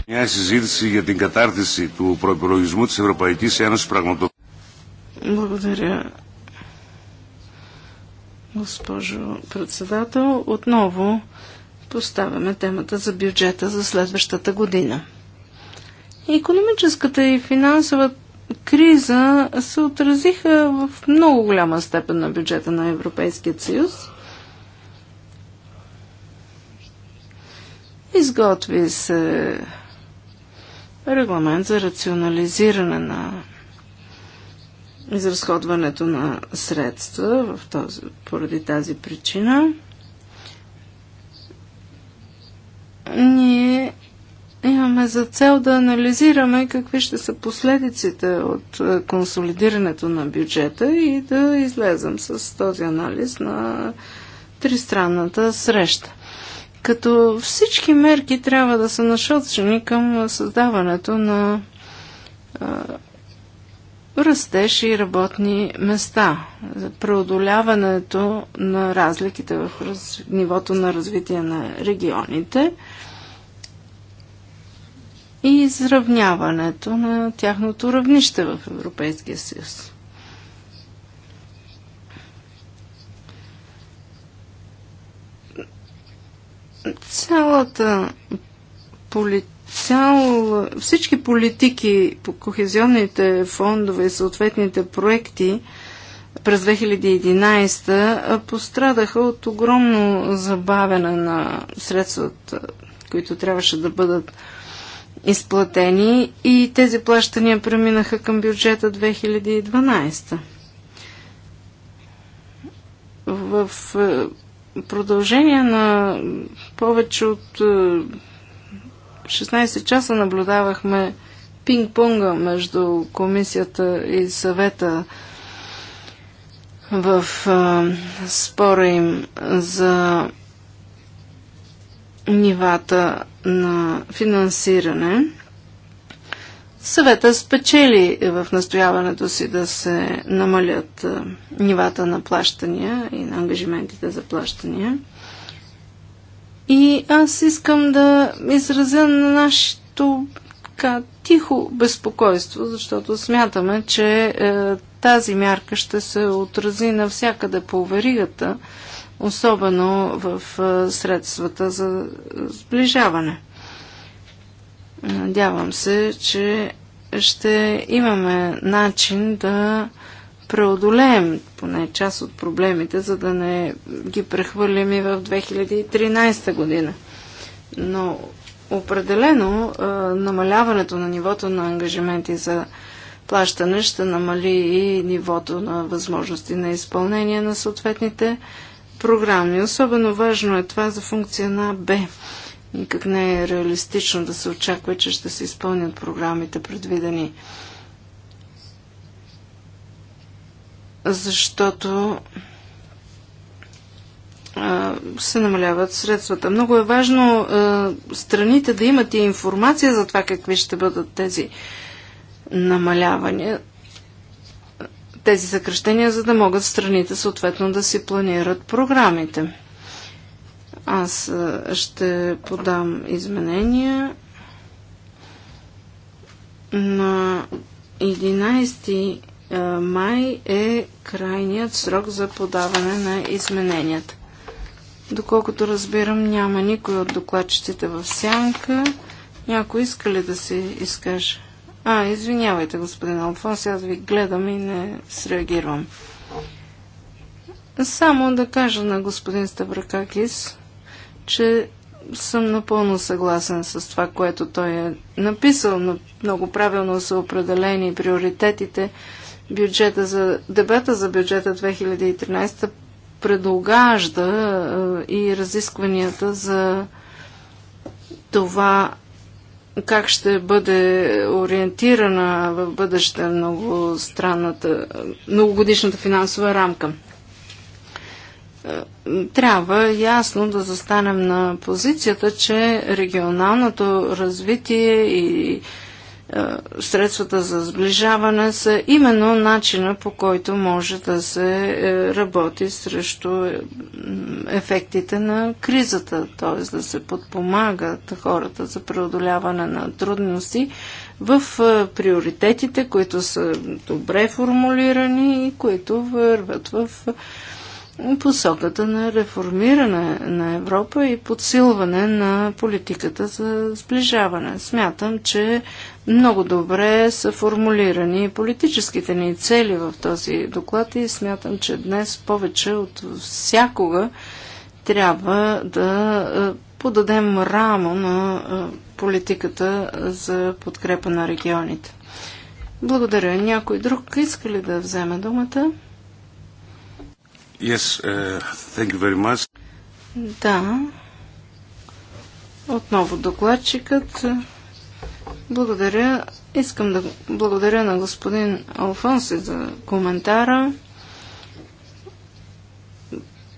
Μια συζήτηση για την κατάρτιση του προπολογισμού της Ευρωπαϊκής Ένωσης Благодаря, госпожо председател. Отново поставяме темата за бюджета за следващата година. Економическата и финансова криза се отразиха в много голяма степен на бюджета на Европейския съюз. Изготви се регламент за рационализиране на изразходването на средства в този, поради тази причина. ние имаме за цел да анализираме какви ще са последиците от е, консолидирането на бюджета и да излезем с този анализ на тристранната среща. Като всички мерки трябва да са насочени към създаването на е, растеж и работни места, за преодоляването на разликите в раз... нивото на развитие на регионите и изравняването на тяхното равнище в Европейския съюз. Цялата полит цяло всички политики по кохезионните фондове и съответните проекти през 2011 пострадаха от огромно забавяне на средствата, които трябваше да бъдат изплатени и тези плащания преминаха към бюджета 2012. В продължение на повече от 16 часа наблюдавахме пинг-понга между комисията и съвета в а, спора им за нивата на финансиране. Съвета спечели в настояването си да се намалят нивата на плащания и на ангажиментите за плащания. И аз искам да изразя на нашето така, тихо безпокойство, защото смятаме, че е, тази мярка ще се отрази навсякъде по веригата, особено в е, средствата за сближаване. Надявам се, че ще имаме начин да преодолеем поне част от проблемите, за да не ги прехвърлим и в 2013 година. Но определено а, намаляването на нивото на ангажименти за плащане ще намали и нивото на възможности на изпълнение на съответните програми. Особено важно е това за функция на Б. Никак не е реалистично да се очаква, че ще се изпълнят програмите предвидени защото се намаляват средствата. Много е важно страните да имат и информация за това какви ще бъдат тези намалявания, тези съкръщения, за да могат страните съответно да си планират програмите. Аз ще подам изменения на 11 е, май е крайният срок за подаване на измененията. Доколкото разбирам, няма никой от докладчиците в сянка. Някой иска ли да се изкаже? А, извинявайте, господин Алфонс, аз ви гледам и не среагирам. Само да кажа на господин Ставракакис, че съм напълно съгласен с това, което той е написал. но Много правилно са определени приоритетите бюджета за, дебата за бюджета 2013 предлагажда е, и разискванията за това как ще бъде ориентирана в бъдеще странната, многогодишната финансова рамка. Е, трябва ясно да застанем на позицията, че регионалното развитие и е, средствата за сближаване са именно начина по който може да се е, работи срещу е, ефектите на кризата, т.е. да се подпомагат хората за преодоляване на трудности в приоритетите, които са добре формулирани и които върват в посоката на реформиране на Европа и подсилване на политиката за сближаване. Смятам, че много добре са формулирани политическите ни цели в този доклад и смятам, че днес повече от всякога трябва да е, подадем рамо на е, политиката за подкрепа на регионите. Благодаря. Някой друг иска ли да вземе думата? Yes, uh, thank you very much. Да. Отново докладчикът. Благодаря. Искам да благодаря на господин Алфонси за коментара.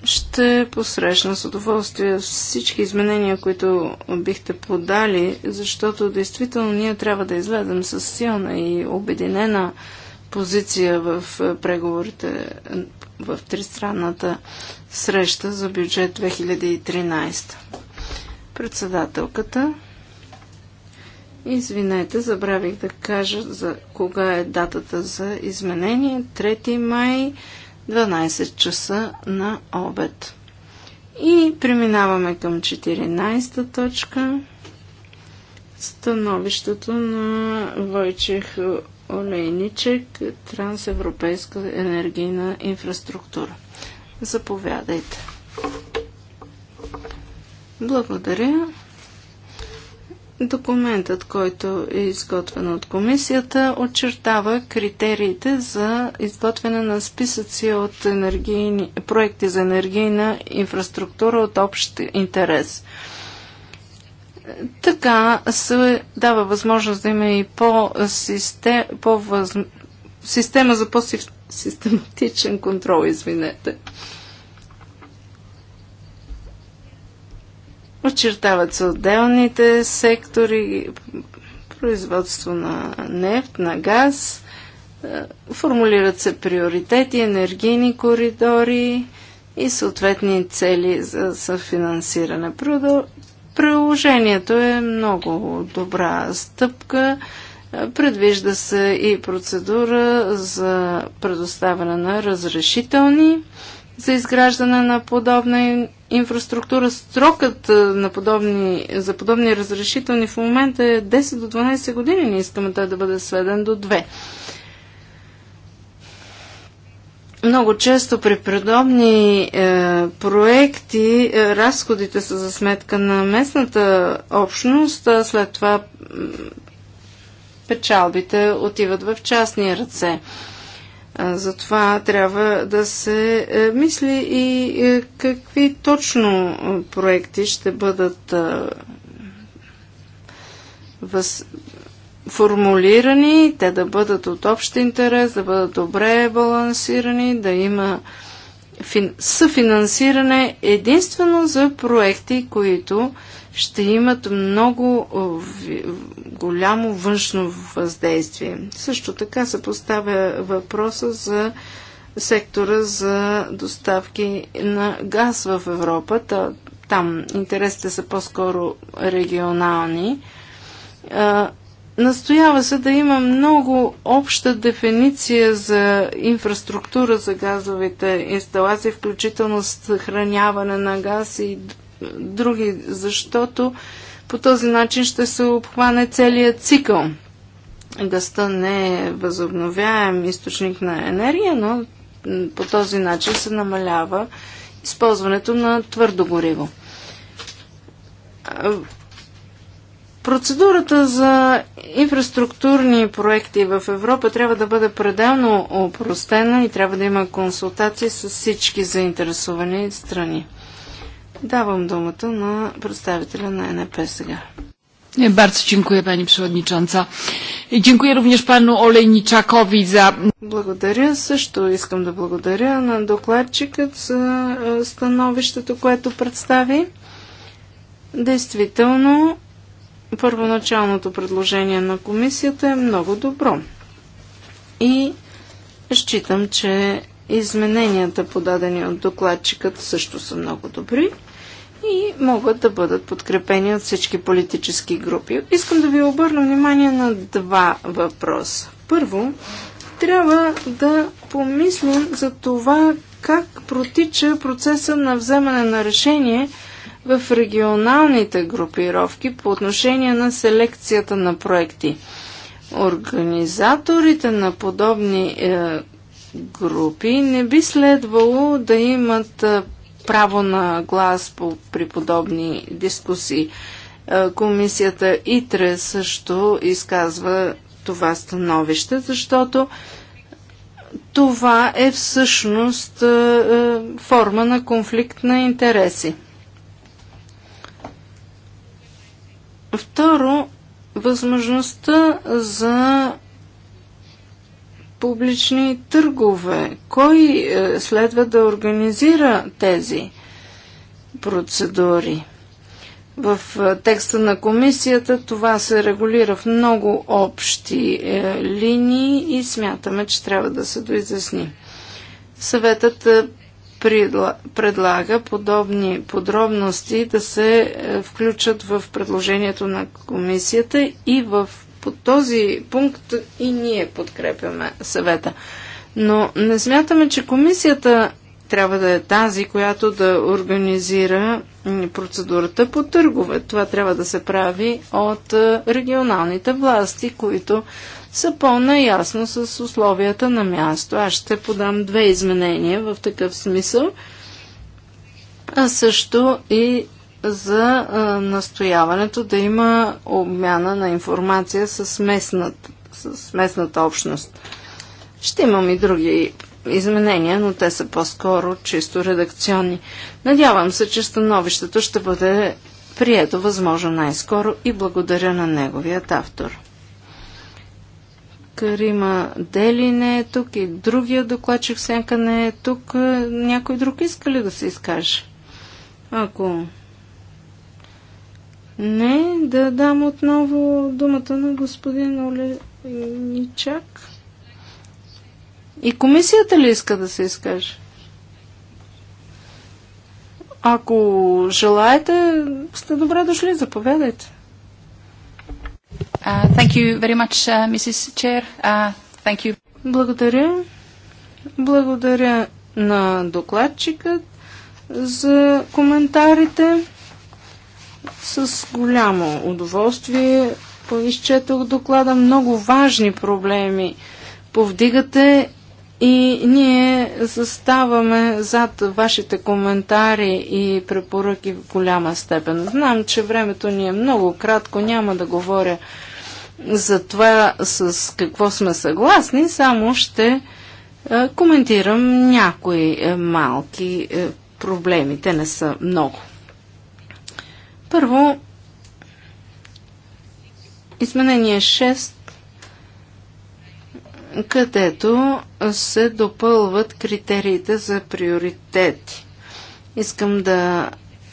Ще посрещна с удоволствие всички изменения, които бихте подали, защото действително ние трябва да излезем с силна и обединена позиция в е, преговорите е, в тристранната среща за бюджет 2013. Председателката. Извинете, забравих да кажа за кога е датата за изменение. 3 май, 12 часа на обед. И преминаваме към 14 точка. Становището на Войчех Олейничек, трансевропейска енергийна инфраструктура. Заповядайте. Благодаря. Документът, който е изготвен от комисията, очертава критериите за изготвяне на списъци от енергийни, проекти за енергийна инфраструктура от общ интерес – така се дава възможност да има и по-система по въз... за по-систематичен контрол, извинете. Очертават се отделните сектори, производство на нефт, на газ, е, формулират се приоритети, енергийни коридори и съответни цели за съфинансиране. Приложението е много добра стъпка. Предвижда се и процедура за предоставяне на разрешителни за изграждане на подобна инфраструктура. Строкът е, на подобни, за подобни разрешителни в момента е 10 до 12 години. Не искаме той да бъде сведен до 2. Много често при подобни е, проекти е, разходите са за сметка на местната общност, а след това печалбите отиват в частни ръце. Е, затова трябва да се е, мисли и е, какви точно проекти ще бъдат въз формулирани, те да бъдат от общ интерес, да бъдат добре балансирани, да има съфинансиране единствено за проекти, които ще имат много голямо външно въздействие. Също така се поставя въпроса за сектора за доставки на газ в Европа. Там интересите са по-скоро регионални Настоява се да има много обща дефиниция за инфраструктура за газовите инсталации, включително съхраняване на газ и други, защото по този начин ще се обхване целият цикъл. Гъста не е възобновяем източник на енергия, но по този начин се намалява използването на твърдо гориво. Процедурата за инфраструктурни проекти в Европа трябва да бъде пределно опростена и трябва да има консултации с всички заинтересовани страни. Давам думата на представителя на НП сега. Bardzo dziękuję Pani Przewodnicząca. Dziękuję również Panu Olejniczakowi za... Благодаря. Също искам да благодаря на докладчикът за е, становището, което представи. Действително, първоначалното предложение на комисията е много добро. И считам, че измененията, подадени от докладчикът, също са много добри и могат да бъдат подкрепени от всички политически групи. Искам да ви обърна внимание на два въпроса. Първо, трябва да помислим за това как протича процеса на вземане на решение – в регионалните групировки по отношение на селекцията на проекти. Организаторите на подобни е, групи не би следвало да имат е, право на глас по, при подобни дискусии. Е, комисията ИТРЕ също изказва това становище, защото това е всъщност е, е форма на конфликт на интереси. Второ, възможността за публични търгове. Кой е, следва да организира тези процедури? В е, текста на комисията това се регулира в много общи е, линии и смятаме, че трябва да се доизясни. Съветът предлага подобни подробности да се е, включат в предложението на комисията и в по този пункт и ние подкрепяме съвета. Но не смятаме, че комисията трябва да е тази, която да организира процедурата по търгове. Това трябва да се прави от е, регионалните власти, които са по-наясно с условията на място. Аз ще подам две изменения в такъв смисъл, а също и за а, настояването да има обмяна на информация с местната, с местната общност. Ще имам и други изменения, но те са по-скоро чисто редакционни. Надявам се, че становището ще бъде прието възможно най-скоро и благодаря на неговият автор. Карима Дели не е тук и другия докладчик Сенка не е тук. Е, някой друг иска ли да се изкаже? Ако не, да дам отново думата на господин Оленичак. И комисията ли иска да се изкаже? Ако желаете, сте добре дошли, заповядайте. Uh, much, uh, uh Благодаря. Благодаря на докладчикът за коментарите. С голямо удоволствие изчетох доклада. Много важни проблеми повдигате и ние заставаме зад вашите коментари и препоръки в голяма степен. Знам, че времето ни е много кратко, няма да говоря за това с какво сме съгласни, само ще е, коментирам някои е, малки е, проблеми. Те не са много. Първо, изменение 6 където се допълват критериите за приоритети. Искам да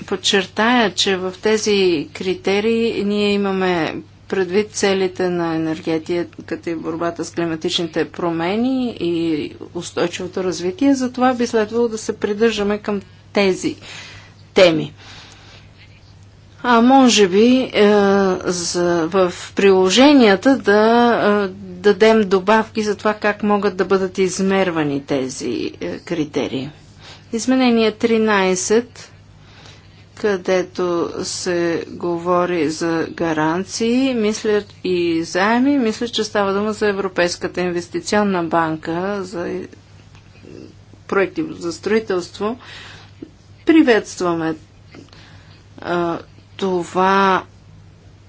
подчертая, че в тези критерии ние имаме предвид целите на енергетиката и борбата с климатичните промени и устойчивото развитие, затова би следвало да се придържаме към тези теми а може би е, за, в приложенията да е, дадем добавки за това как могат да бъдат измервани тези е, критерии. Изменение 13, където се говори за гаранции мисля, и заеми, мисля, че става дума за Европейската инвестиционна банка, за е, проекти за строителство. Приветстваме това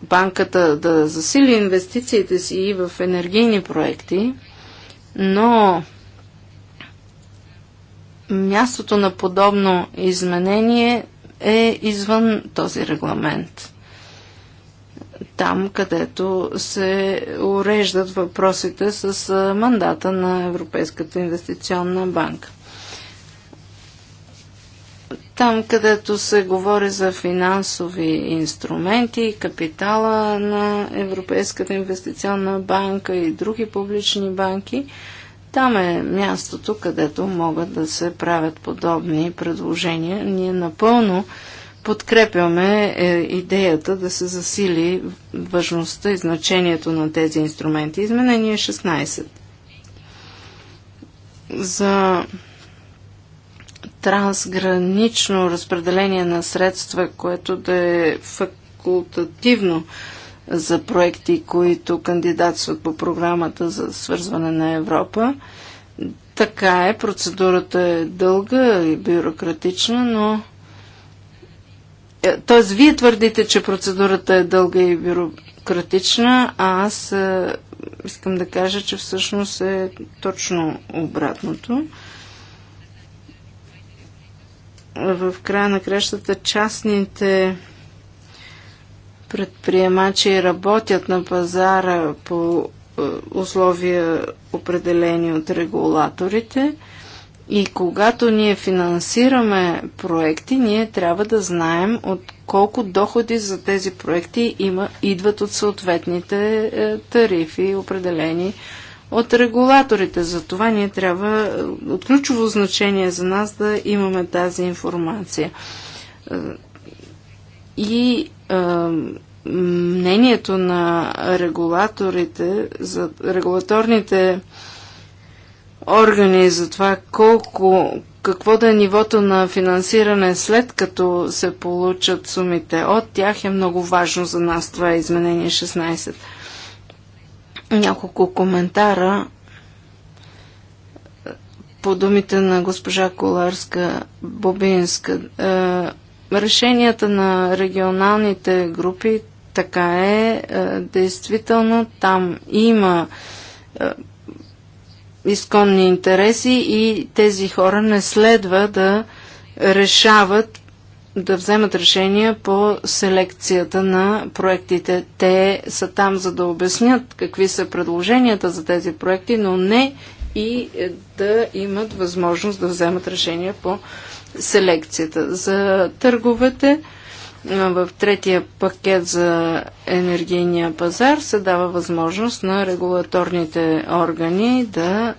банката да засили инвестициите си в енергийни проекти, но мястото на подобно изменение е извън този регламент. Там, където се уреждат въпросите с мандата на Европейската инвестиционна банка. Там, където се говори за финансови инструменти, капитала на Европейската инвестиционна банка и други публични банки, там е мястото, където могат да се правят подобни предложения. Ние напълно подкрепяме е, идеята да се засили важността и значението на тези инструменти. Изменение 16. За трансгранично разпределение на средства, което да е факултативно за проекти, които кандидатстват по програмата за свързване на Европа. Така е, процедурата е дълга и бюрократична, но е, Тоест, вие твърдите, че процедурата е дълга и бюрократична, а аз е, искам да кажа, че всъщност е точно обратното в края на кращата частните предприемачи работят на пазара по е, условия определени от регулаторите и когато ние финансираме проекти, ние трябва да знаем от колко доходи за тези проекти има, идват от съответните е, тарифи, определени от регулаторите. За това ние трябва, е, от ключово значение за нас да имаме тази информация. Е, и е, мнението на регулаторите, за регулаторните органи за това колко, какво да е нивото на финансиране след като се получат сумите от тях е много важно за нас това е изменение 16. Няколко коментара по думите на госпожа Коларска-Бобинска. Е, решенията на регионалните групи, така е, е действително там има е, изконни интереси и тези хора не следва да решават да вземат решения по селекцията на проектите. Те са там за да обяснят какви са предложенията за тези проекти, но не и да имат възможност да вземат решения по селекцията. За търговете в третия пакет за енергийния пазар се дава възможност на регулаторните органи да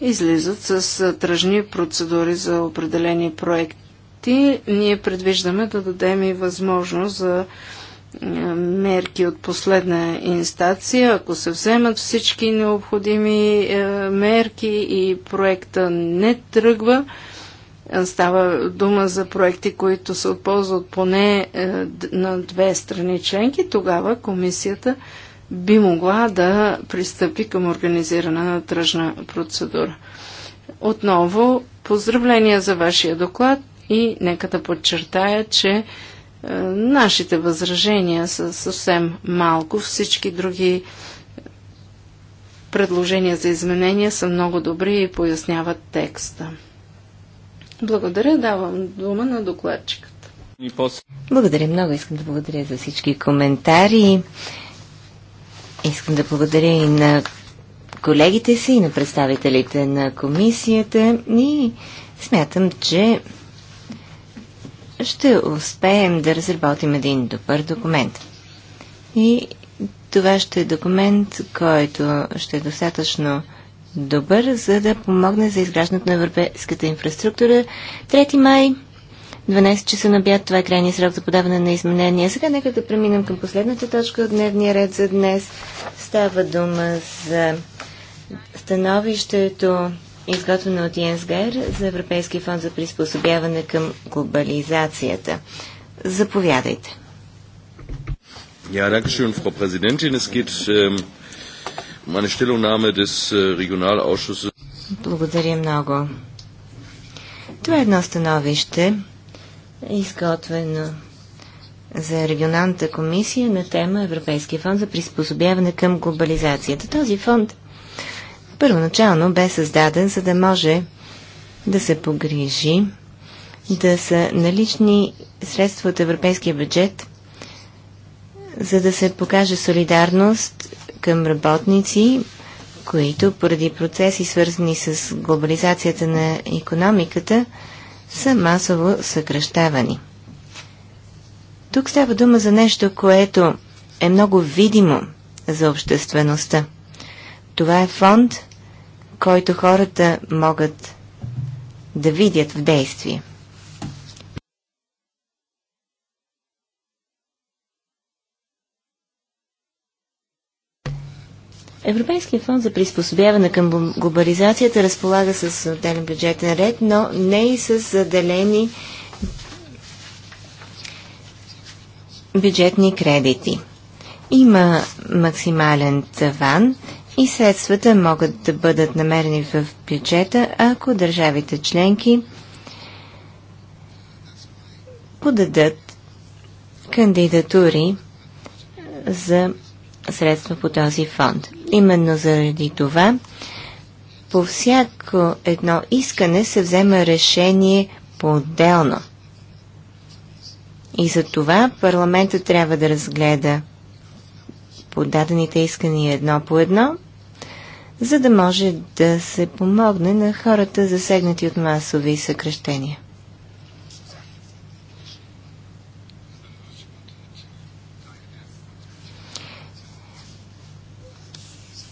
излизат с тръжни процедури за определени проекти проекти, ние предвиждаме да дадем и възможност за е, мерки от последна инстанция, ако се вземат всички необходими е, мерки и проекта не тръгва, е, става дума за проекти, които се отползват поне на две страни членки, тогава комисията би могла да пристъпи към организирана тръжна процедура. Отново, поздравления за вашия доклад. И нека да подчертая, че е, нашите възражения са съвсем малко. Всички други предложения за изменения са много добри и поясняват текста. Благодаря, давам дума на докладчиката. Благодаря много, искам да благодаря за всички коментари. Искам да благодаря и на колегите си, и на представителите на комисията и смятам, че ще успеем да разработим един добър документ. И това ще е документ, който ще е достатъчно добър, за да помогне за изграждането на европейската инфраструктура. 3 май, 12 часа на бяд, това е крайния срок за подаване на изменения. Сега нека да преминем към последната точка от дневния ред за днес. Става дума за становището изготвена от Йенс Гайер за Европейския фонд за приспособяване към глобализацията. Заповядайте. Ja, danke schön, Frau Präsidentin. Es geht ähm, um eine Stellungnahme des äh, Regionalausschusses. Благодаря много. Това е едно становище, изготвено за регионалната комисия на тема Европейския фонд за приспособяване към глобализацията. Този фонд първоначално бе създаден, за да може да се погрижи да са налични средства от европейския бюджет, за да се покаже солидарност към работници, които поради процеси свързани с глобализацията на економиката са масово съкръщавани. Тук става дума за нещо, което е много видимо за обществеността. Това е фонд, който хората могат да видят в действие. Европейския фонд за приспособяване към глобализацията разполага с отделен бюджетен ред, но не и с заделени бюджетни кредити. Има максимален таван и средствата могат да бъдат намерени в бюджета, ако държавите членки подадат кандидатури за средства по този фонд. Именно заради това по всяко едно искане се взема решение по-отделно. И за това парламентът трябва да разгледа подадените искания едно по едно, за да може да се помогне на хората засегнати от масови съкрещения.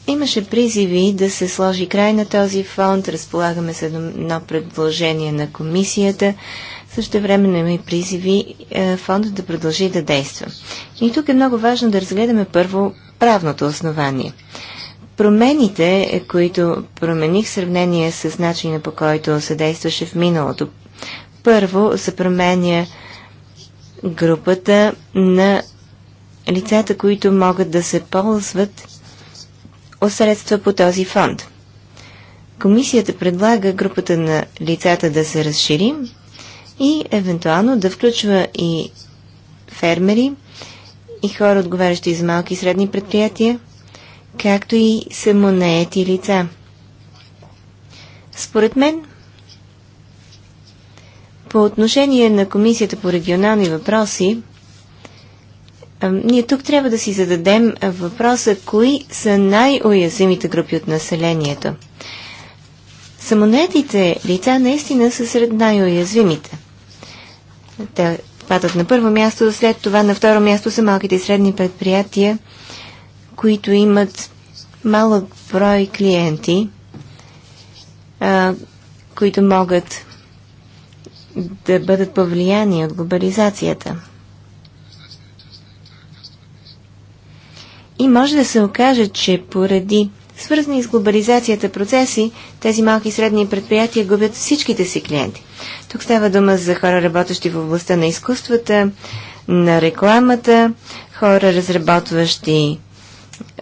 Имаше призиви да се сложи край на този фонд. Разполагаме с едно предложение на комисията също време има и призиви е, фонда да продължи да действа. И тук е много важно да разгледаме първо правното основание. Промените, е, които промених в сравнение с начина по който се действаше в миналото, първо се променя групата на лицата, които могат да се ползват от средства по този фонд. Комисията предлага групата на лицата да се разшири и евентуално да включва и фермери, и хора, отговарящи за малки и средни предприятия, както и самонаети лица. Според мен, по отношение на Комисията по регионални въпроси, ние тук трябва да си зададем въпроса, кои са най-уязвимите групи от населението. Самонетите лица наистина са сред най-уязвимите – те падат на първо място, след това на второ място са малките и средни предприятия, които имат малък брой клиенти, а, които могат да бъдат повлияни от глобализацията. И може да се окаже, че поради свързани с глобализацията процеси, тези малки и средни предприятия губят всичките си клиенти. Тук става дума за хора, работещи в областта на изкуствата, на рекламата, хора, разработващи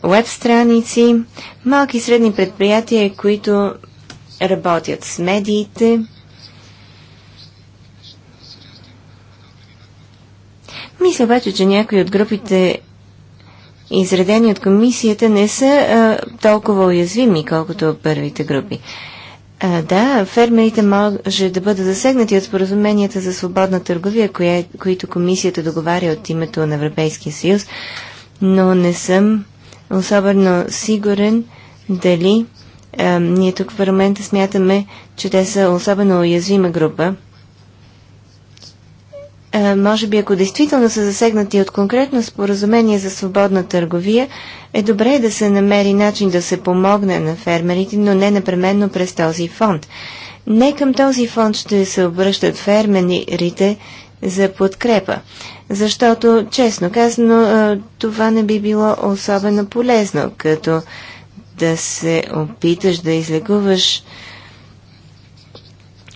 веб страници, малки и средни предприятия, които работят с медиите. Мисля обаче, че някои от групите изредени от комисията, не са а, толкова уязвими, колкото първите групи. А, да, фермерите може да бъдат засегнати от споразуменията за свободна търговия, кое, които комисията договаря от името на Европейския съюз, но не съм особено сигурен дали а, ние тук в парламента смятаме, че те са особено уязвима група е, може би ако действително са засегнати от конкретно споразумение за свободна търговия, е добре да се намери начин да се помогне на фермерите, но не непременно през този фонд. Не към този фонд ще се обръщат фермерите за подкрепа, защото, честно казано, е, това не би било особено полезно, като да се опиташ да излекуваш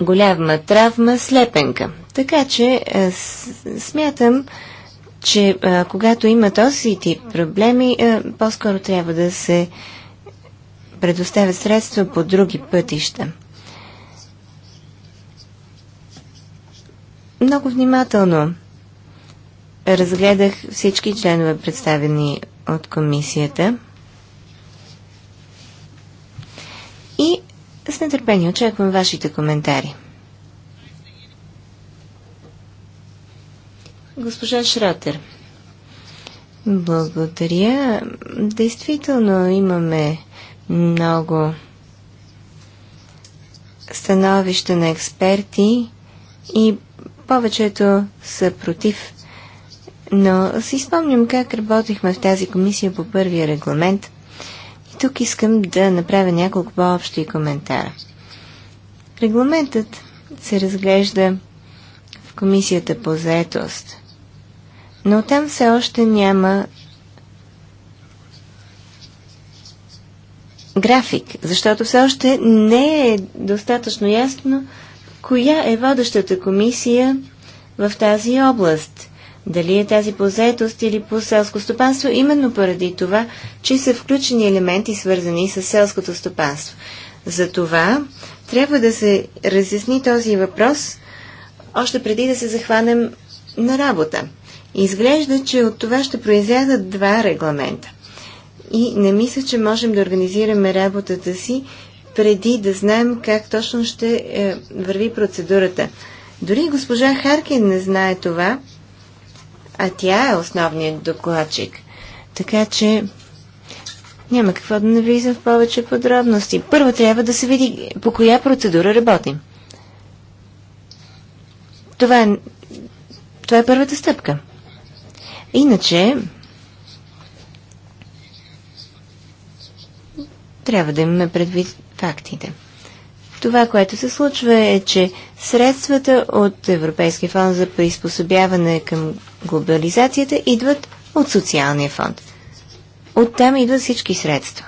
голяма травма слепенка. Така че е, смятам, че а, е, когато има този тип проблеми, е, по-скоро трябва да се предоставят средства по други пътища. Много внимателно разгледах всички членове, представени от комисията. И с нетърпение очаквам вашите коментари. Госпожа Шратер. Благодаря. Действително имаме много становища на експерти и повечето са против. Но си спомням как работихме в тази комисия по първия регламент и тук искам да направя няколко по-общи коментара. Регламентът се разглежда в Комисията по заетост, но там все още няма график, защото все още не е достатъчно ясно коя е водещата комисия в тази област. Дали е тази по заетост или по селско стопанство, именно поради това, че са включени елементи, свързани с селското стопанство. За това трябва да се разясни този въпрос още преди да се захванем на работа. Изглежда, че от това ще произлязат два регламента. И не мисля, че можем да организираме работата си преди да знаем как точно ще е, върви процедурата. Дори госпожа Харкин не знае това, а тя е основният докладчик. Така че няма какво да навлиза в повече подробности. Първо трябва да се види по коя процедура работим. Това е, това е първата стъпка. Иначе трябва да имаме предвид фактите. Това, което се случва е, че средствата от Европейския фонд за приспособяване към глобализацията идват от социалния фонд. Оттам идват всички средства.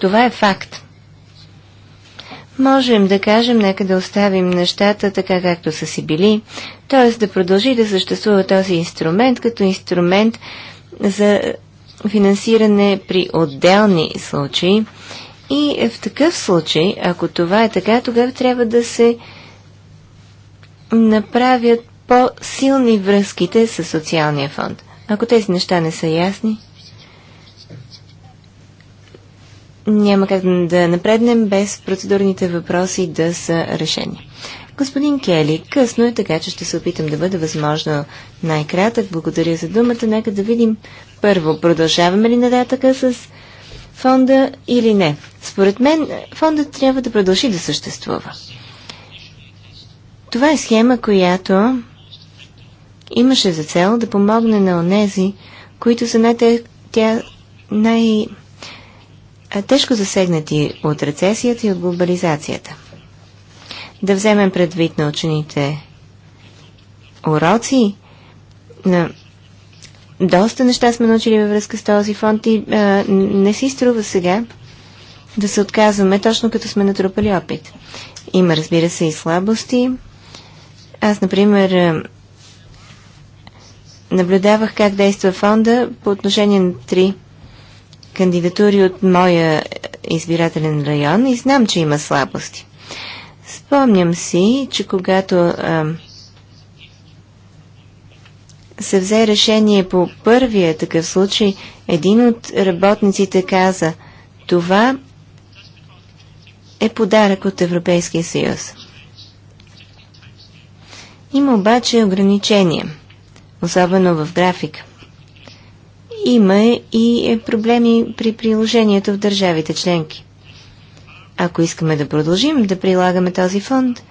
Това е факт. Можем да кажем, нека да оставим нещата така както са си били, т.е. да продължи да съществува този инструмент като инструмент за финансиране при отделни случаи. И в такъв случай, ако това е така, тогава трябва да се направят по-силни връзките с социалния фонд. Ако тези неща не са ясни, няма как да напреднем без процедурните въпроси да са решени. Господин Кели, късно е така, че ще се опитам да бъда възможно най-кратък. Благодаря за думата. Нека да видим първо, продължаваме ли нататъка с фонда или не. Според мен фондът трябва да продължи да съществува. Това е схема, която имаше за цел да помогне на онези, които са най- тежко най- тежко засегнати от рецесията и от глобализацията. Да вземем предвид на учените уроци, на доста неща сме научили във връзка с този фонд и а, не си струва сега да се отказваме, точно като сме натрупали опит. Има, разбира се, и слабости. Аз, например, наблюдавах как действа фонда по отношение на три кандидатури от моя избирателен район и знам, че има слабости. Спомням си, че когато а, се взе решение по първия такъв случай, един от работниците каза, това е подарък от Европейския съюз. Има обаче ограничения – особено в графика. Има и проблеми при приложението в държавите членки. Ако искаме да продължим да прилагаме този фонд,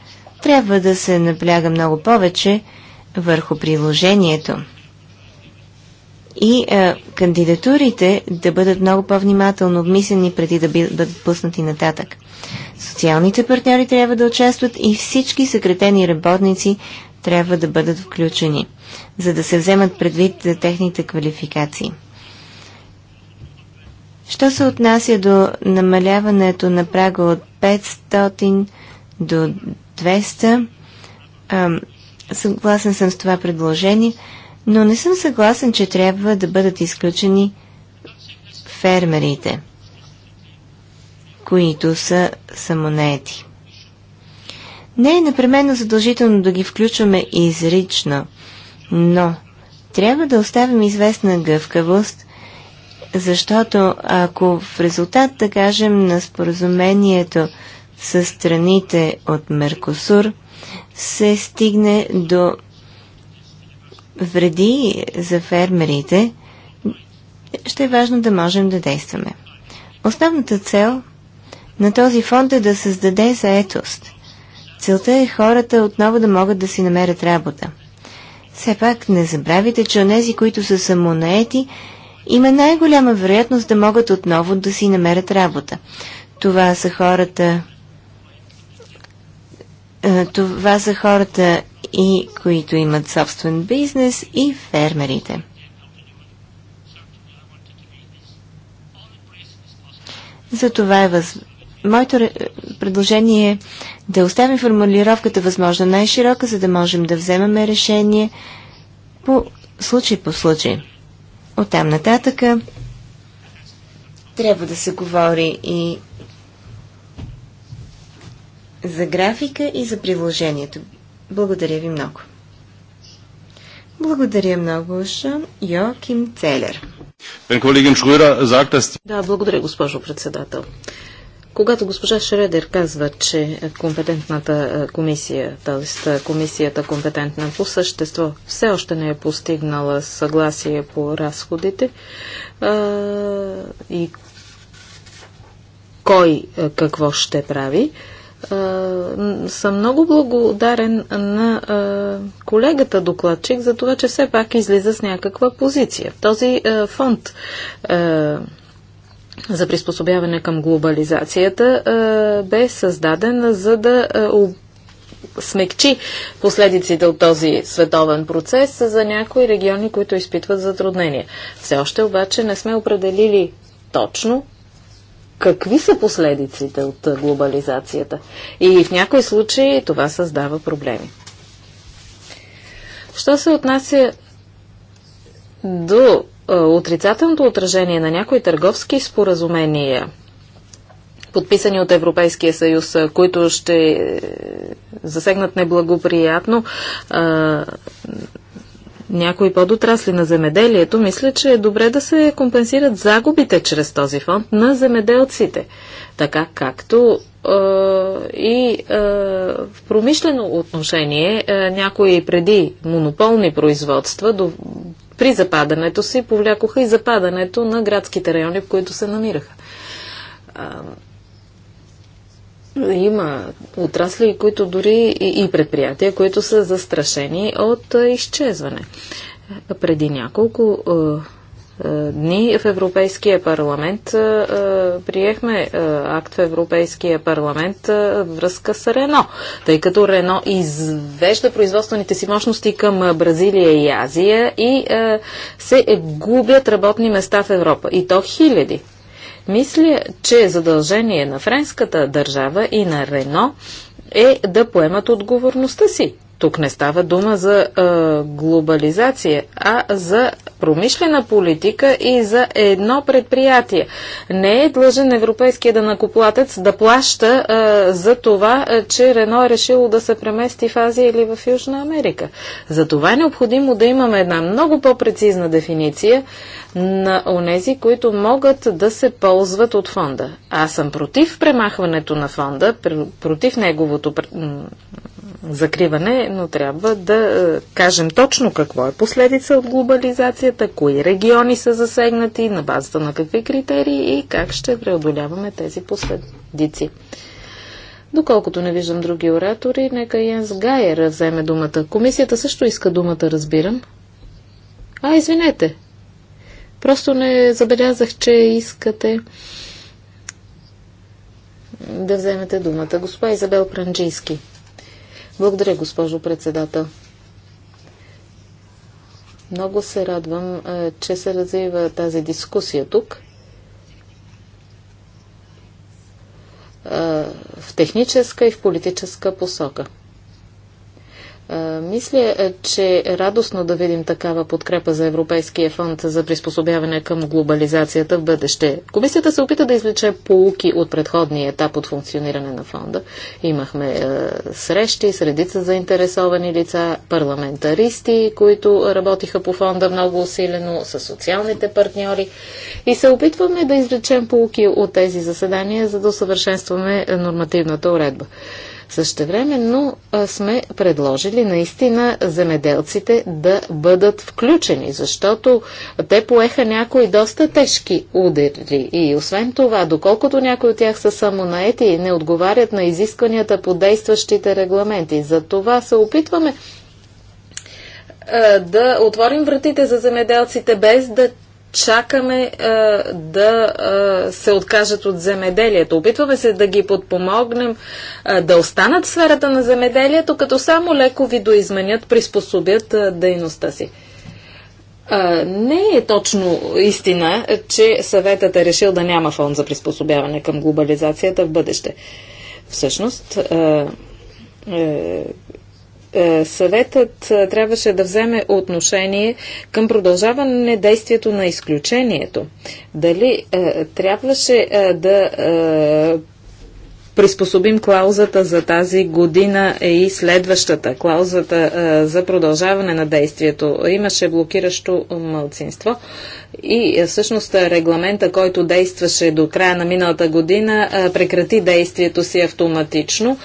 трябва да се напляга много повече върху приложението и а, е, кандидатурите да бъдат много по-внимателно обмислени преди да бъдат пуснати нататък. Социалните партньори трябва да участват и всички съкретени работници трябва да бъдат включени, за да се вземат предвид техните квалификации. Що се отнася до намаляването на прага от 500 до 200, а, съгласен съм с това предложение, но не съм съгласен, че трябва да бъдат изключени фермерите, които са самонети. Не е непременно задължително да ги включваме изрично, но трябва да оставим известна гъвкавост, защото ако в резултат, да кажем, на споразумението с страните от Меркосур се стигне до вреди за фермерите, ще е важно да можем да действаме. Основната цел на този фонд е да създаде заетост – Целта е хората отново да могат да си намерят работа. Все пак не забравяйте, че онези, които са самонаети, има най-голяма вероятност да могат отново да си намерят работа. Това са хората... Е, това са хората и които имат собствен бизнес и фермерите. Затова е възможност моето предложение е да оставим формулировката възможно най-широка, за да можем да вземаме решение по случай по случай. Оттам нататъка трябва да се говори и за графика и за приложението. Благодаря ви много. Благодаря много, Шан Йоким Целер. Да, благодаря, госпожо председател. Когато госпожа Шредер казва, че компетентната е, комисия, т.е. комисията компетентна по същество, все още не е постигнала съгласие по разходите а, е, и кой е, какво ще прави, съм много благодарен на колегата докладчик за това, че все пак излиза с някаква позиция. Този фонд за приспособяване към глобализацията е, бе създаден за да е, смекчи последиците от този световен процес за някои региони, които изпитват затруднения. Все още обаче не сме определили точно какви са последиците от е, глобализацията. И в някои случаи това създава проблеми. Що се отнася до е, отрицателното отражение на някои търговски споразумения, подписани от Европейския съюз, е, които ще е, засегнат неблагоприятно някои подотрасли на земеделието, мисля, че е добре да се компенсират загубите чрез този фонд на земеделците, така както е, и е, в промишлено отношение е, някои преди монополни производства до, при западането си повлякоха и западането на градските райони, в които се намираха. Има отрасли, които дори и предприятия, които са застрашени от изчезване. Преди няколко дни е, в Европейския парламент е, е, приехме акт в Европейския парламент връзка с Рено, тъй като Рено извежда производствените си мощности към Бразилия и Азия и се губят работни места в Европа. И то хиляди. Мисля, че задължение на френската държава и на Рено е да поемат отговорността си тук не става дума за е, глобализация, а за промишлена политика и за едно предприятие. Не е длъжен европейския данакоплатец да плаща е, за това, е, че Рено е решило да се премести в Азия или в Южна Америка. За това е необходимо да имаме една много по-прецизна дефиниция на онези, които могат да се ползват от фонда. Аз съм против премахването на фонда, против неговото закриване, но трябва да е, кажем точно какво е последица от глобализацията, кои региони са засегнати, на базата на какви критерии и как ще преодоляваме тези последици. Доколкото не виждам други оратори, нека Йенс Гайер вземе думата. Комисията също иска думата, разбирам. А, извинете, Просто не забелязах, че искате да вземете думата. Госпожа Изабел Пранджийски. Благодаря, госпожо председател. Много се радвам, е, че се развива тази дискусия тук. Е, в техническа и в политическа посока. Е, мисля, е, че е радостно да видим такава подкрепа за Европейския фонд за приспособяване към глобализацията в бъдеще. Комисията се опита да извлече полуки от предходния етап от функциониране на фонда. Имахме е, срещи с редица заинтересовани лица, парламентаристи, които работиха по фонда много усилено, с социалните партньори и се опитваме да извлечем полуки от тези заседания, за да усъвършенстваме нормативната уредба но сме предложили наистина земеделците да бъдат включени, защото те поеха някои доста тежки удари. И освен това, доколкото някои от тях са самонаети и не отговарят на изискванията по действащите регламенти, за това се опитваме да отворим вратите за земеделците без да чакаме а, е, да а, е, се откажат от земеделието. Опитваме се да ги подпомогнем а, е, да останат в сферата на земеделието, като само леко ви доизменят, приспособят а, дейността си. А, не е точно истина, че съветът е решил да няма фонд за приспособяване към глобализацията в бъдеще. Всъщност, а, е, съветът е, трябваше да вземе отношение към продължаване действието на изключението. Дали е, трябваше да приспособим клаузата за тази година и следващата, клаузата а, за продължаване на действието. Имаше блокиращо мълцинство и а, всъщност регламента, който действаше до края на миналата година, а, прекрати действието си автоматично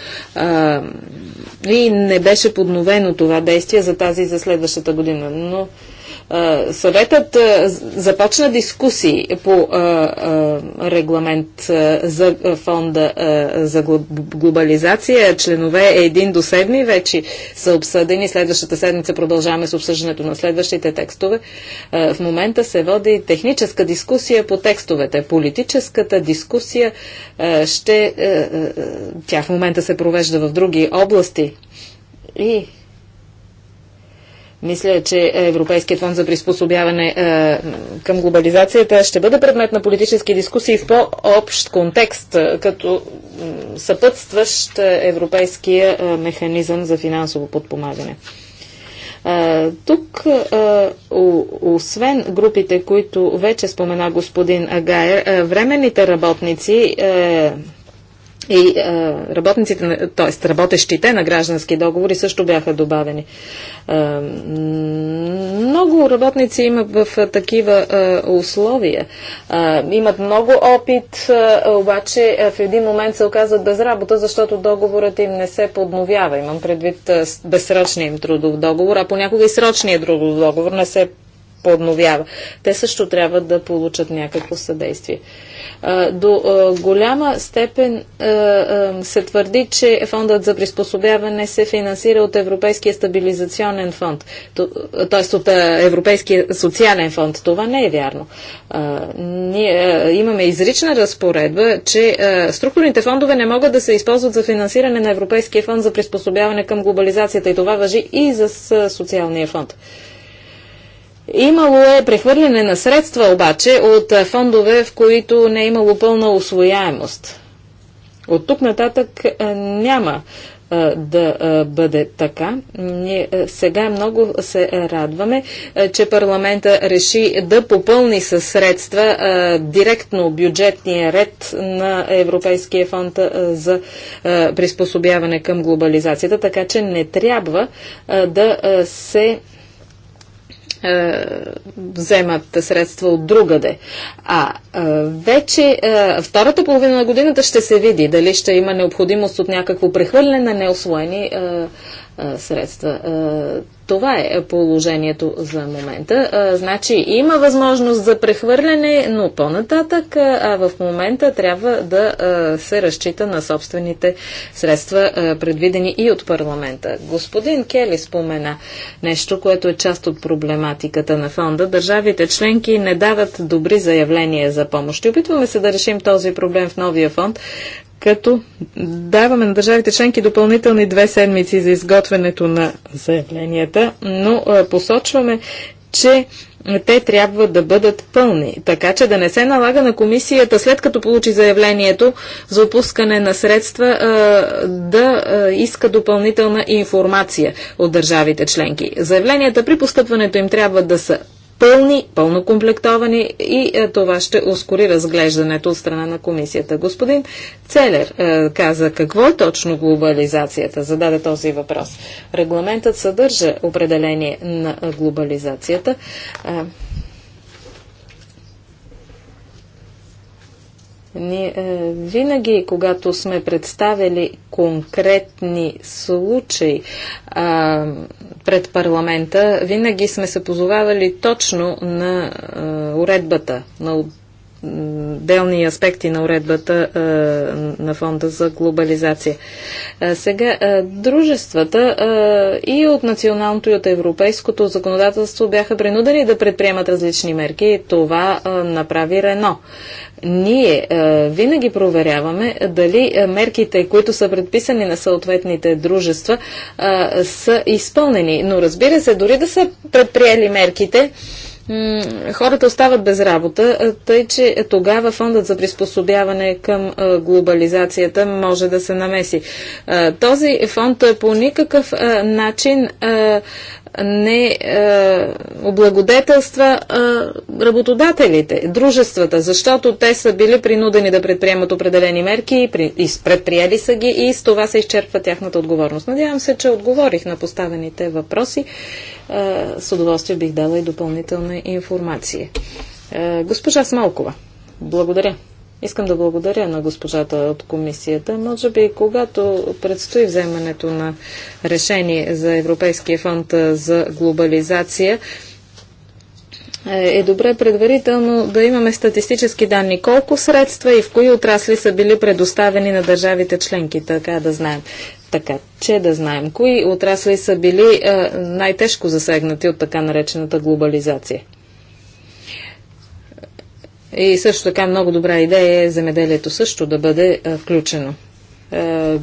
и не беше подновено това действие за тази и за следващата година. Но Съветът започна дискусии по регламент за фонда за глобализация. Членове 1 до 7 вече са обсъдени. Следващата седмица продължаваме с обсъждането на следващите текстове. В момента се води техническа дискусия по текстовете. Политическата дискусия ще... Тя в момента се провежда в други области. И мисля, че Европейският фонд за приспособяване е, към глобализацията ще бъде предмет на политически дискусии в по-общ контекст, е, като съпътстващ е, европейския е, механизъм за финансово подпомагане. Е, тук, е, освен групите, които вече спомена господин Агайер, временните работници и а, работниците, т.е. работещите на граждански договори също бяха добавени. А, много работници имат в такива а, условия. А, имат много опит, а, обаче а в един момент се оказват без работа, защото договорът им не се подновява. Имам предвид безсрочния им трудов договор, а понякога и срочния трудов договор не се подновява. Те също трябва да получат някакво съдействие. До голяма степен се твърди, че фондът за приспособяване се финансира от Европейския стабилизационен фонд, т.е. от Европейския социален фонд. Това не е вярно. Ние имаме изрична разпоредба, че структурните фондове не могат да се използват за финансиране на Европейския фонд за приспособяване към глобализацията и това въжи и за социалния фонд. Имало е прехвърляне на средства обаче от фондове, в които не е имало пълна освояемост. От тук нататък няма да бъде така. Ние сега много се радваме, че парламента реши да попълни със средства директно бюджетния ред на Европейския фонд за приспособяване към глобализацията, така че не трябва да се е, вземат средства от другаде. А е, вече е, втората половина на годината ще се види дали ще има необходимост от някакво прехвърляне на неосвоени средства. Това е положението за момента. А, значи има възможност за прехвърляне, но по-нататък а, в момента трябва да а, се разчита на собствените средства, а, предвидени и от парламента. Господин Кели спомена нещо, което е част от проблематиката на фонда. Държавите членки не дават добри заявления за помощ. И опитваме се да решим този проблем в новия фонд, като даваме на държавите членки допълнителни две седмици за изготвянето на заявленията, но посочваме, че те трябва да бъдат пълни, така че да не се налага на комисията, след като получи заявлението за опускане на средства, да иска допълнителна информация от държавите членки. Заявленията при постъпването им трябва да са пълни, пълно комплектовани и е, това ще ускори разглеждането от страна на комисията. Господин Целер е, каза какво е точно глобализацията, зададе този въпрос. Регламентът съдържа определение на глобализацията. Е, Ние е, винаги, когато сме представили конкретни случаи е, пред парламента, винаги сме се позовавали точно на е, уредбата, на отделни аспекти на уредбата а, на фонда за глобализация. А, сега, а, дружествата и от националното и от европейското законодателство бяха принудени да предприемат различни мерки. Това направи Рено. Ние винаги проверяваме дали мерките, които са предписани на съответните дружества, са изпълнени. Но разбира се, дори да са предприели мерките, хората остават без работа, тъй че тогава фондът за приспособяване към глобализацията може да се намеси. Този фонд по никакъв начин не е, облагодетелства е, работодателите, дружествата, защото те са били принудени да предприемат определени мерки и, при, и предприели са ги и с това се изчерпва тяхната отговорност. Надявам се, че отговорих на поставените въпроси. Е, с удоволствие бих дала и допълнителна информация. Е, госпожа Смалкова, благодаря. Искам да благодаря на госпожата от комисията. Може би, когато предстои вземането на решение за Европейския фонд за глобализация, е добре предварително да имаме статистически данни колко средства и в кои отрасли са били предоставени на държавите членки, така да знаем. Така, че да знаем кои отрасли са били най-тежко засегнати от така наречената глобализация. Е, и също така много добра идея е земеделието също да бъде а, включено. А,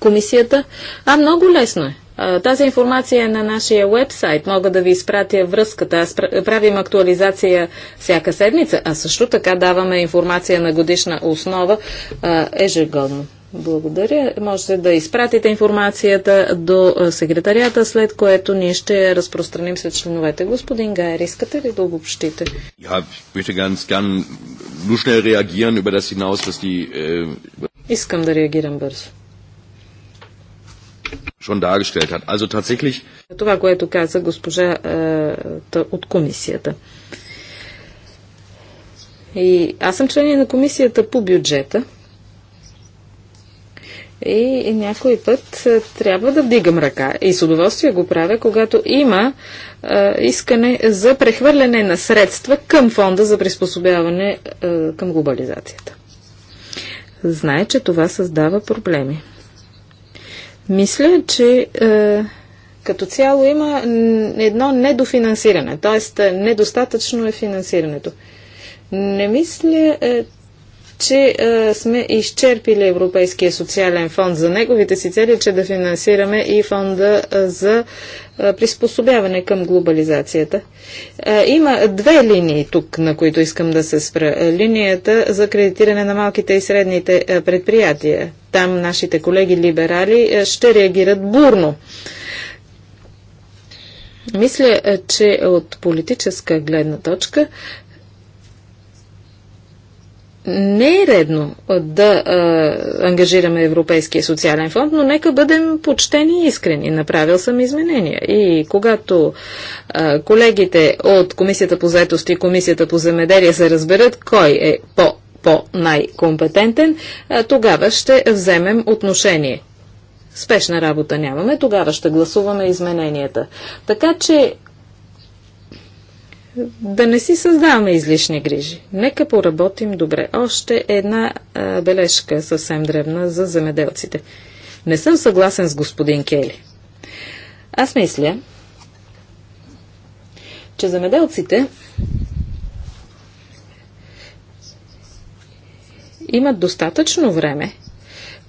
комисията. А, много лесно е. А, тази информация е на нашия вебсайт. Мога да ви изпратя връзката. Аз правим актуализация всяка седмица, а също така даваме информация на годишна основа а, ежегодно. Благодаря. Можете да изпратите информацията до секретарията, след което ние ще разпространим след членовете. Господин Гайер, искате ли да обобщите? Äh, Искам да реагирам бързо. Schon dargestellt hat. Also tatsächlich... Това, което каза госпожа е, от комисията. И аз съм член на комисията по бюджета. И някой път е, трябва да вдигам ръка. И с удоволствие го правя, когато има е, искане за прехвърляне на средства към фонда за приспособяване е, към глобализацията. Знае, че това създава проблеми. Мисля, че е, като цяло има едно недофинансиране, т.е. недостатъчно е финансирането. Не мисля, е, че е, сме изчерпили Европейския социален фонд за неговите си цели, че да финансираме и фонда е, за е, приспособяване към глобализацията. Е, има две линии тук, на които искам да се спра. Е, линията за кредитиране на малките и средните е, предприятия. Там нашите колеги либерали ще реагират бурно. Мисля, че от политическа гледна точка не е редно да а, ангажираме Европейския социален фонд, но нека бъдем почтени и искрени. Направил съм изменения. И когато а, колегите от Комисията по заедост и Комисията по земеделие се разберат кой е по, по най-компетентен, тогава ще вземем отношение. Спешна работа нямаме, тогава ще гласуваме измененията. Така че да не си създаваме излишни грижи. Нека поработим добре. Още една а, бележка съвсем древна за земеделците. Не съм съгласен с господин Кели. Аз мисля, че земеделците имат достатъчно време,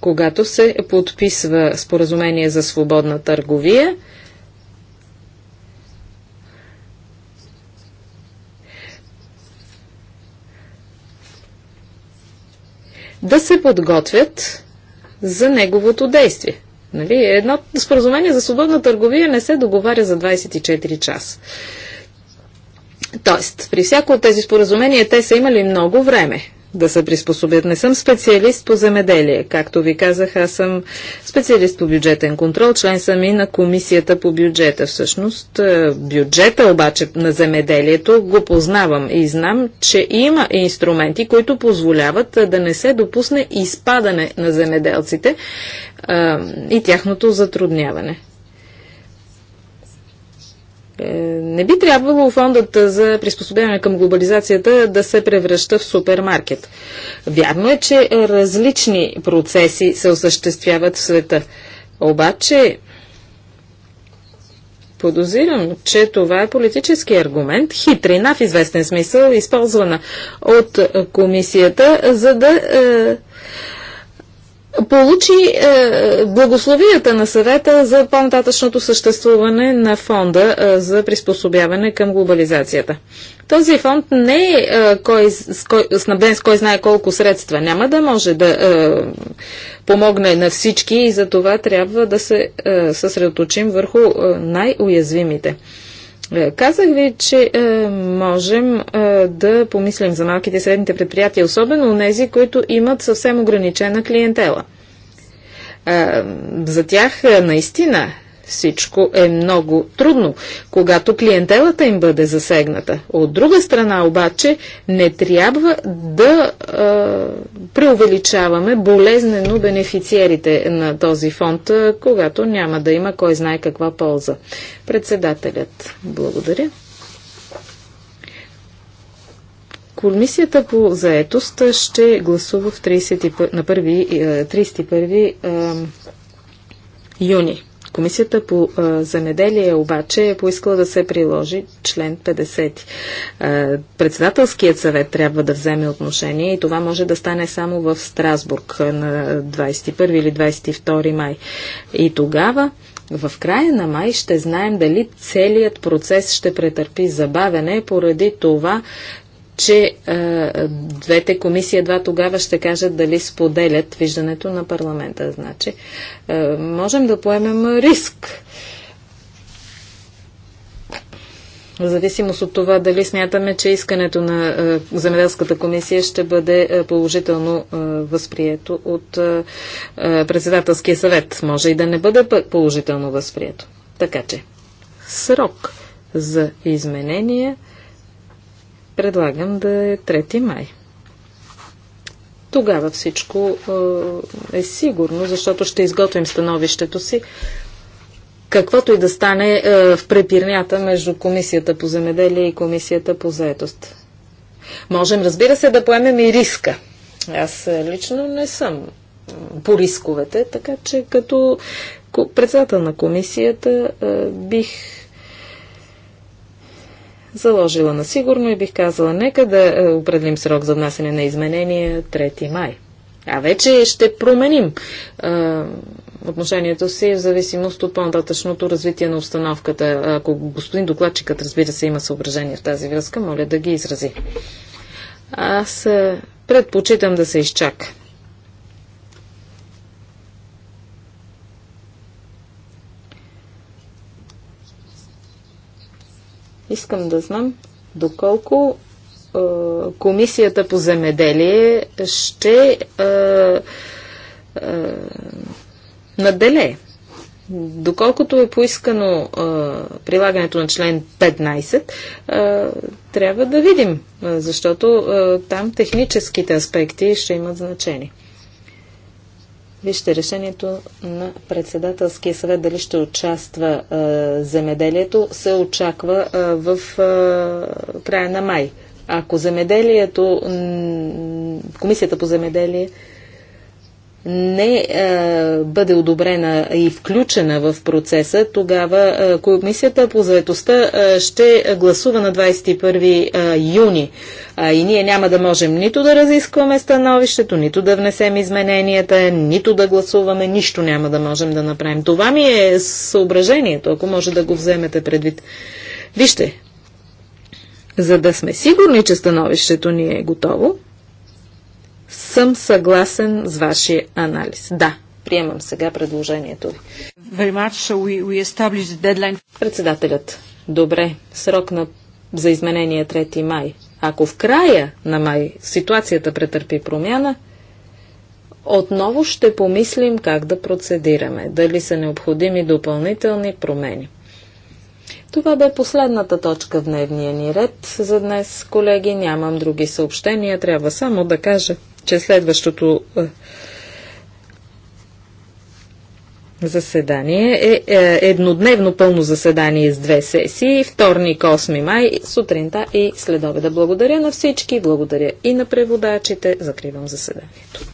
когато се подписва споразумение за свободна търговия – да се подготвят за неговото действие. Нали? Едно споразумение за свободна търговия не се договаря за 24 часа. Тоест, при всяко от тези споразумения те са имали много време да се приспособят. Не съм специалист по земеделие. Както ви казах, аз съм специалист по бюджетен контрол, член съм и на комисията по бюджета. Всъщност, е, бюджета обаче на земеделието го познавам и знам, че има инструменти, които позволяват е, да не се допусне изпадане на земеделците е, и тяхното затрудняване. Е, не би трябвало фондът за приспособяване към глобализацията да се превръща в супермаркет. Вярно е, че различни процеси се осъществяват в света. Обаче, подозирам, че това е политически аргумент, хитрина в известен смисъл, използвана от комисията, за да е, получи е, благословията на съвета за по-нататъчното съществуване на фонда е, за приспособяване към глобализацията. Този фонд не е, е кой, с кой, снабден с кой знае колко средства. Няма да може да е, помогне на всички и за това трябва да се е, съсредоточим върху е, най-уязвимите. Е, казах ви, че е, можем е, да помислим за малките и средните предприятия, особено тези, които имат съвсем ограничена клиентела. Е, за тях е, наистина всичко е много трудно, когато клиентелата им бъде засегната. От друга страна обаче не трябва да е, преувеличаваме болезнено бенефициерите на този фонд, когато няма да има кой знае каква полза. Председателят, благодаря. Комисията по заетост ще гласува в 30, на 1, 31 е, е, юни. Комисията по а, занеделие обаче е поискала да се приложи член 50. А, председателският съвет трябва да вземе отношение и това може да стане само в Страсбург на 21 или 22 май. И тогава в края на май ще знаем дали целият процес ще претърпи забавене поради това, че е, двете комисии едва тогава ще кажат дали споделят виждането на парламента. Значи, е, можем да поемем риск. В зависимост от това дали смятаме, че искането на е, Земеделската комисия ще бъде е, положително е, възприето от е, е, председателския съвет. Може и да не бъде положително възприето. Така че, срок за изменения – предлагам да е 3 май. Тогава всичко е сигурно, защото ще изготвим становището си каквото и да стане в препирнята между Комисията по земеделие и Комисията по заедост. Можем, разбира се, да поемем и риска. Аз лично не съм по рисковете, така че като председател на комисията бих заложила на сигурно и бих казала, нека да е, определим срок за внасяне на изменения 3 май. А вече ще променим а, е, отношението си в зависимост от по-нататъчното развитие на обстановката. Ако господин докладчикът, разбира се, има съображение в тази връзка, моля да ги изрази. Аз е, предпочитам да се изчака. Искам да знам доколко е, Комисията по земеделие ще е, е, наделе. Доколкото е поискано е, прилагането на член 15, е, трябва да видим, защото е, там техническите аспекти ще имат значение. Вижте решението на председателския съвет дали ще участва е, земеделието се очаква е, в е, края на май. Ако земеделието, комисията по земеделие не е, бъде одобрена и включена в процеса, тогава е, комисията по заедостта е, ще гласува на 21 е, юни. и ние няма да можем нито да разискваме становището, нито да внесем измененията, нито да гласуваме, нищо няма да можем да направим. Това ми е съображението, ако може да го вземете предвид. Вижте, за да сме сигурни, че становището ни е готово, съм съгласен с вашия анализ. Да, приемам сега предложението ви. Председателят. Добре, срок на... за изменение 3 е май. Ако в края на май ситуацията претърпи промяна, отново ще помислим как да процедираме, дали са необходими допълнителни промени. Това бе последната точка в дневния ни ред за днес, колеги. Нямам други съобщения, трябва само да кажа, че следващото е, заседание е, е еднодневно пълно заседание с две сесии, вторник 8 май, сутринта и Да Благодаря на всички, благодаря и на преводачите. Закривам заседанието.